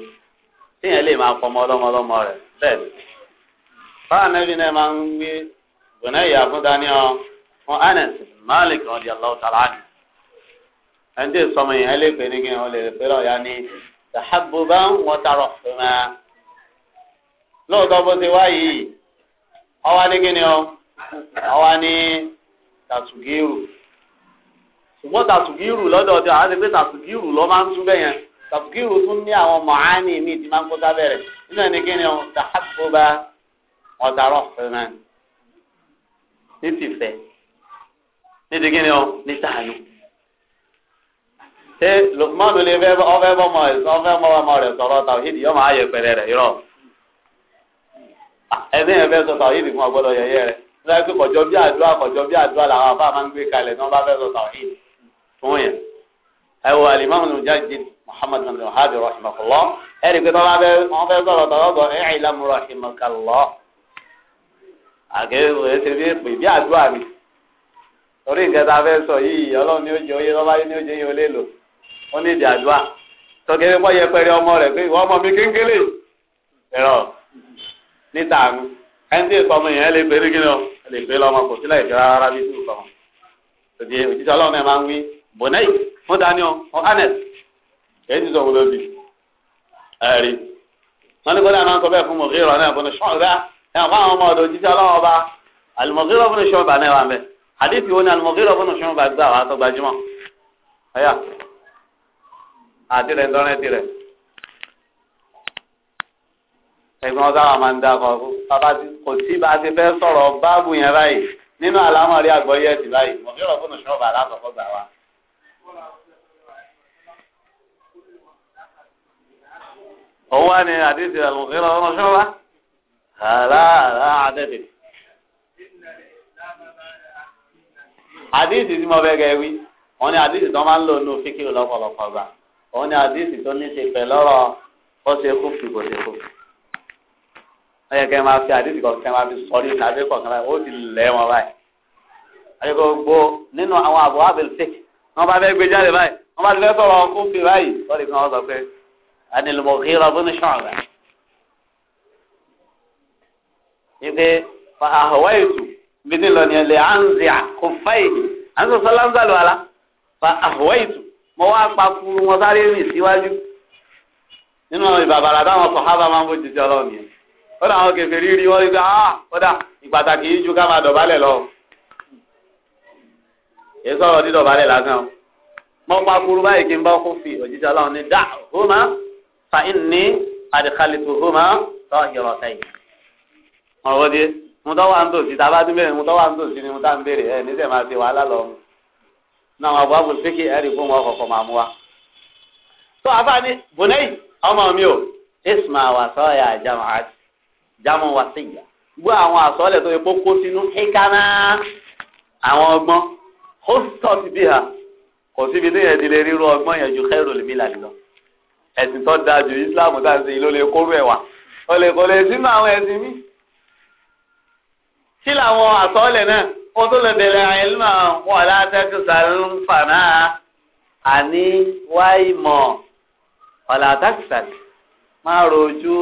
tíyẹn lè máa fọmọ ọlọ́mọ ọlọ́mọ rẹ̀ bẹ́ẹ̀ ni fáwọn ẹbí náà máa ń gbé bọ̀nà ìyá fún daniel fún anes malik ọ̀dì aláwọ̀tàlá ni ẹni tí sọmọ yẹn lè pè ní kí wọn lè pè lọ ya ní tàbùbá wọn tarọ fún wa lóòótọ́ bó ti wá yìí ọwá ní kí ọ ọwá ní tàtùgírù ṣùgbọ́n tàtùgírù lọ́dọ̀ ọdẹ àti pé tàtùgírù lọ́ máa ń tún bẹ́yẹn tàbùkìrù tún ní àwọn mọ̀ánì mi ti máa ń kó sábẹ́rẹ̀ nínú ẹni kí ni ọ tàhàkóbá ọ̀dàrọ̀ fẹ́ràn ní ti fẹ́ ní ti kí ni ọ ní sàánú. ṣé Lukman lè fẹ́ ọfẹ́ bọ́ ọmọ rẹ̀ ọfẹ́ bọ́ ọmọ rẹ̀ sọ̀rọ̀ tàwíìdì yọ máa yẹ pẹ̀lẹ́ rẹ̀ yọrọ. ẹni yẹn fẹ́ sọ tàwíìdì fún ọgbọ́dọ̀ yẹyẹ rẹ̀ lọ́yẹ́ pé kọjọ́ bí àdúrà kọjọ́ bí àdúrà làwọn afá máa ń gbé kalẹ̀ tí wọ́n bá fẹ́ sọ tàwíìdì fún yẹn. ẹ wo alimami nù jáde محمد bin abdulhadi رحمه الله pé tọ́lá wọn fẹ́ sọ̀rọ̀ tọ́lá sọ الله ìlàmù rahimakallah àgẹ́rù ẹ̀ ṣe bí èpè bí àdúrà mi torí nǹkan tá a fẹ́ sọ yìí ọlọ́run ní oúnjẹ oyè lọ́ba ní oúnjẹ yìí ó lè lò ó ní ìdí àdúrà tọ́kẹ́ wọ́n yẹ pẹ́rẹ́ ọmọ rẹ̀ pé ìwọ ọmọ mi kéńkélé ẹ̀rọ níta àrùn ẹni tí èso ọmọ yẹn lè péré kí ni ọ lè pé lọ́mọ kò sílẹ̀ ìfẹ́ rárá bí èyí ti sọ̀rọ̀ lóbi ẹ̀rí wọn ní kọ́lá máa ń sọ bẹ́ẹ̀ fún Mughira náà fún ṣọ́ọ̀bá ẹ̀ fún àwọn ọmọ ọ̀dọ̀ òjíṣẹ́ ọlọ́wọ́ bá al-Mughira fún ṣọ́ọ̀bá náà wà mẹ́ àdìsí wo ni al-Mughira fún ṣọ́ọ̀bá gbà wà tó gbajúmọ̀ ẹ̀yà àti rẹ̀ dọ́rẹ́ ti rẹ̀ ẹ̀gbọ́n ọ̀sán wa máa ń dá kọ́ bàbá tí kò sí bá ti fẹ́ sọ̀rọ̀ báàbù yẹn báyìí nínú àlámọ̀rí àgbọ̀yẹ̀ ti báyìí Mughira fún ṣọ́ọ̀bá alákọ̀ọ́kọ́ gbà wá. هو أن حديث المغيرة بن شعبة لا لا عدد حديث tí mo fẹ́ gẹ̀ wí wọ́n ní àdìsí tó máa ń lò nù fíkì lọ́pọ̀lọpọ̀ gbà wọ́n ní àdìsí tó ní ṣe pẹ̀ lọ́rọ̀ ó ṣe kú fi kò ṣe kú fi. wọ́n yẹ kẹ́ máa fi àdìsí kan kẹ́ máa fi sọrí tàbí kọ̀ọ̀kan báyìí ó ti lẹ̀ wọn báyìí. àyẹ̀kọ́ gbogbo nínú àwọn àbọ̀ àbẹ̀lẹ̀ fíkì wọ́n bá fẹ́ gbé jáde báyìí wọ́n bá ti fẹ́ sọ̀rọ̀ kú fi báyìí عن المغيرة بن شعبة يبقى فأهويت من لن لأنزع خفيه أنت صلى الله عليه وسلم فأهويت mo wá pa kúrú wọn sáré rìn síwájú nínú ìbàbàrà táwọn sọ̀hábà máa ń bójú ti ọlọ́run yẹn ó dà àwọn kẹfẹ́ rírí wọn rí pé ah kódà ìpàtàkì yìí ju ká máa dọ̀bálẹ̀ lọ èyí sọ̀rọ̀ dídọ̀bálẹ̀ lásán mo pa kúrú báyìí kí n bá kó fi òjijì ọlọ́run ní dá ó máa fa inni adìkálìtòhómà tọ́hìrọ̀ sẹ́yìn. ọ̀rọ̀ wọ́n di mo tọ́ wà ń tòsí tá a bá tún bẹ̀rẹ̀ mo tọ́ wà ń tòsí ni mo tá ń bèrè ẹ̀ eh, níṣẹ́ máa ṣe wàhálà lọ mu. náà wọn àbúrò fíkì ẹ̀rì fún wọn kọ̀ọ̀kan máa mú wa. tó a bá ní bùnẹ́yì ọmọ mi ò isma wa sọ́ọ̀yà jamu wa síyà gbọ́ àwọn àsọ́ọ̀lẹ̀ tó yẹ kó kó sínú kíkánná àwọn ọgbọ́n ó sọ̀tì bí ha kò síbi tó yẹ ẹ̀sìn tó dáa ju islam tá a ṣe yìí ló lè kóró ẹ̀ wá ó lè kó lè sínú àwọn ẹ̀sìn mi. sí làwọn àsọ̀ọ́lẹ̀ náà ó tó lè bẹ̀rẹ̀ àìlúmọ̀ wọn látẹ́kùsà ń fànà àní wáìmọ̀ ọ̀làtàkùsà máa rojú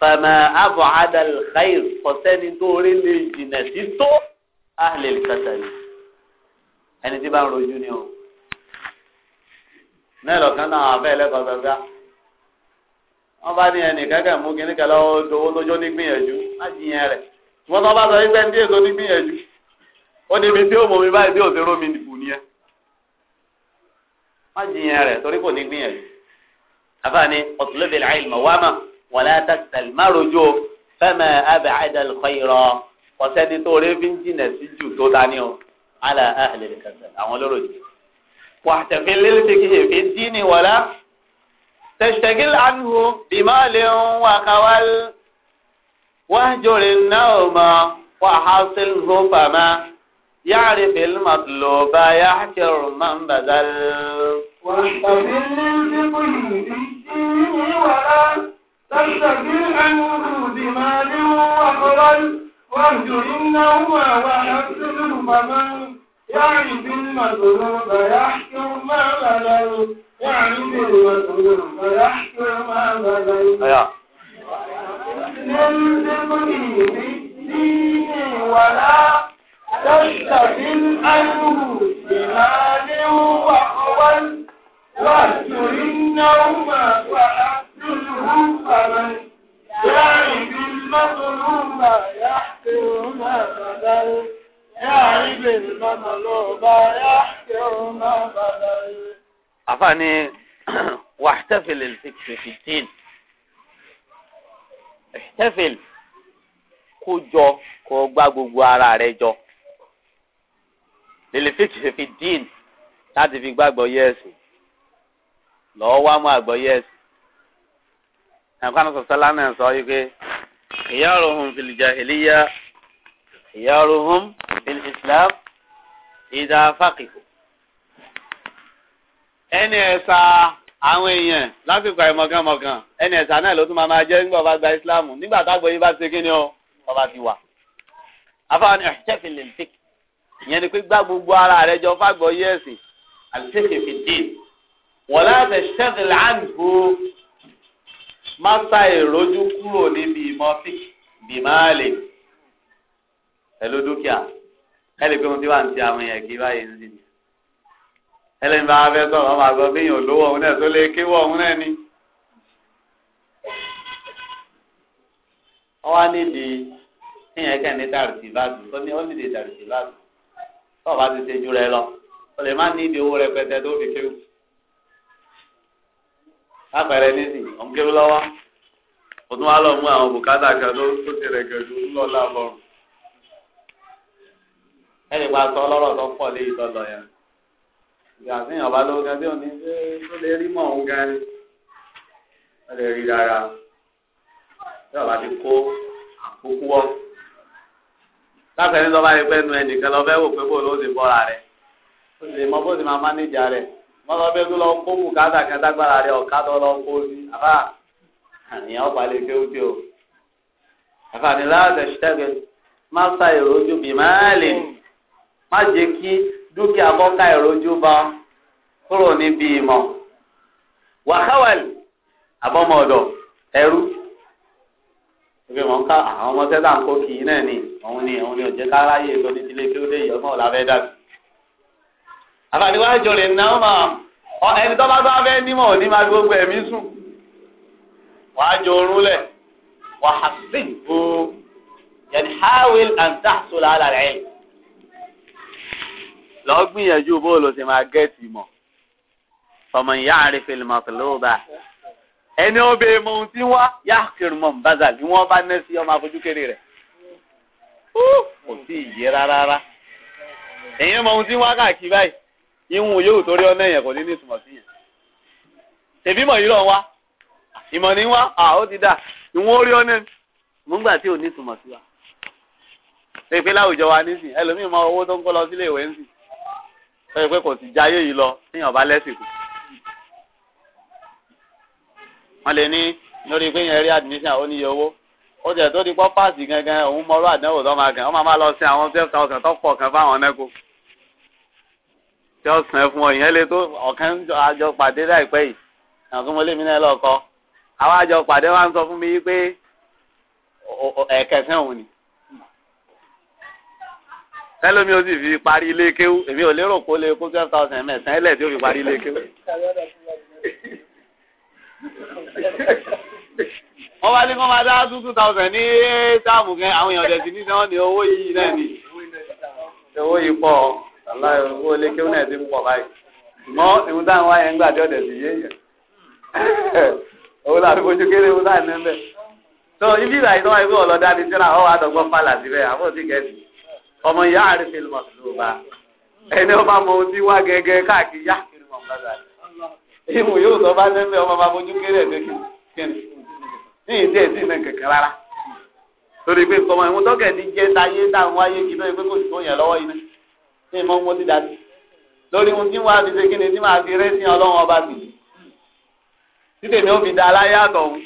fàmà àbọ̀ àdàlùkáyìr kọ̀sẹ́ni tó rí lè jìnà sí tó àhìlẹ̀ kàtàlì ẹni tí bá ń rojú ni o náà lọ́kàn náà àbẹ́ ẹlẹ́kọ̀ọ́ gbẹgbẹ́ wọ́n bá ní ẹnì kẹ́kẹ́ mú kíní kẹlẹ́ ó dowó lójó ní gbìyànjú má jiyàn rẹ̀ wọ́n tó bá sọ wípé ní èso ní gbìyànjú ó níbi tí ó mọ mi báyìí bí òsè rómi nìkú ni ẹ má jiyàn rẹ̀ torí kò ní gbìyànjú. àfààní ọ̀túnlẹ́bẹ̀ láìl mọ̀wámà wọ̀lá tẹ̀sítẹ̀lì má rojọ́ fẹ́mẹ̀ abẹ́ àìdàlù kọ́yìrọ̀ ọ̀sẹ́ni tó rẹ́ fi ń jìnà sí jù tó dání o alẹ́ àhìlẹ̀ kẹsẹ̀ àwọn olóró jù. واحتفل للفقه في الدين ولا تشتغل عنه بمال وخول واهجر النوم وحصله فما يعرف المطلوب يحكر من بذل واحتفل للفقه في الدين ولا تشتقل عنه بمال وخول واهجر النوم وحصله فما يعني بالمظلوم فيحكم ما بلغوا يعني بالمظلوم فيحكم ما بلغوا نلزمني بالدين ولا تشتغل أنه بمال وقوى واهجر النوم وأبدله فمن يعني بالمظلوم يحكم ما بلغوا àfààní wàhtẹ́fìlì fìtìn tẹ́fìlì kó jọ kó gbá gbogbo ara rẹ jọ lèlè fìkìsì fi dín láti fi gbàgbọ́ yẹ́sì lọ́ọ́ wá mú àgbọ̀ yẹ́sì ẹ̀kọ́ àwọn sọ̀tọ́ lánàá sọ yìí pé ìyá ọ̀rọ̀ fìlìjà ìlíyà ìyá ọ̀rọ̀ في الإسلام إذا فقهوا ẹni ẹ̀sà àwọn èèyàn lásìkò àìmọ̀gánmọ̀gán ẹni ẹ̀sà náà ló tún máa máa jẹ́ nígbà bá gba ìsìláàmù nígbà tágbọ̀ yìí bá ṣe kí ni ọ ọba ti wà. afáwọn ẹ̀ṣẹ́fì lè fèk ìyẹn ni pé gbá gbogbo ara rẹ jọ fàgbọ́ yé ẹ̀sìn àlùfẹ́kẹ̀ fìdí wọ́n láti ṣẹ́fì láàbù má èròjú kúrò níbi ìmọ̀ fìk bìmáàlè pẹ̀lú dúkìá ẹlẹ pé mo ti wà ní ti àwọn yẹn kí báyìí ń sìn ní. ẹlẹ́ni bá fẹ́ sọ̀rọ̀ ọmọ àgbọ̀ bí yàn lówó òun náà tó lé kéwọ́ òun náà ni. wọ́n wá nídìí tíyẹn kẹ́ ní dàrúsì báàdù ó ní ó ní di dàrúsì báàdù tó o bá ti ṣe ju rẹ lọ o lè má ní ìdí owó rẹpẹtẹ tó fi kéwù. lápẹẹrẹ nísìnyí òun kéwù lọ́wọ́ o wá lọ mú àwọn bùkátà kan tó ti rẹ̀ gẹ̀dú ńlọ́ọ̀lá ẹnì pa sọ ọlọ́rọ̀ tó pọ̀ lé ìtọ́lọ yẹn ọba lówó gan tí òní tó lè rí mọ̀ òun gan lè rí tí ọba ti kó àkókò nu ẹnìkan wò pé bó ló ti bọ́ra ó sì mọ bó ti máa mánéjà lọ tó lọ kó bùkátà kan o àfààní láti máa ń bì má jẹ́ kí dúkìá kọ́ka ìrojú bá kúrò níbi ìmọ̀ wàháwàlì àbọ̀mọ̀dọ̀ ẹrú ebi mọ̀ nká àwọn ọmọ sẹ́dá ń kó kì í náà ni òun ni òun ni ò jẹ́ kára yé èso ní kí ó dé dàbí. náà mà ẹni tó bá gbogbo sùn wàá jọ orun wàá yẹn and so yìí. lọ gbìyànjú bóòlù sì máa gẹ́ẹ̀tì mọ̀ ọmọ ìyá àrífẹ́ lè máa pẹ̀lú ọba ẹni ọbẹ̀ mọ ohun tí wá yá kiri mọ̀ nbàzà bí wọ́n bá ná sí ọmọ afọ́jú kéré rẹ̀ kò sí ìyẹ́ rárá èyí mọ ohun tí wá káàkiri báyìí ìhun yóò torí ọ náà yẹn kò ní ní ìtumọ̀ sí yẹn tèmi mọ̀ yìí lọ wá ìmọ̀ ní wá à ó ti dà ìwọ̀n orí ọ náà mú gbà tí ò ní ìtumọ̀ sí wa pépé láwùjọ wa nísìn ẹlòmíì mọ owó tó ń kó lọ sílé ìwé ń sọyìn pé kò sì jayé yìí lọ téèyàn bá lẹ́sìn kù. wọ́n lè ní lórí pé yẹn rí admission ó níye owó ó jẹ́ tó di pọ́ páàsì gangan òun mọ ọlọ́ àdánwò tó máa kàn ó máa máa lọ sí àwọn twelve thousand tó pọ̀ kan fáwọn ẹ̀kọ́ tí ó sàn fún ọ ìyẹn lè tó ọ̀kan àjọ pàdé láìpẹ́ yìí àtúmọ̀lé mi náà lọ́kọ́ àwọn àjọ pàdé wa ń sọ fún mi pé ẹ̀kẹsẹ̀ òun ni ẹlòmí o sì fi parí ilé kéwú èmi ò lérò kó lè kó twelve thousand mẹ́sàn án ẹlẹ́ẹ̀ tí ó fi parí ilé kéwú. wọ́n bá ní kó máa dá two two thousand ní táàmù kan àwọn èèyàn jẹ̀sí ní sẹ́wọ́n ní owó yìí náà ni owó yìí pọ̀ aláì owó ilé kéwú náà ti ń pọ̀ báyìí mọ́ ìhun táwọn wáyé ń gbà tí ọ̀dẹ̀ sì yé yẹn owó làbí fojú kéré owó láì ní bẹ́ẹ̀. tó ibi ìlà ìtọ́wá ìgbé ọ̀lọ́dá ni tíra ọ̀ wá dọ̀gbọ́n síbẹ̀ àbọ̀ sí kẹ́sì ọmọ ìyá àrífẹ́ ló máa fi lò bá ẹni ọba mọ ohun tí wá gẹ́gẹ́ káàkiri yá kiri mọ̀ nígbàdà ìmù yóò sọ bá sẹ́fẹ̀ ọmọ bá fojú kéré ẹ̀ kékeré ní ìdí ẹ̀ sí iná kẹ̀kẹ́ rárá torí pé kọ́mọ ìmú tọ́kẹ̀ ti jẹ́ táyé táwọn ayé kí lóye pé kò sí fóyàn lọ́wọ́ iná ní ìmọ̀ mo ti dà sí lórí ohun tí wàá fi ṣe kí ni tí màá fi rẹ́ sí ọlọ́run ọba bì títẹ̀ mi ò fi da aláyàtọ̀ òun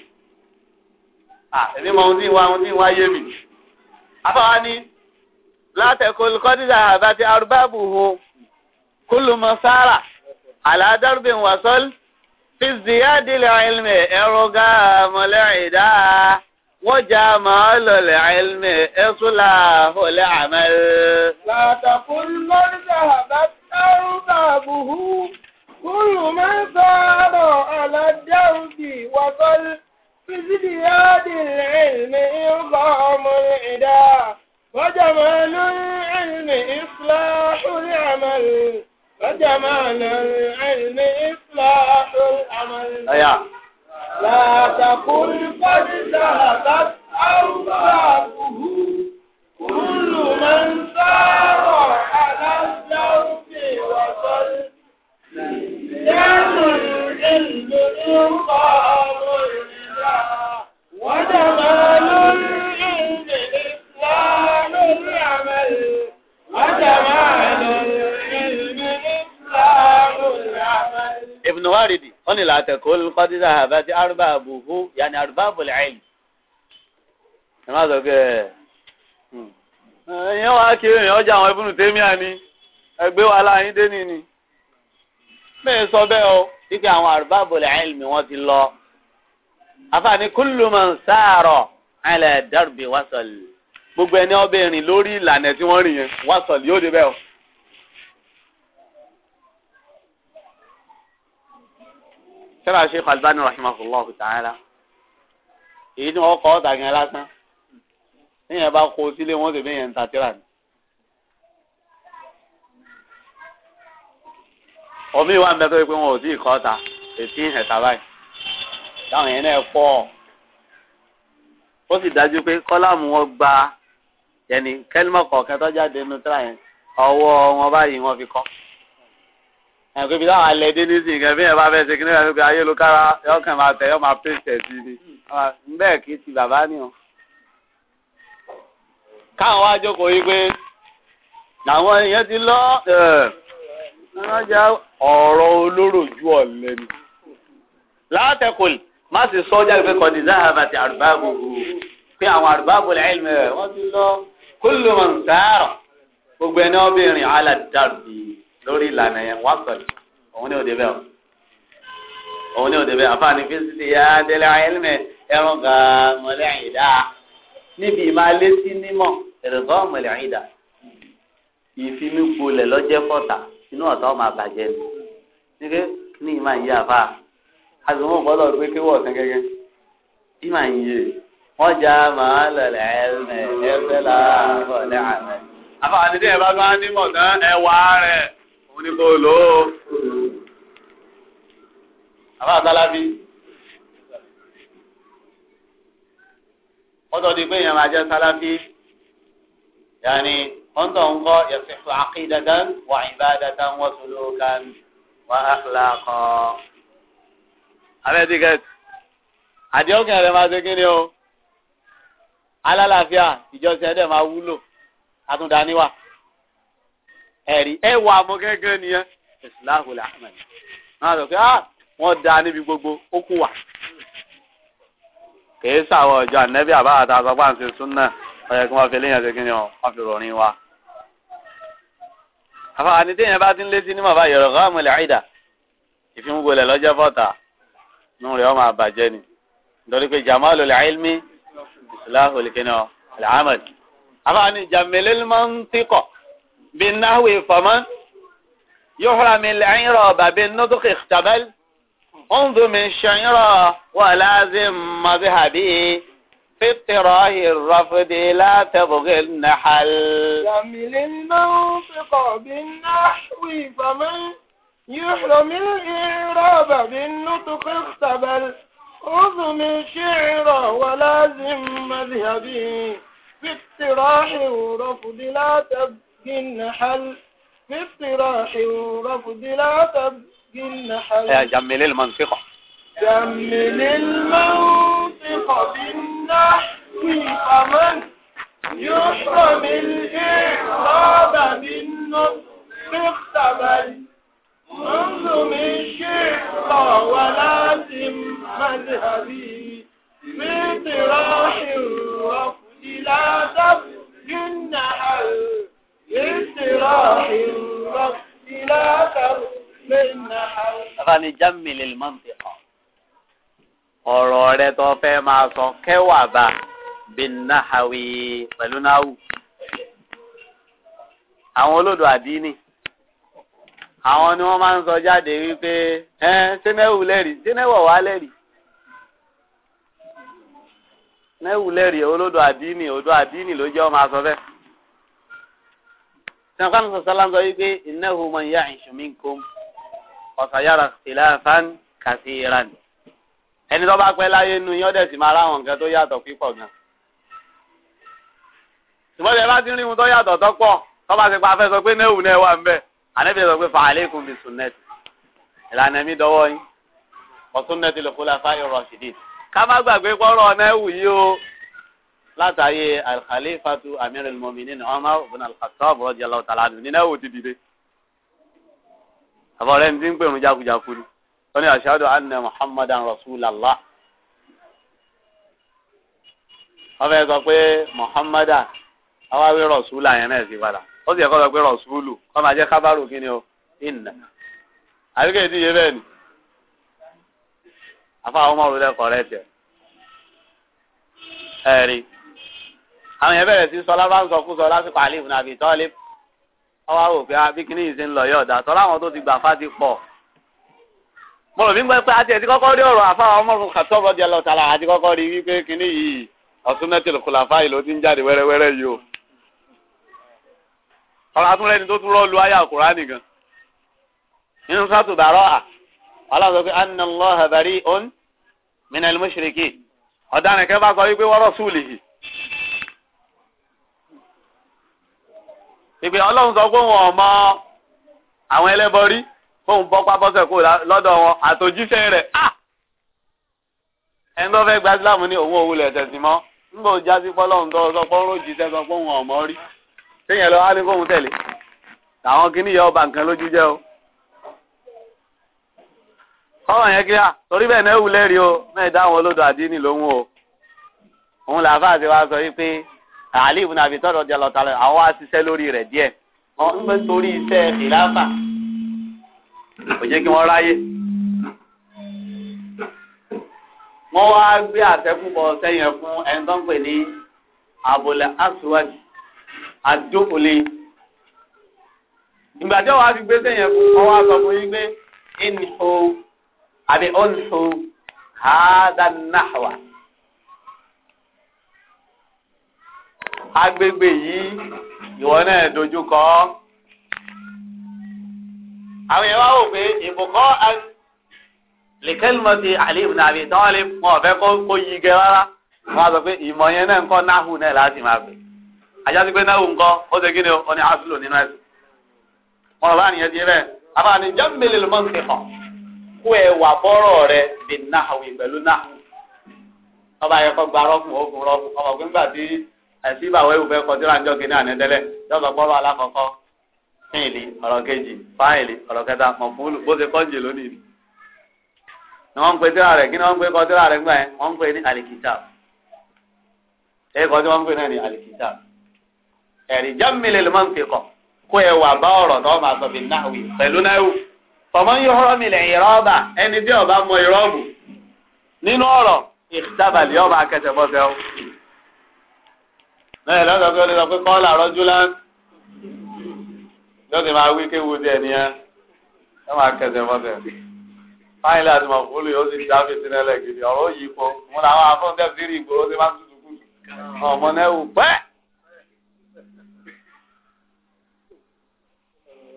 à èmi mọ ohun tí wàá ohun mi àbáwá ní látẹ̀kọ́ kọ́dídà àbátí arúbáàbù ho kúlùmọ̀ sára àládọ́rùbìn wàsọ́l fi ziyadi ilmi ẹ̀rọ̀gá mọ̀lẹ́rìndá wọ́n já màá lọlẹ̀ ilmi ẹ̀sùlà hólẹ̀ àmẹ́l. látẹ̀kọ́ kọ́dídà àbátí arúbáàbù ho kúlùmọ̀ sára àládọ́rùbìn wàsọ́l fi ziyadi ilmi ẹ̀rọ̀gá mọ̀lẹ́rìndá. وجمال العلم إصلاح العمل وجمال العلم إصلاح العمل أيوة. لا تقل قد ذهبت أوصافه كل من سار على الدرب وصل دام العلم إنقاذ الإله وجمال. wọ́n ní làtẹ̀kọ́ olùkọ́dídà àbájá arúgbó àbùkù yanni arúgbó àbùlẹ̀ ẹ̀yìn. ẹ má sọ pé ẹ hmm. ẹ̀yìn wá kí èèyàn ọjà àwọn ẹbùnú tèmíà ni ẹgbẹ́ wa láàyín dé nìní. bẹ́ẹ̀ sọ bẹ́ẹ̀ o wípé àwọn arúgbó àbùlẹ̀ ẹ̀yìn mi wọ́n ti lọ. àfààní kúlùmọ̀ sáàrọ̀ ẹ̀lẹ̀ wàsọ̀lì gbogbo ẹni ọbẹ̀ rìn lórí ìlànà tí wọ́n rìn yẹn wàsọ̀lì yóò dé bẹ́ẹ̀ o. tẹ́lá Sheikh Albani rahimahullah ta'ala èyí ni wọ́n kọ́ ọ́ta gan lásán níyẹn bá kó sílé wọ́n sì bẹ́yẹn ń ta tẹ́lá ni. omi wa ń bẹ tó yẹ pé wọn ò tí ì kọ́ ọ́ta ètí ìhẹ̀ta báyìí táwọn yẹn náà pọ̀ ó sì dájú pé kọ́lámù wọn gba yẹnì kẹ́límọ̀ kọ̀ọ̀kan tó jáde nínú tẹ́lá yẹn ọwọ́ wọn báyìí wọn fi kọ́ ẹ̀kọ́ ibi táwọn alẹ́ dé nísìnyí kan bí yẹn bá fẹ́ ṣe kí ní ìgbà gbogbo ayé ló kára yọ kàn máa tẹ̀ yọ máa pèsè sí i ni ah, bẹ́ẹ̀ kì í ti bàbá ni o. káwọn wá jókòó yìí pé àwọn èèyàn ti lọ ọ̀rọ̀ olóró ju ọ̀lẹ́ ni. látẹ̀kùn má sì sọ ọjà pé kọ́ni záhàbà ti àrùbá gbogbo pé àwọn àrùbá bọ̀lẹ̀ ẹ̀lmẹ̀ lọ kúlùmọ̀ nǹkan àrọ̀ gbogbo ẹni ọbẹ̀ rìn aládàbí lórí ìlànà yẹn wọ́n sọ̀rọ̀ òun ní òde bẹ́ẹ̀ o òun ní òde bẹ́ẹ̀ àfààní fi sí ti yá délé ayélujára ẹ̀rọ gan mọ̀lẹ́ àyídá níbi ìmáa létí nímọ̀ ẹ̀rọ gan mọ̀lẹ́ àyídá ìfimigbolẹ̀ lọ́jẹ́ fọ́ta inú ọ̀tá ọmọ àbàjẹ́ ni nígbẹ́ ní ìmáa yí àfà àtùmọ̀ gbọ́dọ̀ pé kéwọ́ ọ̀sán gẹ́gẹ́ ìmáa yí wọ́n já màá lọ̀lẹ̀ ẹ̀rọ ẹ̀fẹ́ làwọn ọ̀lẹ́ àmẹ́ àfààní ẹ bá bá nímọ̀ tán ẹwà rẹ̀ mo ní kó lò ó àbá àtàlábí mọ́tò di pé èèyàn máa jẹ́ sálábí yàní mọ́tò ń kọ́ yẹ̀sìnkú àkídàdán wà ìbádàdán wọ́n tún ló kan wà áfìlà kan. abẹ́ tíkẹ́tì àdéhùnkẹ́ rẹ̀ máa ṣe kí ni o alálàáfíà ìjọsìn ẹ̀dẹ̀ máa wúlò àtúndáníwà ẹ̀rí ẹwà mọ́ gẹ́gẹ́ nìyẹn islahu ahmed náà sọ pé ah wọ́n da níbi gbogbo ó kú wà. kìí sàwọn ọjọ́ ànẹ́bí àbáwá tá a sọ páǹsì súnà ọ̀yẹ́ kí wọ́n fi léyìn ṣe kí ni wọ́n fi rọrin wa. àfàwọn àti téèyàn bá ti ń létí ní màbá yọ̀rọ̀ kọ́ àmọ́ ilẹ̀ àìdá ìfimúgbolẹ̀ lọ́jọ́ fọ́ta nù rẹ̀ ọmọ àbàjẹ́ ni nítorí pé jamal olè ilmi islahu kí ni ọ àlàámẹ̀d àfàwọn àti jàmẹ́lẹ́lẹ́mọ́ ń tíkọ̀ بالنهو فمن يحرم العراب بالنطق اختبل انظر من شعرا ولازم مذهبي في اضطراه الرفض لا تبغي النحل يمل المنطق بالنحو فمن يحرم الإعراب بالنطق اختبل خذ من شعرا ولازم مذهبي في اقتراح الرفض لا تبغي حل في افتراح ورفض العتب جنحل جمل المنطقة جمل المنطقة بالنحو فمن يحرم الإعراب بالنطق اختبل منذ الشيطة ولازم مذهبي في طراح الرفض لا تبقى النحل Bàbá ni Jami lè máa ń fi hàn. Ọ̀rọ̀ rẹ tó fẹ́ máa sọ kẹwàá bá bin Nahawi pẹ̀lú Náhù. Àwọn olódò àdínì. Àwọn ni wọ́n máa ń sọ jáde wípé ẹ́ ṣé mẹ́wù lẹ́rìí ṣé mẹ́wọ̀ wá lẹ́rìí. Mẹ́wù lẹ́rìí olódò àdínì odò àdínì ló jẹ́ ọ máa sọ bẹ́ẹ̀ sàǹkà nìsọ sálá ń sọ wípé innahu man ya'ish minkum fasayara ikhtilafan kathiran ẹni tó bá pẹ́ láyé nu yín ọ̀dẹ̀ sì máa ráwọn nǹkan tó yàtọ̀ pípọ̀ gan. ṣùgbọ́n bí ẹ bá ti rí ohun tó yàtọ̀ tó pọ̀ tó bá ti pa afẹ́ sọ pé nẹ́wù náà wà ń bẹ̀ ànábìyẹ sọ pé fa alaykum bi sunnati ìlànà mi dọwọ́ yín wa sunnati al-khulafa'i ar-rashidin ká má gbàgbé pọ́rọ̀ nẹ́wù o látàrí alkhalifatu amirul muminin Umar ibn al-Khattab radiyallahu ta'ala anhu nínú ẹ̀wò ti dìde. àbọ̀rẹ́ ní ti ń pè ń jákujàku ni wọ́n ní ashhadu anna muhammadan rasulallah. wọ́n fẹ́ sọ pé muhammadan awáwé rasula yẹn náà sì padà ó sì yẹ kó sọ pé rasulu kó máa jẹ́ kábàrò kí ni o inna. àbíkẹ́ ìdíje bẹ́ẹ̀ ni àfa àwọn ọmọ òrùlé kọ̀ọ̀rẹ́ tiẹ̀ ẹ̀rí àwọn yẹn bẹ̀rẹ̀ sí sọlá bá ń sọ fún sọlá sí pàálí ìfúnà àbí tọ́lé ọwọ́ rò pé abíkíní ah, yìí ṣe ń lọ yọ̀ ọ̀dà tọ́lá àwọn tó ti gbà fá ti pọ̀ mo rò mí gbọ́ pé àti ẹ̀ ti kọ́kọ́ rí ọ̀rọ̀ àfáwọn ọmọrùn kàtọ́ rọ́jà lọ tààrà àti kọ́kọ́ rí wípé kíní yìí ọ̀túnmẹ́tì kùlàfà yìí ló ti ń jáde wẹ́rẹ́wẹ́rẹ́ yìí o ọ̀rọ̀ tó tún rọ́ọ̀lù ìpè ọlọ́run sọ pé wọn mọ àwọn ẹlẹ́bọ rí fóun bọ́ pápọ́sẹ̀ kó lọ́dọ̀ wọn àtòjíṣẹ́ rẹ̀ á ẹni tó fẹ́ gba sílámù ní òun òwúlẹ̀ ẹ̀tẹ̀sìn mọ́ nígbà òjá sí pọ́lọ́run tó sọ pé ó jíṣẹ́ sọ pé wọn ọmọ rí téèyàn lọ á ní kóun tẹ̀lé àwọn kìíní yọ ọba nǹkan lójú jẹ́ o ọ̀rọ̀ yẹn kíá torí bẹ́ẹ̀ náà ewu lẹ́rìí o náà dáhùn olódò àdínì lóhùn o òun làáfàá ti wá sọ yìí pé Ali ibn Abi Talib ọjà lọ́ta lọ àwọn aṣiṣẹ́ lórí rẹ̀ díẹ̀ wọ́n ń gbé torí iṣẹ́ ìlàfà kò jẹ́ kí wọ́n ráyè. wọ́n wá gbé àtẹ́kùbọ̀ sẹ́yìn fún ẹni tó ń pè ní Abul Aswad àdókòlè. ìgbà tí wọ́n á fi gbé sẹ́yìn fún wọ́n wá sọ fún yín pé ìnìhó àbí ọ̀nìhó hàdánàhwà. agbègbè yìí ìwọ náà dojú kọ ọ. àwọn yẹn wá wò pé ìbùkọ́ lèkẹ́lùmọ́tì àlè ìbùnà àbí ìtàn lè wọn ọ̀fẹ́ kó yí gẹ rárá wọn á sọ pé ìmọ̀ yẹn náà ń kọ́ náà láti máa pè àjọsí pé náhù ń ó ṣe kí ni ó ní asúlò nínú ẹ̀sìn wọn bá nìyẹn ti bẹ́ẹ̀ àbáni jọ́mbélé lọ́mọ́sìn hàn kó ẹwà bọ́rọ̀ rẹ bí náhù pẹ̀lú náhù ọba yẹn kọ́ gba rọ́ọ̀kùn ogun rọ́ọ̀kùn ọmọ gbẹ́ngbà àti ìbàwọ̀ ewu fẹ́ kọjú ránjọ́ kínní ànẹ́tẹ́lẹ̀ yọ̀bà pọ́lọ́ alákọ̀ọ́kọ́ fíìlì ọ̀rọ̀ kejì fáìlì ọ̀rọ̀ kẹta mọ̀fúlù bó ṣe kọ́jì lónìí ni wọ́n ń pe tíra rẹ̀ kí ni wọ́n ń pe kọ́ tíra rẹ̀ gbà yẹn wọ́n ń pe ní àlìkìtà ẹ̀ kọ́ tí wọ́n ń pe náà ní ẹ̀rí kọ̀ kó ẹ wà bá ọ̀rọ̀ tó máa sọ bí náwì pẹ̀lú náwù mọ nínú ìtàbàlì ọba ẹ lọ́sọ̀ pé ó lè sọ pé kọ́ làárọ̀ júlán lọ́sẹ̀ máa wí kéwu díẹ̀ nìyẹn ẹ máa kẹsẹ̀ mọ́tẹ̀ fáyìn láti mọ̀ fúlù yóò sì dá fi sínú ẹlẹ́gìdì ọ̀rọ̀ yìí kọ́ mo làwọn afọ́ńtẹ́ fi rí ìgboro tí máa ń tutù kùtù ọmọ náà wù pẹ́.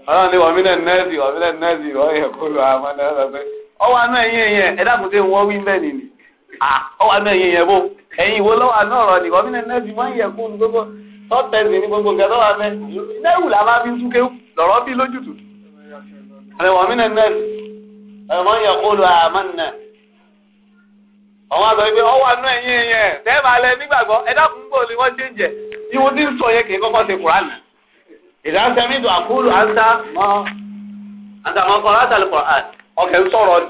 ọlọ́run ní wọ̀mílẹ̀ nẹ́ẹ̀sì wọ̀mílẹ̀ nẹ́ẹ̀sì ọ̀yẹ̀ kó lu àwọn ọmọ náà lọ pé ọwọ́ àánú ẹ̀yìn ẹ̀yìn ẹ̀ dákun ẹ̀yin ìwo lọ́wọ́ àná ọ̀rọ̀ nìkan mí náà fi máa ń yẹ kún gbogbo tọ́tẹ̀sì ní gbogbo nǹkan lọ́wọ́ amẹ́ nẹ́wù là bá fi ń súnké lọ́rọ́ bí lójútù. ẹ̀wọ̀n mí náà ẹ̀wọ̀n yẹ kó lo àmọ́ nà. àwọn àgbà wípé ọwọ́ àánú ẹ̀yìn ẹ̀yẹ tẹ́ẹ̀bà alẹ́ nígbàgbọ́ ẹ dákun ń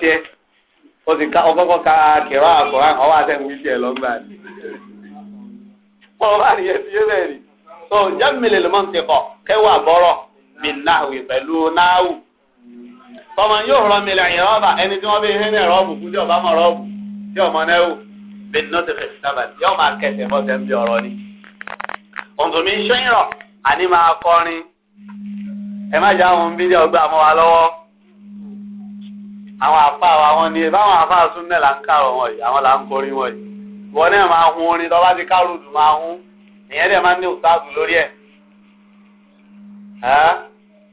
jẹ o ti ka ọkọkọ ka kẹrọ àkọrọ ọwọ àtẹnu wíṣẹ ẹ lọgbà ni ọba nìyẹn ti yé bẹ́ẹ̀ ni so jẹmílẹ lè mọ ti kọ kẹwàá bọrọ bí náhùn pẹ̀lú náhù tọmọ yóò rọ mílẹ ẹyìn rọba ẹni tí wọn bí hẹnẹ rọọbù fún tí ọba mọ rọọbù tí ọmọ náà wù bí nọọsì fẹsí sábà yóò máa kẹsẹ fọsẹ ń bí ọ̀rọ̀ ni ọ̀dùnmí ṣẹ́yìn rọ àní máa kọrin ẹ má jẹ́ àwọn bídẹ́ ọgbà mọ́ wa lọ́wọ́ àwọn àfa wa wọn ni báwọn àfa súnmẹ́ là ń kàrọ̀ wọn yìí àwọn là ń kọrí wọn yìí wọn náà máa hun orin tó bá ti kárùdù máa hun ìyẹn dẹ̀ máa ń ní òṣàdù lórí ẹ̀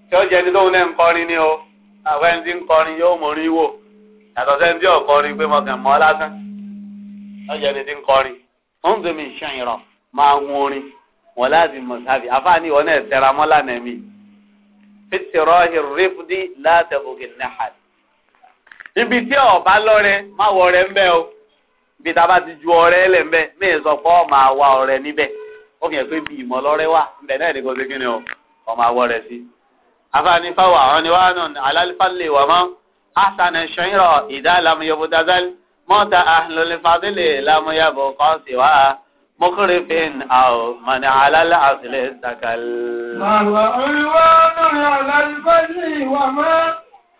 tí ó jẹ́ ẹni tóun náà ń kọrin ni o àwọn ẹni tí ń kọrin yóò mọ orin wò yàtọ̀ sẹ́ni tí ò kọrin pé mo kàn mọ́ lásán ó jẹ́ ẹni tí ń kọrin ó ń dèmi ìṣàn ìrọ̀ máa hun orin wọn láti mọ̀ sábì àfáàní ìwọ náà tẹra mọ́ lánàá mi ibi tí ọba lọ́rẹ má wọ ọrẹ ńbẹ o ibi tá a bá ti ju ọrẹ lẹ ńbẹ mí sọ pé ọmọ àwa ọrẹ níbẹ̀ ó fi hàn pé bí ìmọ̀ lọ́rẹ wà ńbẹ náà ní kò sí kíni o ọmọ àwọ rẹ sí. afaani fáwọn àwọn ni wàá nù alálífàlè wà mọ́ asànà ṣẹ́yìnrọ̀ ìdá lamuyọ̀bù dazal mọ́ta ahlọ́lẹ́fàdélé lamuyọ̀bù kọ́sì wá mọ́kúrẹ́fẹ́n àwọ̀ mọ̀nà alálẹ́ àtìlẹ́ sàkàl. màlúwà olúwa nù alálífàlè wà mọ́.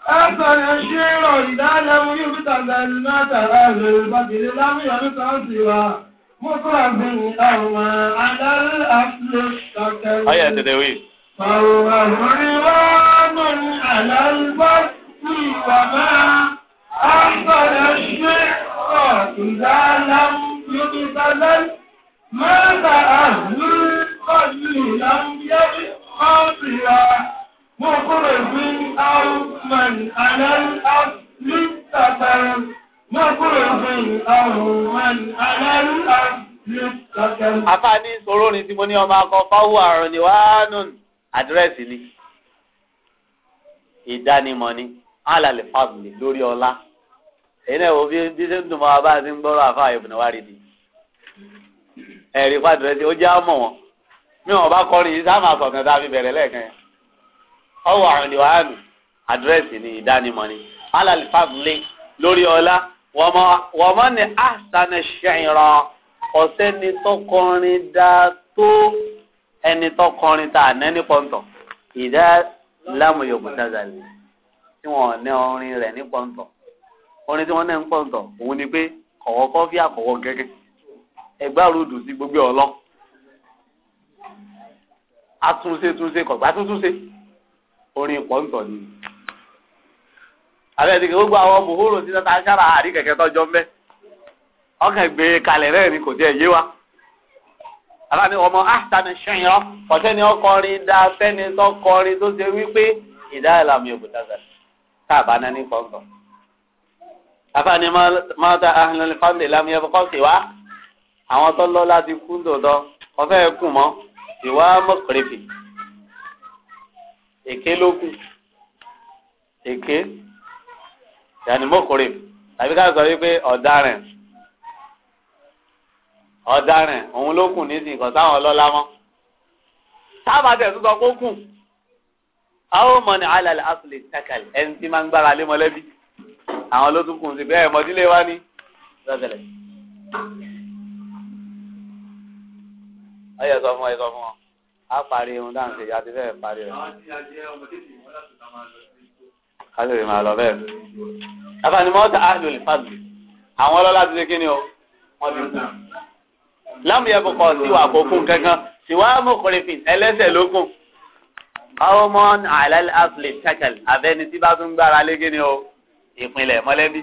أَنْتَنَ الشِّعْرَ إِذَا لَمْ يُبْتَدَ الْمَتَرَ لِلْبَدِلِ لَمْ يَبْتَدْ سِوَى مُطْرَبٍ أَوْمَا عَلَى الْأَصْلِ اشْتَكَلْ أيا تدوي فهو حرمان على البث وما أحسن الشعر إذا لم يبتدل مات أهل القتل لم يبقى مقر بي أو من على الأصل سكن مقر بي أو من على الأصل سكن Àfáàní ìṣòro ni tí mo ní ọmọ akọ fáwọ́ àrùn ni wàá nù àdírẹ́sì ni. Ìdánimọ̀ ni, alàlè fábùlì lórí ọlá. Èyí náà wo bí ṣe ń dùn mọ́ wa bá ń gbọ́rọ̀ àfáà ìbùnà wá rí di. Ẹ̀rí fàdírẹ́sì ó jẹ́ àmọ̀ wọn. Mi ò bá kọrin yìí sáà máa sọ̀kan tá a fi bẹ̀rẹ̀ lẹ́ẹ̀kan yẹn ọwọ́ àrùn ìwàhánu àdírẹ́sì ni ìdánimọ̀ ni alali fagilé lórí ọlá wọ́n mọ́ ni àṣàna ṣẹ̀yìnrán ọ̀sẹ́ ni tọkọrin dá tó ẹni tọkọrin tá àná ní pọ́ńtọ̀ ìdá lámùyọ̀kù tazàlẹ̀ tí wọ́n ní orin rẹ̀ ní pọ́ńtọ̀ orin tí wọ́n ní pọ́ńtọ̀ òun ni pé kọ̀wọ́ kọ́fí àkọ́wọ́ gẹ́gẹ́ ẹgbẹ́ rúdù sí gbogbo ọlọ́ atúnṣe túnṣe kọ̀gbá túnṣe orin pọ́ńtọ̀ ni. àbẹ̀ ẹ̀dìgẹ̀ gbogbo àwọn mòhóró ti tata ṣára àrí kẹ̀kẹ́ tọ́jọ́ mẹ́ ọkàn gbé kalẹ̀ rẹ̀ ni kò jẹ́ ìyé wa. àbámi ọmọ àtàní ṣẹyàn ọ̀sẹ́ni ọkọrin dá sẹ́ni tọkọrin tó ṣe wípé ìdáyàlá mi ò káàbá náà ní pọ́ńtọ̀. àbáni mọ́tà ahìnlẹ́lẹ́ fáńdé lámì ẹ̀fọ́ kọ́ sí àwọn tó lọ́lá ti kú dòdò ọ̀fẹ́ ẹ̀kú mọ́ ìwà mọ̀kìrìfì èké ló kù èké ìyànnímọ́kùnrin tàbí ká sọ wípé ọ̀daràn ọ̀daràn òun ló kù nísìnyí kan sáwọn ọlọ́lá mọ́ sábà tẹ̀ sọ́sọ́ kó kù àwọn mọ̀ ní alàlẹ́ asùlẹ̀ takàlì ẹni tí máa ń gbára lé mọ́lẹ́bí àwọn ló tún kù sí bẹ́ẹ̀ mọ́dílé wá ní lọ́sẹ̀lẹ̀. ọyọ sọ fún ọ ẹ sọ fún ọ a parí ohun dáhùn ṣe yàtí bẹ́ẹ̀ parí rẹ̀. kálí rè máa lọ bẹ́ẹ̀. àfàànímọ́ ta àlùlì fàdùlì àwọn ọlọ́lá ti ṣe kí ni o wọ́n ti kú. lámùyẹ kọkọ síwà àkókún kankan síwá mọ̀kùnrin ẹlẹ́sẹ̀ lókun. àwọn ọmọ àlàlẹ́ àfìlẹ̀ tẹ́kẹ̀lì abẹ́ni tí bá tún gbára lé kí ni o ìpínlẹ̀ mọ́lẹ́bí.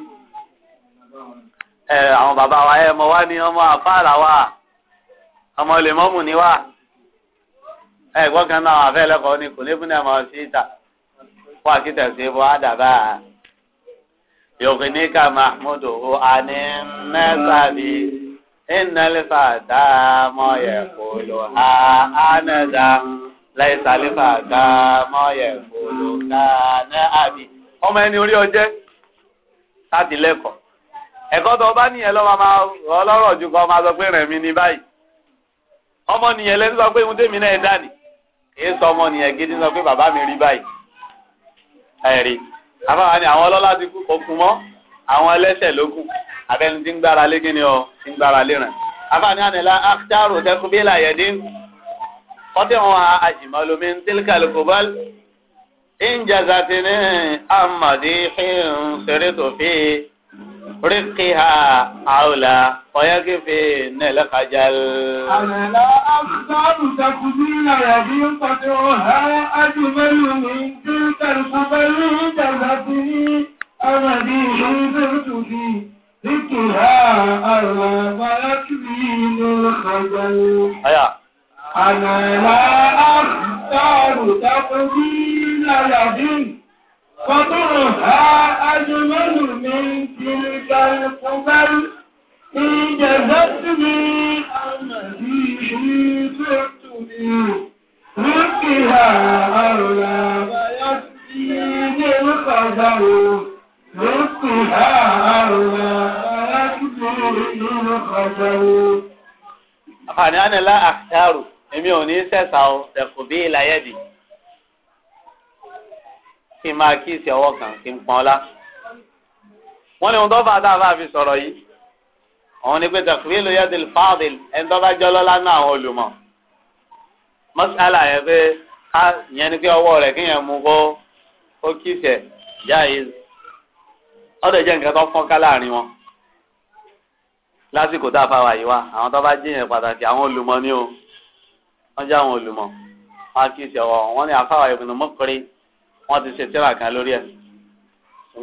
àwọn bàbá wa ẹ̀ mọ wá ní ọmọ àfáàrà wa ọmọ lèmọ́mù ni wá. ẹ̀gbọ́n kan náà àfẹ́ lẹ́kọ̀ọ́ ni kò lébùn fún àkítẹ̀ sí ibò àdàbà ha àbí. ọmọ ẹni orí ọjẹ́ lẹ́kọ̀ọ́ ẹ̀kọ́ tó bá nìyẹn lọ́wọ́ ọlọ́rọ̀ máa sọ pé báyìí ọmọ nìyẹn lẹ́nu èyí sọ ọmọ nìyẹn gidi sọ pé bàbá mi rí báyìí ẹ̀rí afáwa ni àwọn ọlọ́lá ti kú okùn mọ́ àwọn ẹlẹ́sẹ̀ ló kù abẹ́ni ti ń gbára lé kí ni ọ ti ń gbára lé rẹ̀ afáwa ni ànilá akitaro tẹkun bí làyẹ̀dí ọtí wọn àjìmọ́lómi ń tẹ́lẹ̀ kálukú bọ́ọ̀lù ìjàzàtì ní amadi ṣe ń ṣeré رقها عولا ويكفي نلك جل أنا لا أقدر تقدير يدي قطعها أجمل من تلك القبل جذبني أبدي زرت في رقها عولا ويكفي نلك جل أنا لا أقدر تقدير يدي Fọ́túnrù ha ajúmọ́lù mi ti kàrí fún bẹ́rú. Ìjẹ̀dọ́ sí mi àmàlì ìrí tó tù mí. Rúkì ha àrùlà báyá sí ilé rúkọ̀ọ́dá o. Rúkì ha àrùlà báyá sí ilé rúkọ̀ọ́dá o. Àfààní ánìlá àkàrù, èmi ò ní sẹ́sà o, kí n máa kíìsì ọwọ́ kan kí n pọn ọlá. wọ́n ní ohun tó fà tá a fà fi sọ̀rọ̀ yìí òun ni pé tẹ̀kùrí ló yẹ ti fáàdìl ẹni tó bá jọ lọ́lá náà àwọn olùmọ̀. mọ́sálà yẹn pé ká yẹn ni pé ọwọ́ rẹ̀ kéèyàn mú kó ó kíìsì ẹ̀ yá yìí ọ̀dọ̀ jẹ́ nǹkan tó fọ́nká láàrin wọn lásìkò tá a fa wàyí wa àwọn tó bá jíyàn pàtàkì àwọn olùmọ̀ ni o wọ́n jẹ́ àwọn olùmọ̀ wọn kì í ṣe ọwọ́ ni àfáwà ìbùnú mọ́kùnrin wọ́n ti ṣe tíra kan lórí ẹ̀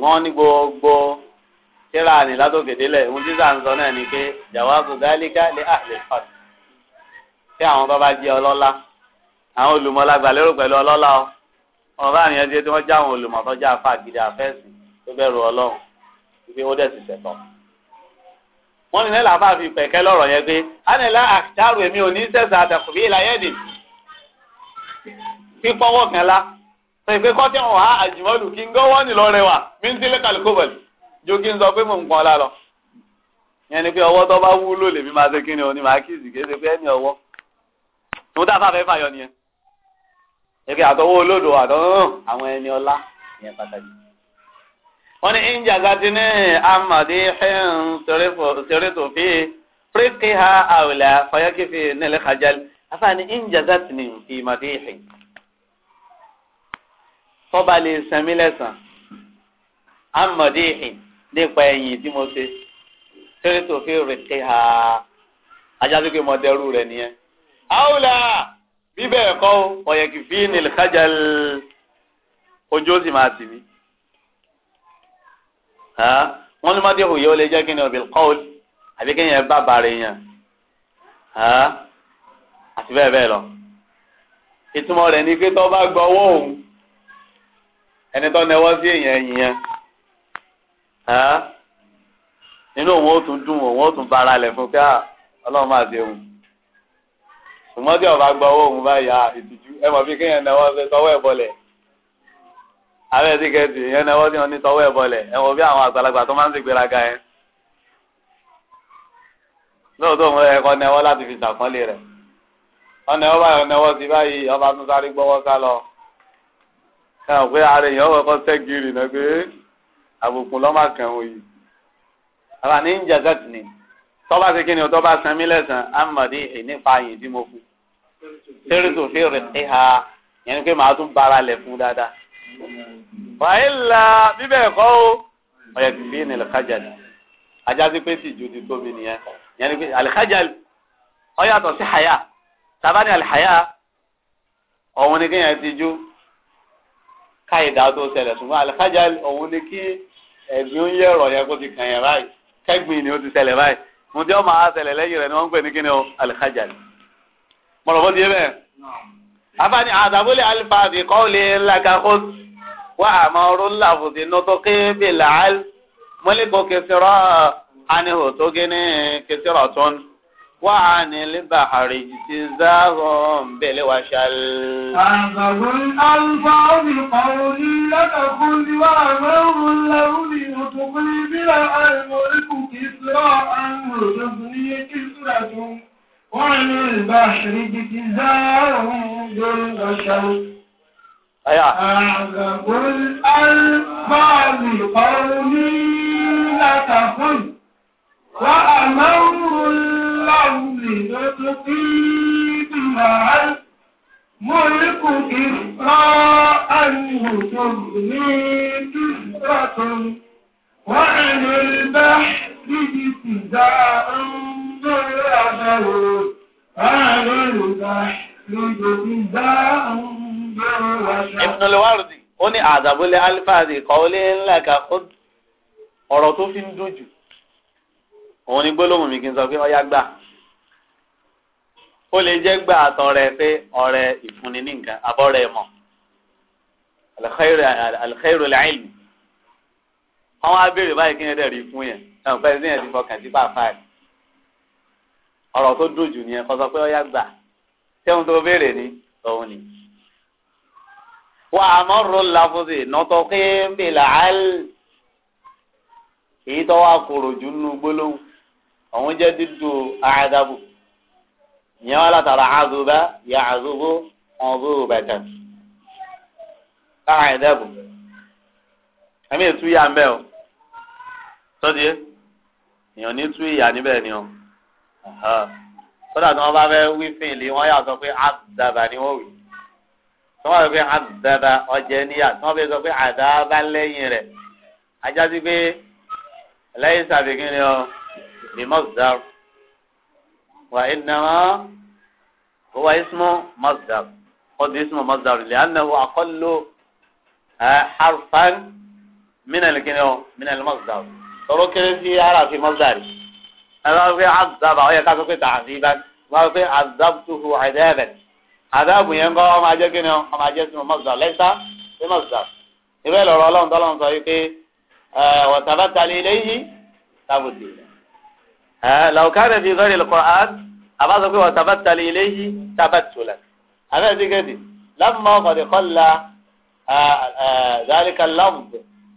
wọ́n ní gbogbo tíra ní látòkèdélẹ̀ ohun tí sàn sọ náà ni pé jawabu dálíkà lé àlè fàt tí àwọn bá bá jẹ́ ọlọ́lá àwọn olùmọ̀lá gbàlérò pẹ̀lú ọlọ́lá o ọba àníyàn tí wọ́n já àwọn olùmọ̀ tó já afá gidi àfẹ́sì tó bẹ̀rù ọlọ́run ibi ó dẹ̀ sì ṣẹ̀tọ́ wọ́n ní nílà bá fi pẹ̀kẹ́ lọ́rọ̀ yẹn pé ánilá àkàrò èmi ò ní sẹ̀sà àtẹ̀kùbí ìlàyẹ̀dì fífọwọ́ kan lá pèpè kọ́tí ọ̀há àjùmọ́lù kí n gọ́ wọ́n ní lọ rẹwà mí ń sílẹ̀ kàlùkọ́bẹ̀l jó kí n sọ pé mò ń pọn lálọ. yẹn ni pé ọwọ́ tó bá wúlò lèmi máa ṣe kíni òní máa kíìsì kí ṣe pé ẹni ọwọ́. tòun tá a fàfẹ́ fàyọ nìyẹn. èké àtọwọ́ olódò àdán àwọn ẹni ọlá yẹn pàtàkì. wọ́n ní ìjàgá ti ní amadi ṣerétò fi fíríkì ha àwìlà fayọ́kì nílẹ̀ kájálì tọ́ba lè san mí lẹ́sàn amọ̀dé ìhìn nípa ẹ̀yìn tí mo ṣe ṣeré tó fi rèké ha ajá tó fi mọ dẹrú rẹ nìyẹn. àwòlà bíbẹ̀ ẹ̀kọ́ ọ̀yẹ̀kì fi nílì kájàl ojú ó sì máa tì mí. wọ́n ní mọ́tò ìhòòyè ó lè jẹ́ kí ni ọ̀bìl kọ́ọ̀l àbí kéèyàn bá bàrẹ̀ yẹn àti bẹ́ẹ̀ bẹ́ẹ̀ lọ. ìtumọ̀ rẹ̀ ni pé tọ́ gbọ́ ọwọ́ òun ẹni tó nẹwọ́ sí èèyàn ẹ̀yìn yẹn nínú òun ó tún dùn òun ó tún bara lẹ̀ fún pé ọlọ́run máa ṣe òun ṣùgbọ́n tí ọba gbọ́ owó òun bá yà ìtìjú ẹ mọ̀ bí kéèyàn nẹwọ́ sí tọwọ́ ẹ̀ bọlẹ̀ abẹ́ tíkẹ́ẹ̀tì yẹn nẹwọ́ sí wọn ní tọwọ́ ẹ̀ bọlẹ̀ ẹ mọ̀ bí àwọn àgbàlagbà tó máa ń ṣègbéraga yẹn lóòótọ́ òun ẹ̀kọ́ nẹwọ́ láti fi ṣàpọ́nlé rẹ̀ ọ̀nà ọba ọ̀nà ọwọ́ sí báyìí ọba tún sáré gbọ́wọ́ sá lọ ẹ ò pé ara èèyàn kọ́kọ́ sẹ́gìrì náà pé àbùkù lọ́mọ kan òyì àbá ní jazat ni tọ́ba ṣe kíni o tọ́ba san mí lẹ́sàn amadi nípa àyìn tí mo fún tẹ́rìtò fèrè ẹ̀ha yẹn ni pé màá tún bára lẹ̀ fún dáadáa. wàhálà bíbẹ̀ ẹ̀kọ́ o ọ̀yẹ̀ kìfì ní alikajali ajá sí pé tìjú ti tóbi nìyẹn yẹn ni pé alikajali ọ̀yàtọ̀ sí haya tàbá ní alihaya ọ̀hun ni kéèyàn ti káyìdá tó ṣẹlẹ̀ ṣùgbọ́n àlẹ́kájà òun ni kí ẹ̀gbìn ó yẹ ọ̀rọ̀ yẹn kó ti kàn yẹn báyìí kẹ́gbìn ni ó ti ṣẹlẹ̀ báyìí mo jẹ́ ọmọ àwọn ṣẹlẹ̀ lẹ́yìn rẹ̀ ni wọ́n ń pè ní kíni o àlẹ́kájà ni. mọ̀rọ̀ bó ti yé bẹ́ẹ̀. abáni àdàbọ̀lẹ̀ alifáàdì kọ́ lè lakakó wà àmọ́ ọ̀rọ̀ làbùdì nọ́tọ́ kébìlà mọ́lẹ́kọ̀ọ́ kẹsìrọ̀ àníhò tó gé ní kẹsìrọ̀ tún. وعن البحر اجتزاز بالوشل أبغ الألفاظ بقولي لك خذ وأمر له ليتقلي بلا الملك كسرى أمر تبني كسرة وعن البحر اجتزاز بالوشل أعذب الألفاظ قولي لك خذ وأمر لَّعْنَةُ فِيمَا مُلْكُ إِسْرَاءَ تُغْنِي كِسْرَةٌ وَعِنِ الْبَحْرِ ابْتِدَاءٌ بِالرَّجَلِ وَعِنِ الْبَحْرِ ابْتِدَاءٌ بِالرَّجَلِ ابن الوردي ó ní àdàbólé alifáàdì kọ́ọ́lé ńlá kàkó ọ̀rọ̀ tó fi ń dojú òun ni gbólóhùn mi kì í sọ pé ọyá gbà ó lè jẹ́ gbà àtọrẹ pé ọ̀rẹ́ ìfúnni ní nǹkan abọ́rẹ́ mọ̀ alkhairu alilmi àwọn abéèrè báyìí kí ni dẹ̀ rí fún yẹn náà pẹ́ sí yẹn ti fọkàn sí pàápàá yìí ọ̀rọ̀ tó dùn jù nìyẹn kọ́ sọ pé ọyá gbà tẹ́hun tó béèrè ni òun ni. wà á mọ̀rọ̀ láfọ́sì nọ́tọ́ kí n bè láàl èyí tó wà kúrò jù gbólóhùn òun jẹ́ dídú àádábù ìyẹn wà látara àzùbá yà àzùbó ọ̀bù bàtà àádábù ẹ̀mí ètú yà mbẹ́ o sọ́dí èèyàn ní tú ìyà níbẹ̀ ni o kódà tí wọ́n bá fẹ́ wí fìlì wọ́n yà sọ pé àdàbà ni wọ́n wí tí wọ́n fẹ́ àdàbà ọ̀jẹ̀ níyà tí wọ́n fẹ́ sọ pé àdàbà lẹ́yìn rẹ̀ ajá sí pé lẹ́yìn sàbíkí ni o. بمصدر وإنما هو اسمه مصدر خذ اسمه مصدر لأنه أقل آه، حرفا من من المصدر الذي كده في مصدر أنا في عذاب أو يكاد تعذيبا ما في عذبته عذابا عذاب ينقى ما جاء كنو ما جاء اسمه مصدر ليس بمصدر إذا لو الله تعالى قال آه، وتبتل إليه تبتيلا law kana fi ghairi al-Qur'an àbáṣọ pé wọ́n tabattala ilayhi tabattula àbẹ́rẹ́ ti gẹ̀dì lamma qad qalla dhalika al-lafz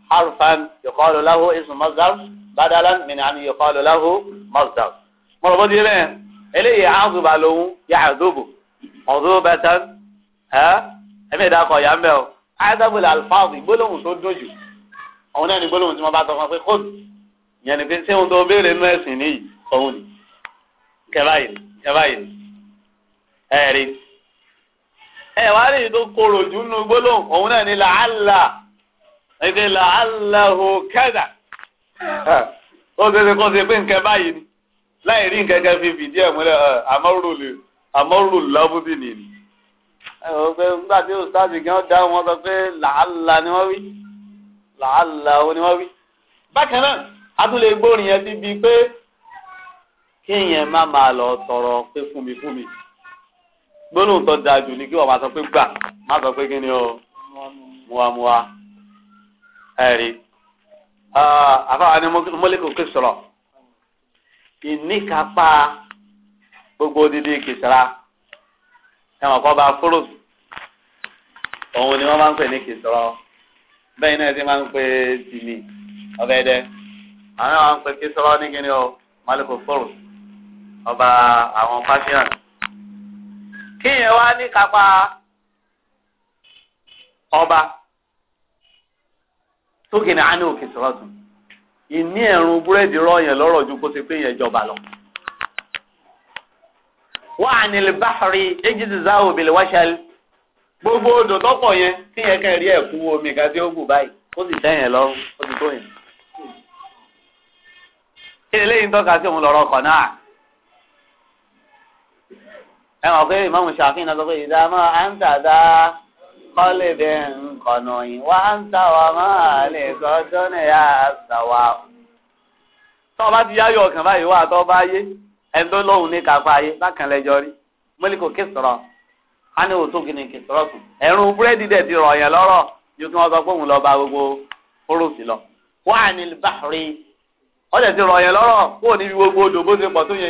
harfan yuqalu lahu ismu masdar badalan min an yuqalu lahu masdar. mo rò bó di bẹ́ẹ̀ eléyìí àádùbà lòun ya'dubu ọ̀dùbẹ̀tẹ̀ ẹ̀mí ìdákọ̀ yà ń bẹ̀ o àádọ́bù làlfáàbù gbólóhùn tó dùn jù òun náà ni gbólóhùn tí wọ́n bá sọ fún pé kóòtù yẹn ni pé ṣé ohun tó béèrè nínú ẹ̀sìn nìyí òun ni kẹbáyìí kẹbáyìí ẹ̀rí ẹ wá rí ìdó korò jù nínú gbólóhùn òun náà ni làálà èdè làálà hò kẹ́dà ó ṣe ṣe kó ṣe pé nǹkan báyìí ni láì rí nǹkan kan fi fìdí ẹ̀ múlẹ̀ àmọ́rùlù lọ́bùdì nìyí. ẹ wọ́n nígbà tí òṣìṣẹ́ gan dá wọn sọ pé làálà ni wọ́n wí làálà ni wọ́n wí. bákan náà a tún lè gbórin yẹn pé kéèyàn má máa lọ tọrọ pé fún mi fún mi gbólóhùn tó dáa jù ní kí wọn máa sọ pé gbà má sọ pé kí ni o muwamuwa ẹ̀rí àfáwọn ni mọ́lẹ́kọ̀ọ́ kò sọ̀rọ̀ ìníkapá gbogbo odidi kìsìrà ẹ̀wọ̀n kọ́ bá fúrò òun ni wọ́n máa ń pè ní kìsìrà bẹ́ẹ̀ náà ti máa ń pè tìmí ọ̀bẹ̀dẹ àwọn máa ń pè kìsìrà ní kí ni o mọ́lẹ́kọ̀ọ́ fúrò ọba àwọn Persian kíyẹn wá ní kápá ọba sókè ní àánú òkè sọ̀rọ̀tún ìní ẹ̀rùn búrẹ́dì rọ̀yàn lọ́rọ̀ ju kó ṣe pé yẹn jọba lọ. wọ́n á nílẹ̀ báfàrí ejìdì záwò bèlè wáṣálì gbogbo odò tọ́pọ̀ yẹn tí yẹn kàn rí ẹ̀kú omi kan tí ó gùn báyìí ó sì tẹ́ yẹn lọ́rùn ó sì tó yẹn. eléyìí ń tọ́ka sí òun lọ́rọ̀ kan náà. ẹ hàn pé ìmọ̀mù ṣàfihàn sọ pé ìdámọ́ àǹtàdá kọ́lé bẹ́ẹ̀ ń kọ̀nà yìí wá ń tàwa máa lè kọ́ tọ́nà yà á sàwà. tọ́ bá ti yáyọ̀ ọ̀kàn báyìí wà tọ́ bá yé ẹni tó lóhùn ní kápá ayé bákan lẹ́jọ́ rí mọ́líkò kí sọ̀rọ̀ á ní òótọ́ kí ni kì sọ̀rọ̀ sùn. ẹ̀rùn búrẹ́dì dẹ̀ ti rọ̀ yẹn lọ́rọ̀ ju kí wọ́n sọ pé òun lọ bá gbogbo fúrùsì lọ. wà á ní ọ̀dẹ̀ ti rọ̀ yẹn lọ́rọ̀ kó o níbi gbogbo odò bó pọ̀ tó yẹ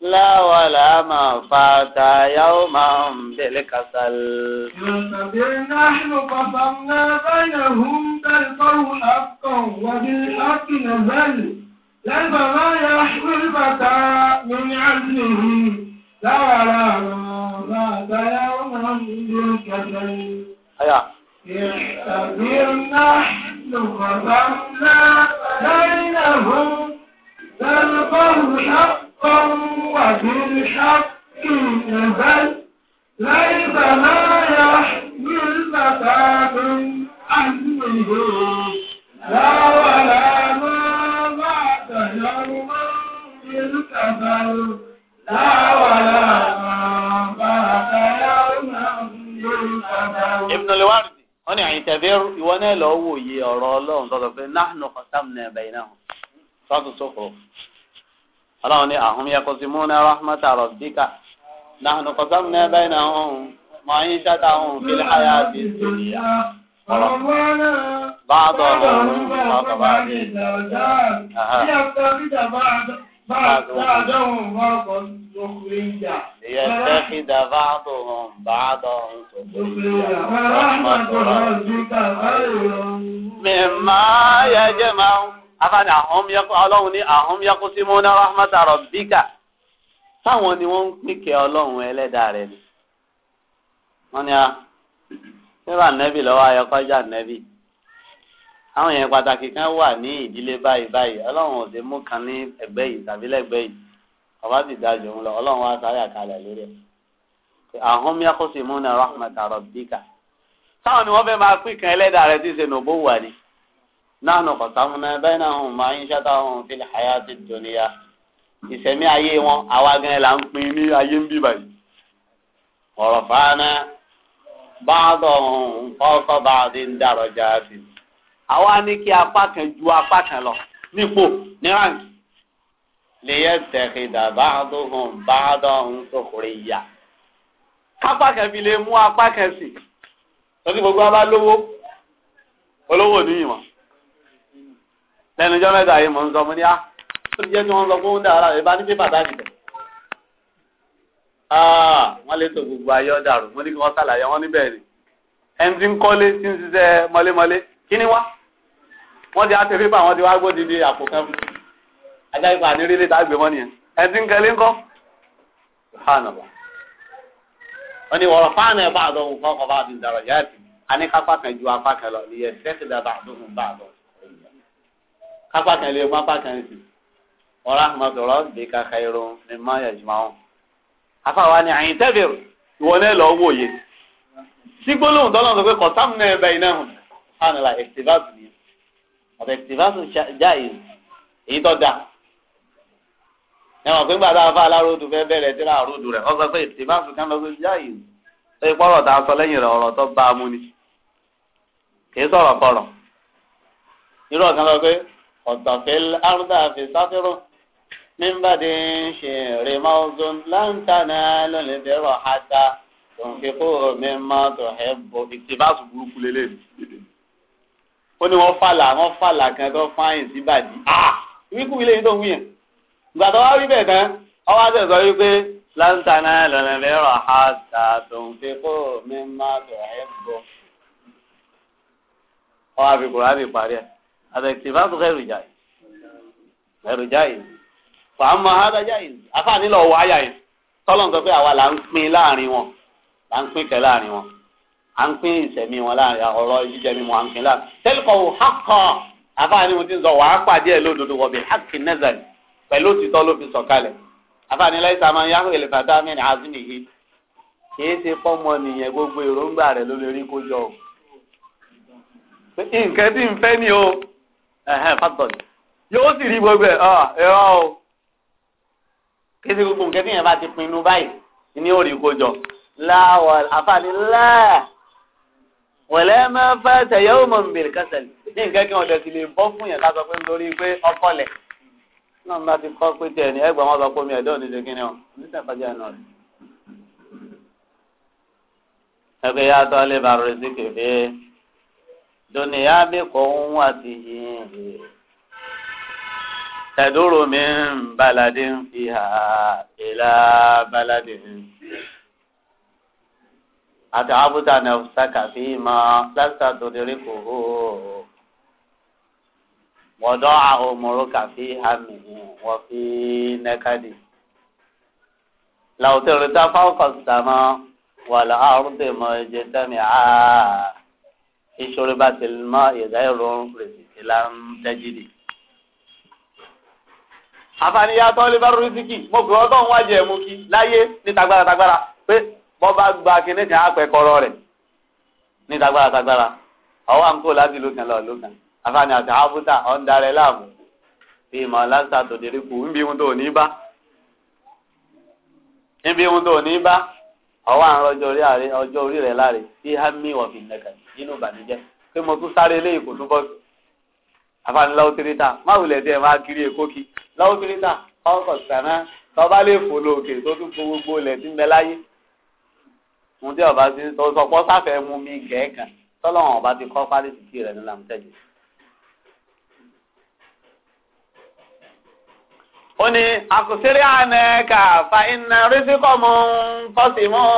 láwàlá máa fa tàyáwó máa ń bẹ̀lẹ̀ kàtàl. Yọ̀sàbí náà pàpà náà báyà hún tẹ́lifáwù àkàn wàbí láti nàbẹ́lì. Lẹ́gbà máa yà ṣúrí bàtà lórí àdínlẹ̀hì láwàlá máa tàyáwó máa ń bẹ̀lẹ̀ kàtàl. Ayà. Yọ̀sàbí náà pàpà báyà hún tẹ́lifáwù àkàn. حقا وبالحق بل ليس لا يحمل فساد عنه لا ولا ما بعد يوم بالكفر لا ولا ما بعد يوم بالكفر ابن الورد wọ́n ní àyìntẹ̀bẹ́rù ìwọ náà lọ́ọ́ wòye ọ̀rọ̀ ọlọ́run tọ́tọ̀ pé náà nù kọ́sàm náà bẹ̀yìn náà tọ́tù ọlọ́run ní àhùn yẹkọ sí múná rahmata rabbika nahnu qasamna bainahum ma'ishatahum fil hayati dunya ọ̀rọ̀ báàdọ̀ ọ̀hún ọ̀kọ̀ báàdì. ليتخذ بعضهم بعضا سخريا ورحمة ربك خير مما يجمعون afáàní ọlọ́run ní àhún yakú sí múná rahmata rabbika táwọn ni wọ́n ń pínkẹ́ ọlọ́run ẹlẹ́dàá rẹ̀ ni. wọ́n ní a síbà nẹ́bì lọ́wọ́ ayọ́kọ́jà nẹ́bì àwọn yẹn pàtàkì kan wà ní ìdílé báyìí báyìí ọlọ́run ò sì mú kan ní ẹgbẹ́ yìí tàbí lẹ́gbẹ́ yìí ọba sì dájú òun lọ ọlọ́run wá sáré àkàlẹ̀ lórí ẹ̀ àhún yakú sí múná rahmata rabbika táwọn ni wọ́n fẹ́ máa pínkẹ́ ẹlẹ́dàá rẹ̀ tí ì نحن قسمنا بينهم معيشتهم في الحياة الدنيا ìsẹ̀mí ayé wọn àwa gan la ń pín ní ayé ń bí báyìí ọ̀rọ̀ fàánà báàdọ̀ ọ̀kọ́ báàdì ń dàrọ̀ já sí i àwa ní kí apá kan ju apá kan lọ nípò ní ránkì lèyẹ tẹ̀kìdà báàdọ̀ báàdọ̀ ńsọkùnrin yá kápá kan fi lè mú apá kan sí i lọ́sí gbogbo abá lówó olówó níyìnbọn lẹ́nu jọ́ mẹ́ta yìí mò ń sọ mo ní á ah, ó ti jẹ́ kí wọ́n sọ fún dàrá ìbá ní pépà dáàbì bẹ̀. Ah, wọ́n lè tó gbogbo ayé ọjà rò mo ní kí wọ́n ṣàlàyé wọn níbẹ̀ ni ẹni tí ń kọ́lé tí ń ṣiṣẹ́ mọ́lémọ́lé kí ni wá wọ́n ti á ṣe pépà wọ́n ti wá gbó didi àpò kan fún un ajá ipa ànírílé tá a gbé mọ́ nìyẹn ẹni tí ń kẹ́lé ńkọ́ wọ́n ní wọ́n fa náà bá àdóhùn fọ́kọ̀ bá àdóhùn dàrọ̀ yáàtì àníkápá kan ju kápá kan lè mú apá kan sí wa rahmatu rabbika khayrun mimma yajma'un. afáwa ni àyìn tẹ́bìrì ìwọ náà lọ wò yé sí gbólóhùn tọ́lọ́ sọ pé kọ̀tàmù náà bẹ iná hùn sánilà ẹ̀sìtìfásù ni ọ̀tẹ̀ ẹ̀sìtìfásù jáì èyí tó dáa ẹ mọ̀ pé nígbà tá a fa aláròdù fẹ́ bẹ̀rẹ̀ tí láàròdù rẹ̀ ọ pé ẹ̀sìtìfásù kan lọ sí jáì ó yẹ tá a sọ lẹ́yìn rẹ̀ ọ̀rọ̀ tó bá a mú ni kì í sọ̀rọ̀ pọ̀rọ̀ irú ọ̀kan lọ pé ọ̀tọ̀fẹ́l árúdàfẹ́ sáfẹ́rọ̀ mímbàdé ń ṣe rèmọ́zọ́n láǹtàná lónìí bẹ̀rọ̀ ata tòǹfẹ́kọ́ mímọ́ tòhẹ́ bọ̀ ìtìbáṣù burúkú lélẹ̀ ó ní wọ́n fàlà wọ́n fàlà kan tó fáyìn síbàdí wíkú ah! ilé yìí tó ń wúyẹn ìgbà tó wá rí bẹ̀ tán ọwọ́ àti ẹ̀sọ́ wípé láǹtàná lónìí bẹ̀rọ̀ ata tòǹfẹ́kọ́ mímọ́ tòhẹ́ bọ̀ ọ àtẹ̀tìmá tó gẹ́rù jáì gẹ́rù jáì fàámà hádà jáì afáàní lọ wọ àyà yẹn tọ́lọ̀ ń sọ pé àwa là ń pín láàrin wọn là ń pín kẹ́ láàrin wọn à ń pín ìsẹ̀mí wọn láàrin ọ̀rọ̀ jíjẹ mímu à ń pín láàrin tẹ́lifọ̀ wò hákọ̀ afáàní mo ti ń sọ wàá pàdé ẹ̀ lódodo wọ̀ bẹ́ẹ̀ hákì nẹ́zẹ̀rì pẹ̀lú òtítọ́ ló fi sọ̀kalẹ̀ afáàní láìsà máa ń yáhùn èlèfàtà mẹ́rin àzìmì yìí kì í ṣe fọ́mọ ẹ̀hẹ́n fàtọ̀nì yóò sì rí gbogbo ẹ̀ ẹ̀rọ ah, o kéde gbogbo nǹkan tí yẹn bá ti pinnu báyìí ní òrì kojọ láwọ àfààní láà wẹ̀lẹ́ máa fẹ́ tẹ̀yẹ́ ó mọ̀ ń bèrè kẹsẹ̀lì ní nǹkan kí wọ́n tẹ̀ sí lè bọ́ fún yẹn ká sọ pé nítorí pé ọkọlẹ̀ náà bá ti kọ́ pé tẹ̀ ní ẹgbàá wọn sọ pé omi ẹ̀dọ́ ní ṣe kíni o onítàkàjá ẹ̀ náà rẹ̀. ẹgbẹ́ yàtọ̀ lè bàrọ̀ sí kèfé. دنيا بقوته تدور من بلد فيها إلى بلد أتعبت نفسك فيما لست تدركه وضع أمرك في همه وفي نكده لو ترتفع فوق السماء والأرض مجتمعات ìṣòro bá ti mọ ìdáyọrọ rèsìtì là ń tẹjìdì. àfàníyàtọ̀ lè bá rìsíkì mo pè ọ́ tó ń wájẹ̀ mú kí láyé ní tagbára tagbára pé bọ́ bá gba kinní kan á pẹ́ kọ́rọ́ rẹ̀ ní tagbára tagbára ọwọ́ à ń kó láti lókàn lọ lókàn àfàní àti àbúta ọ̀ndarẹ̀ láàmú bí ìmọ̀ lásà tòdìrí kù ń bí ohun tó ní bá ń bí ohun tó ní bá ọwọ́ àwọn ọjọ́ orí àárẹ̀ ọjọ́ orí rẹ̀ láre tí hami wọ̀ fi nẹ̀kẹ̀ nínú ìbànújẹ́ pé mo tún sáré eléyìí kò tún bọ́ sí àfààní lọ́wọ́ tirita má wulẹ̀ tí ẹ máa kiri èkó kí lọ́wọ́ tirita ọkọ̀ sànà tọ́ba lè fò lóòkè tó tún fo gbogbo ilẹ̀ tí ń bẹ láyé mo tí ọba ti sọ pọ́ sáfẹ́ mú mi gẹ̀ẹ́ kan ọba ti kọ́ pálí títí rẹ̀ nílànà tẹ̀jú ó ní àkùsírí àná kàfà iná rísíkọ̀ mọ́ ń tọ́sí mọ́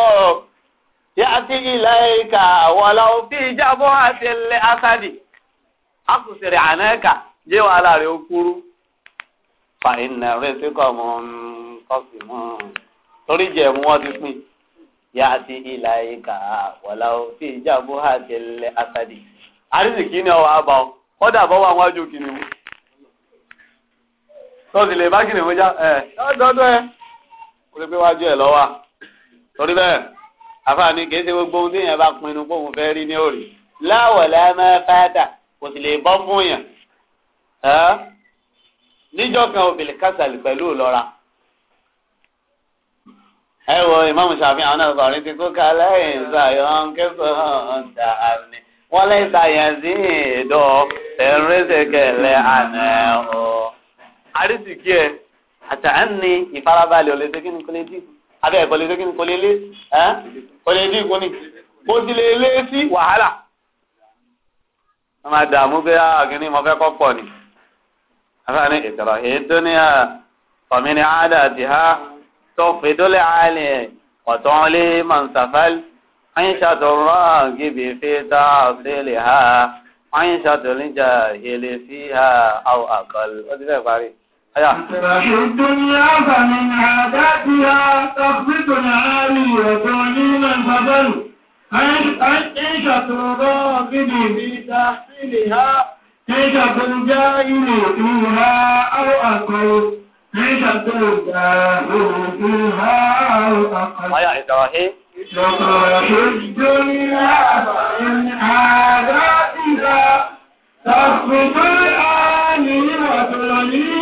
yàtí ilẹ̀ ìkà wọ̀lá asadi àkùsírí àná kà jẹ́ wàhálà rẹ̀ ó kúrú fà iná rísíkọ̀ mọ́ ti pín yàtí ilẹ̀ òfin asadi ni ọ kìnìún. tó sì lè bá kìnìún já ẹ dọdọ ẹ o lè gbé wájú ẹ lọ́wọ́ torí bẹ́ẹ̀ àfààní kìí ṣe gbogbo ohun tí èèyàn bá pinnu pé òun fẹ́ rí ní òrì láwọ̀ la máa fáta kò sì lè bọ́ fún yàn níjọ́ kan obìnrin kásàlì pẹ̀lú ìlọ́ra ẹ wo ìmáàmù ṣàfihàn náà sọ̀rọ̀ ti kó kalẹ̀ ìṣàyàn kẹsàn-án dàní wọ́n lè ṣàyàn sí ìdó ẹ̀rín àná o. àrísìkí ẹ àtàánì ìfarabalẹ̀ ni kò lè dínkù abẹ́ ẹ̀kọ́ lè kò lè lé ẹ́ kò lè dínkù ni bó ti lè lé sí wàhálà. wọ́n máa dààmú pé àgínní ah, mo fẹ́ kọ́ pọ̀ ni. ìtọ̀rọ̀ èyí tó ní ọ̀mí ni tó fi dólẹ̀ àálẹ̀ lé àyínṣà tó fi tá Ìtàṣe dúnlá bà ní àdájí ha tàbítò ní àárí ọ̀tọ̀ ní Nàìjíríà. Àìṣà tó rọ́ gidi bí tàbílì ha, àìṣà tó já ilé ìhà àrọ̀ àkọrò, àìṣà tó já ìhà àrọ̀ àkọrò. Àyà ìtàwàhé. Ìtàṣe dúnlá bà ní àdájí ha tàbítò ní àárí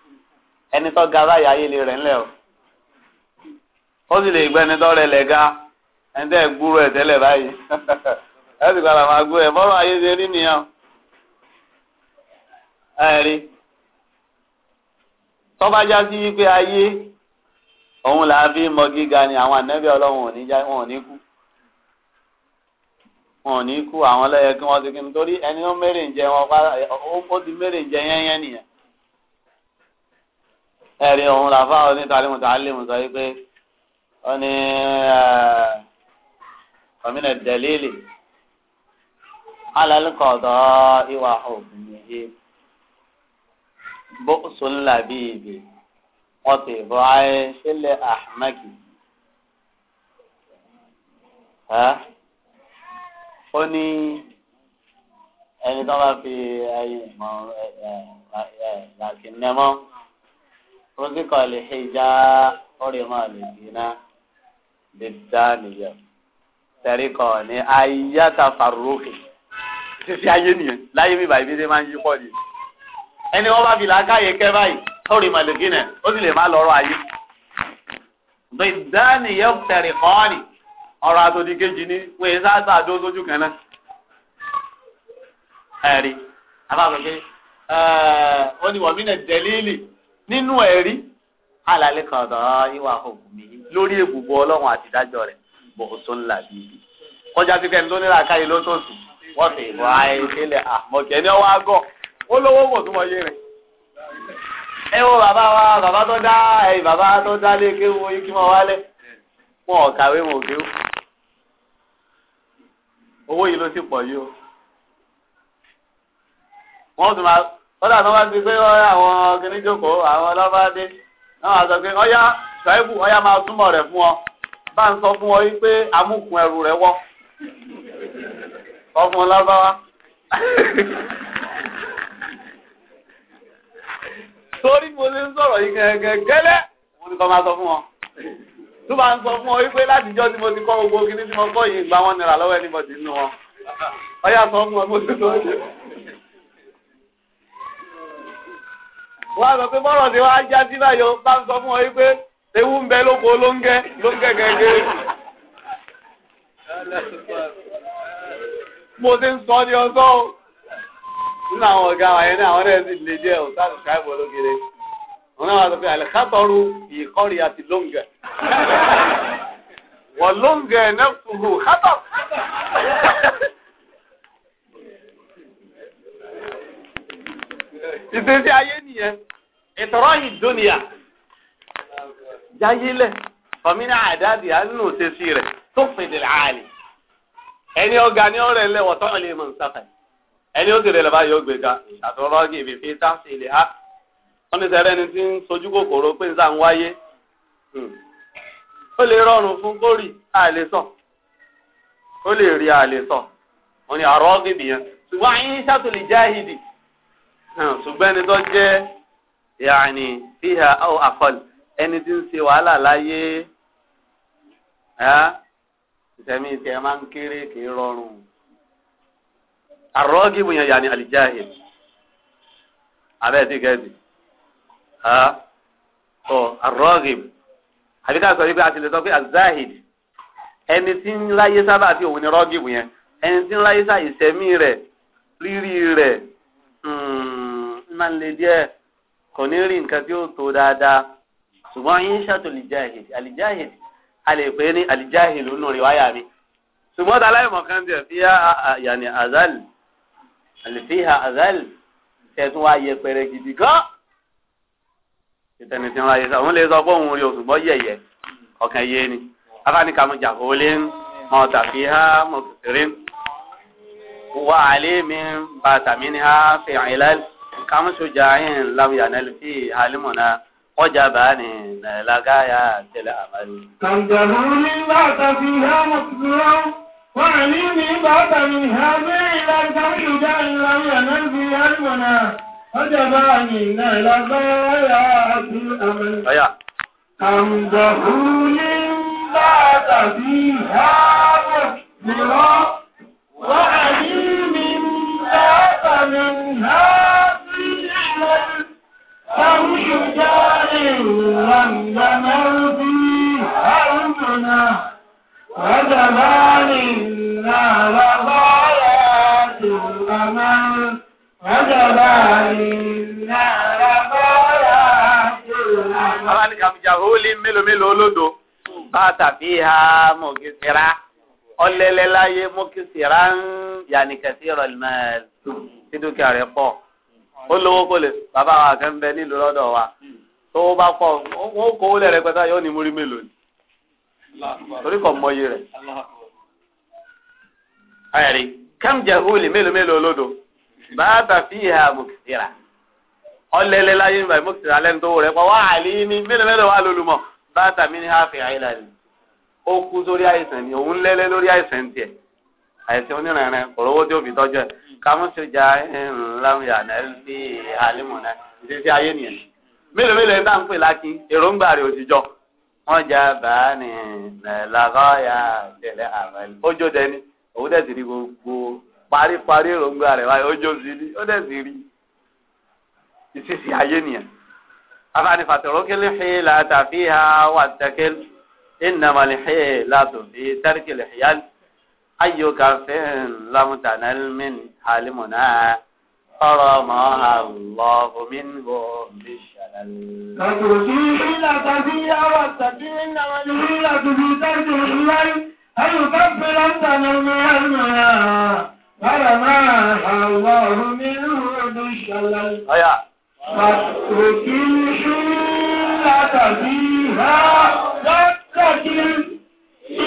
ẹni tó ga báyìí ayé lè rẹ̀ ńlẹ̀ o ó sì lè gbẹ́ni tó rẹ̀ lẹ̀ ga ẹni tẹ́ gbúrò ẹ̀ tẹ́lẹ̀ báyìí (laughs) ẹ sì padà máa gbúrò ẹ̀ bọ́rọ̀ ayé ṣe rí nìyẹn ẹ rí tó bá já sí wípé ayé òun là á fi mọ gíga ni àwọn ànẹ́bí ọlọ́run ò ní já wọn ò ní kú wọn ò ní kú àwọn lẹ́yẹ kí wọ́n ti kí n torí ẹni ó mẹ́rẹ̀ ń jẹ wọn ó ti mẹ́rẹ̀ ń jẹ yẹ́nyẹ́ nìyẹn ẹ̀rí ọ̀hún làfà ọ̀ní tàlímù tàlímù sọ wípé ọ̀ní ọ̀mìnà dẹ̀lílì alálùkọ̀dọ̀ ìwà òbíye bóṣùn làbí ìbí wọn ti bọ́ ayé sílẹ̀ àhámákì. ó ní ẹni tó bá fi ẹyin mọ ẹ ẹ làkìnnẹ́mọ́. رزق الحجاء حرم الزنا بالدانية tẹ̀ríkọ̀ ní ayáta farókè títí ayé nìyẹn láyé mi báyìí bíi máa ń yí pọ̀ yìí ẹni wọ́n bá fi làákàyè kẹ́ báyìí sọ̀rọ̀ ìmọ̀lẹ́kì náà ó sì lè má lọ́rọ̀ ayé bìdánìyẹ tẹ̀ríkọ́ ni ọ̀rọ̀ àtòdì kejì ni wọ́n yẹn sáà sáà dó sójú kan náà ẹ̀rí abáfẹ́ pé ó ní wọ́n mí nà dẹ́líìlì nínú ẹ̀rí alàlẹ́ kan ọ̀dọ̀ ìwà ògùnmí lórí ègbùgbọ́ ọlọ́run àti ìdájọ́ rẹ̀ bọ̀ọ̀tún làbí kọjá sí kẹ́mi tó nílò àkáyé lóṣooṣù wọ́n fi ìwà ìdílé àmọ̀kẹ́ ní ọwọ́ àgọ́ ó lówó mọ̀ tó mọ yé rẹ̀. ẹ wo bàbá wa bàbá tó dá ẹyìn bàbá tó dá lé kéwu ikí mọ wálẹ̀ wọn ò kàwé wọn ò owó yìí ló sì pọ̀ yìí o wọ́n tún máa kódà tó bá ti pé àwọn kìnnìjókòó àwọn ọlọ́bàdé náà wà sọ pé ọyá ṣàìbù ọyá máa túmọ̀ rẹ̀ fún ọ bá ń sọ fún ọ wípé amúkùn ẹrù rẹ wọ́ ọmọ ọlọ́bàwá. torí mo ṣe ń sọ̀rọ̀ yìí gẹ̀gẹ̀ gẹ́lẹ́ mo ní kọ́ máa sọ fún ọ tó bá ń sọ fún ọ wípé látijọ́ tí mo ti kọ́ gbogbo kíní tí mo kọ́ yìí gba wọn nira lọ́wọ́ ẹni bọ̀dì nínú wọn ọyá sọ fún ọ mo ti lọ́ọ́ wọ́n á sọ pé bọ́rọ̀ ti wá já sí báyọ̀ bá ń sọ fún ọ yìí pé ewu ń bẹ lóko lóńgẹ́ lóńgẹ́ gẹ́gẹ́. mo ti ń sọ ní ọsọ o nínú àwọn ọ̀gá wa ní àwọn náà lè jẹ́ òtáàlù káìbọ̀ lókèrè wọn náà wà sọ pé àlẹ́kàtọ́rù ìkọ́rì àti lóńgẹ́ wọ́n lóńgẹ́ nẹ́fùhù kátọ̀. ìṣesí ayé nìyẹn ìtọ́rọ́ yìí dúnìyà yáyílẹ̀ fàmínà àdáàdì àánú òṣèṣì rẹ̀ tó fèdèrè àlè ẹni ọ̀gá ni ọ̀rẹ́ ńlẹ̀ wọ́n tọ́lẹ̀ mọ̀ nsàfẹ́ ẹni ó lọ́ba yóò gbéga àtọ́rọ́ fi tá sí ilé ha wọ́n ní sẹ́rẹ́ ni ti ń sojú kòkòrò pé ń wáyé hmm. ó lè rọrùn fún kórì àlè sàn ó lè rí àlè wọ́n ní àrọ́ ṣùgbọ́n ẹni tó jẹ́ yàní fíhà ọ̀ àkọlù ẹni tí ń ṣe wàhálà láyé ìsẹ̀mí tiẹ̀ máa ń kéré kì í rọrùn. àrọ́gì bùyàn yàní àlìjáhìn abẹ́ẹ̀ tí kẹ́ẹ̀dì ọ̀ àrọ́gì àbíká sọ wípé a ti lè sọ pé àzáhìd ẹni tí ń láyé sábà tí òun ni rọ́gì bùyàn ẹni tí ń láyé sáà ìsẹ̀mí rẹ̀ rírì rẹ̀. Hmm, máa ń le díẹ̀ kò ní rí nǹkan tí ó tó dáadáa ṣùgbọ́n yín ṣàtò alijahid alijahid a lè pè é ní alijahid lónú rí wáyà mi ṣùgbọ́n tá aláìmọ̀ kan tiẹ̀ fi yàní azal àlèfíhà azal tẹ̀tún wá yẹpẹrẹ gidi gan ìtẹ̀nìtì wọn ayé sọ òun lè sọ pé òun rí oṣù yẹ̀yẹ̀ ọ̀kan yé ni afáàní kàmújà kò lé ń mọ tàbí ha mọ kìsìrín wà á lé mi bàtà mi ní ha fìhàn ilẹ̀ kam shuja'in lam yanal fi halimuna وجبان لقايا الأمل كم جهول بات فيها مطلوع وعليم بات منها بعلا كم شجاع لم ينل في علمنا وجبان لقايا الأمل كم جهول بات فيها مطلوع وعليم بات منها أو شجار لم نمر فيه أرضنا وزمان نال غايات الأمل وزمان نال غايات الأمل أنا كم جهولي ملو ملو لدو bàtà fi ha mọ̀kìsìrá ọlẹ́lẹ́láyé mọ̀kìsìrá ń yànníkẹ́sì rọ̀lmẹ́ẹ̀lì tí dúkìá rẹ̀ pọ̀. ó lówó kó lè bàbá wa kẹ́ bẹ nílùú lọ́dọ̀ wa hmm. tó bá pọ̀ wọ́n kó mélòó ni torí kò mọyì rẹ̀. ayẹ̀rí kẹ́m jẹ̀húlì mélòó mélòó lódò bàtà fi hà mùkìtìrà ọlẹ́lẹ́ láyé ń mùkìtìrà lẹ́nu tó rẹ̀ pọ̀ wá àlí ní mélòó mélòó wà lólùmọ̀ bàtà mi ní ni ó kú sórí àìsàn ni òun lórí àìsàn àìsí onírànrẹ òrówó tí ó fi tọ́jú ẹ̀ kàmúṣojà ńlámìyà nẹ́ẹ̀lì àlìmọ̀nà ìṣesí ayé nìyẹn. mélòó mélòó ẹ̀ ń dáhùn pé lákì èròǹgbà rẹ̀ òtijọ́ wọ́n já bàánì làkọ́yà tẹ̀lé àmàlì. ó jó dẹni òun dẹ̀ sì rí gbogbo paríparí èròǹgbà rẹ̀ wáyé ó jó sí ní ó dẹ̀ sì rí ìṣesí ayé nìyẹn. afaani fàtẹ̀rọ̀kẹ́lẹ́ xìlá tàfíhà wà tẹ̀kẹ́lẹ́ ìnàmàlì xìlá tó fi ayo kafin lamutana min halimuna ọrọmọ àlọ́hùn mi ń bọ̀ bí ṣàlàyé. Lọ́tò sí ìlà tàbí àwọn tàbí ìlànà ìlà tòbí tàbí ìlànà ayò kafin lamutana min halimuna ọrọmọ àlọ́hùn mi ń bọ̀ bí ṣàlàyé. Ọ̀yà. Lọ́tò sí ìlà tàbí ìlànà ìlà tòbí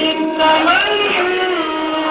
ìlànà.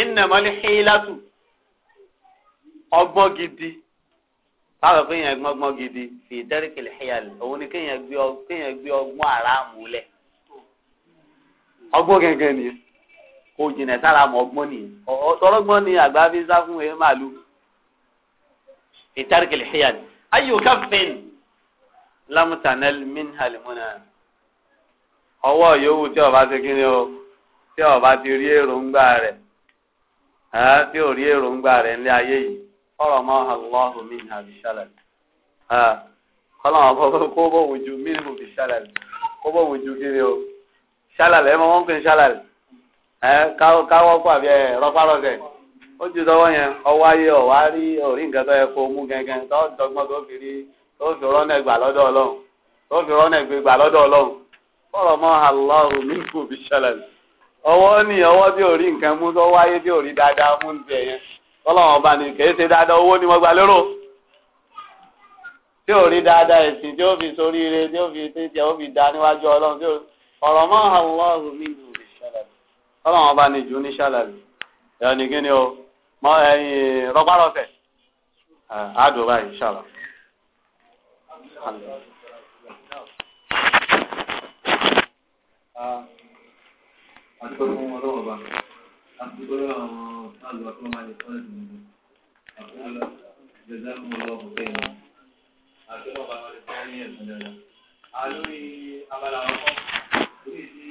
ìnàmọ́lé hílátù ọgbọ́n gidi báwo pé yẹn gbọ́ngbọ́n gidi fi dẹ́rẹ́kẹ̀lì híyàlì òun ni kéèyàn gbé ọgbọ́n àràmù lẹ̀ ọgbọ́n gẹ́gẹ́ ni kò jìnà sára mọ́ ọgbọ́n ni ọlọ́gbọ́n ni àgbà fi sá fún ẹ màálù fi dẹ́rẹ́kẹ̀lì híyàlì ayò káfíìn lámùtánẹ́lì mínhàlì múnà ọwọ́ yòówù tí ọba ti kí ni o tí ọba ti rí èròǹgbà rẹ̀. tí ò rí èròǹgbà rẹ̀ a ayé yìí ọ̀rọ̀ mọ́ aláhùn mi ní àbíṣálẹ̀ kọ́lọ́mọ̀ fọ́ kó bóun ju mí ní kó kiri o ṣálàlẹ̀ ẹ mọ wọ́n ń pè ẹ káwọ́ kó àbí ẹ ó ju tọwọ́ yẹn ọwọ́ ayé orí nǹkan tó yẹ kó mú tó tó fi rí tó fi gbà tó fi gbà mi ní ọwọ́ ní ọwọ́ tí ò rí nǹkan mú tó wáyé tí ò rí dáadáa mú ní tiẹ̀ yẹn tọ́lọ́wọ́n dada owó ni mo gbà lérò tí ò rí dáadáa ẹ̀sìn tí ó fi sórí ire tí ó fi ó fi da níwájú ọlọ́run tí ọ̀rọ̀ mọ́ mi ní ṣàlàyé jù ní ṣàlàyé ẹ̀ ní kí ni o mọ ẹyin rọpárọsẹ̀ àádùn báyìí Uh... àti pé fún ọlọ́wọ́ bá àti pé àwọn àlùbá tó máa lè fún ẹ̀sìn nínú àti pé jẹjẹ fún ọlọ́wọ́ bẹ́ẹ̀ ni àti pé ọba máa fún ẹ̀yìn ẹ̀sìn dáadáa. àlórí abala ọkọ orí ìdí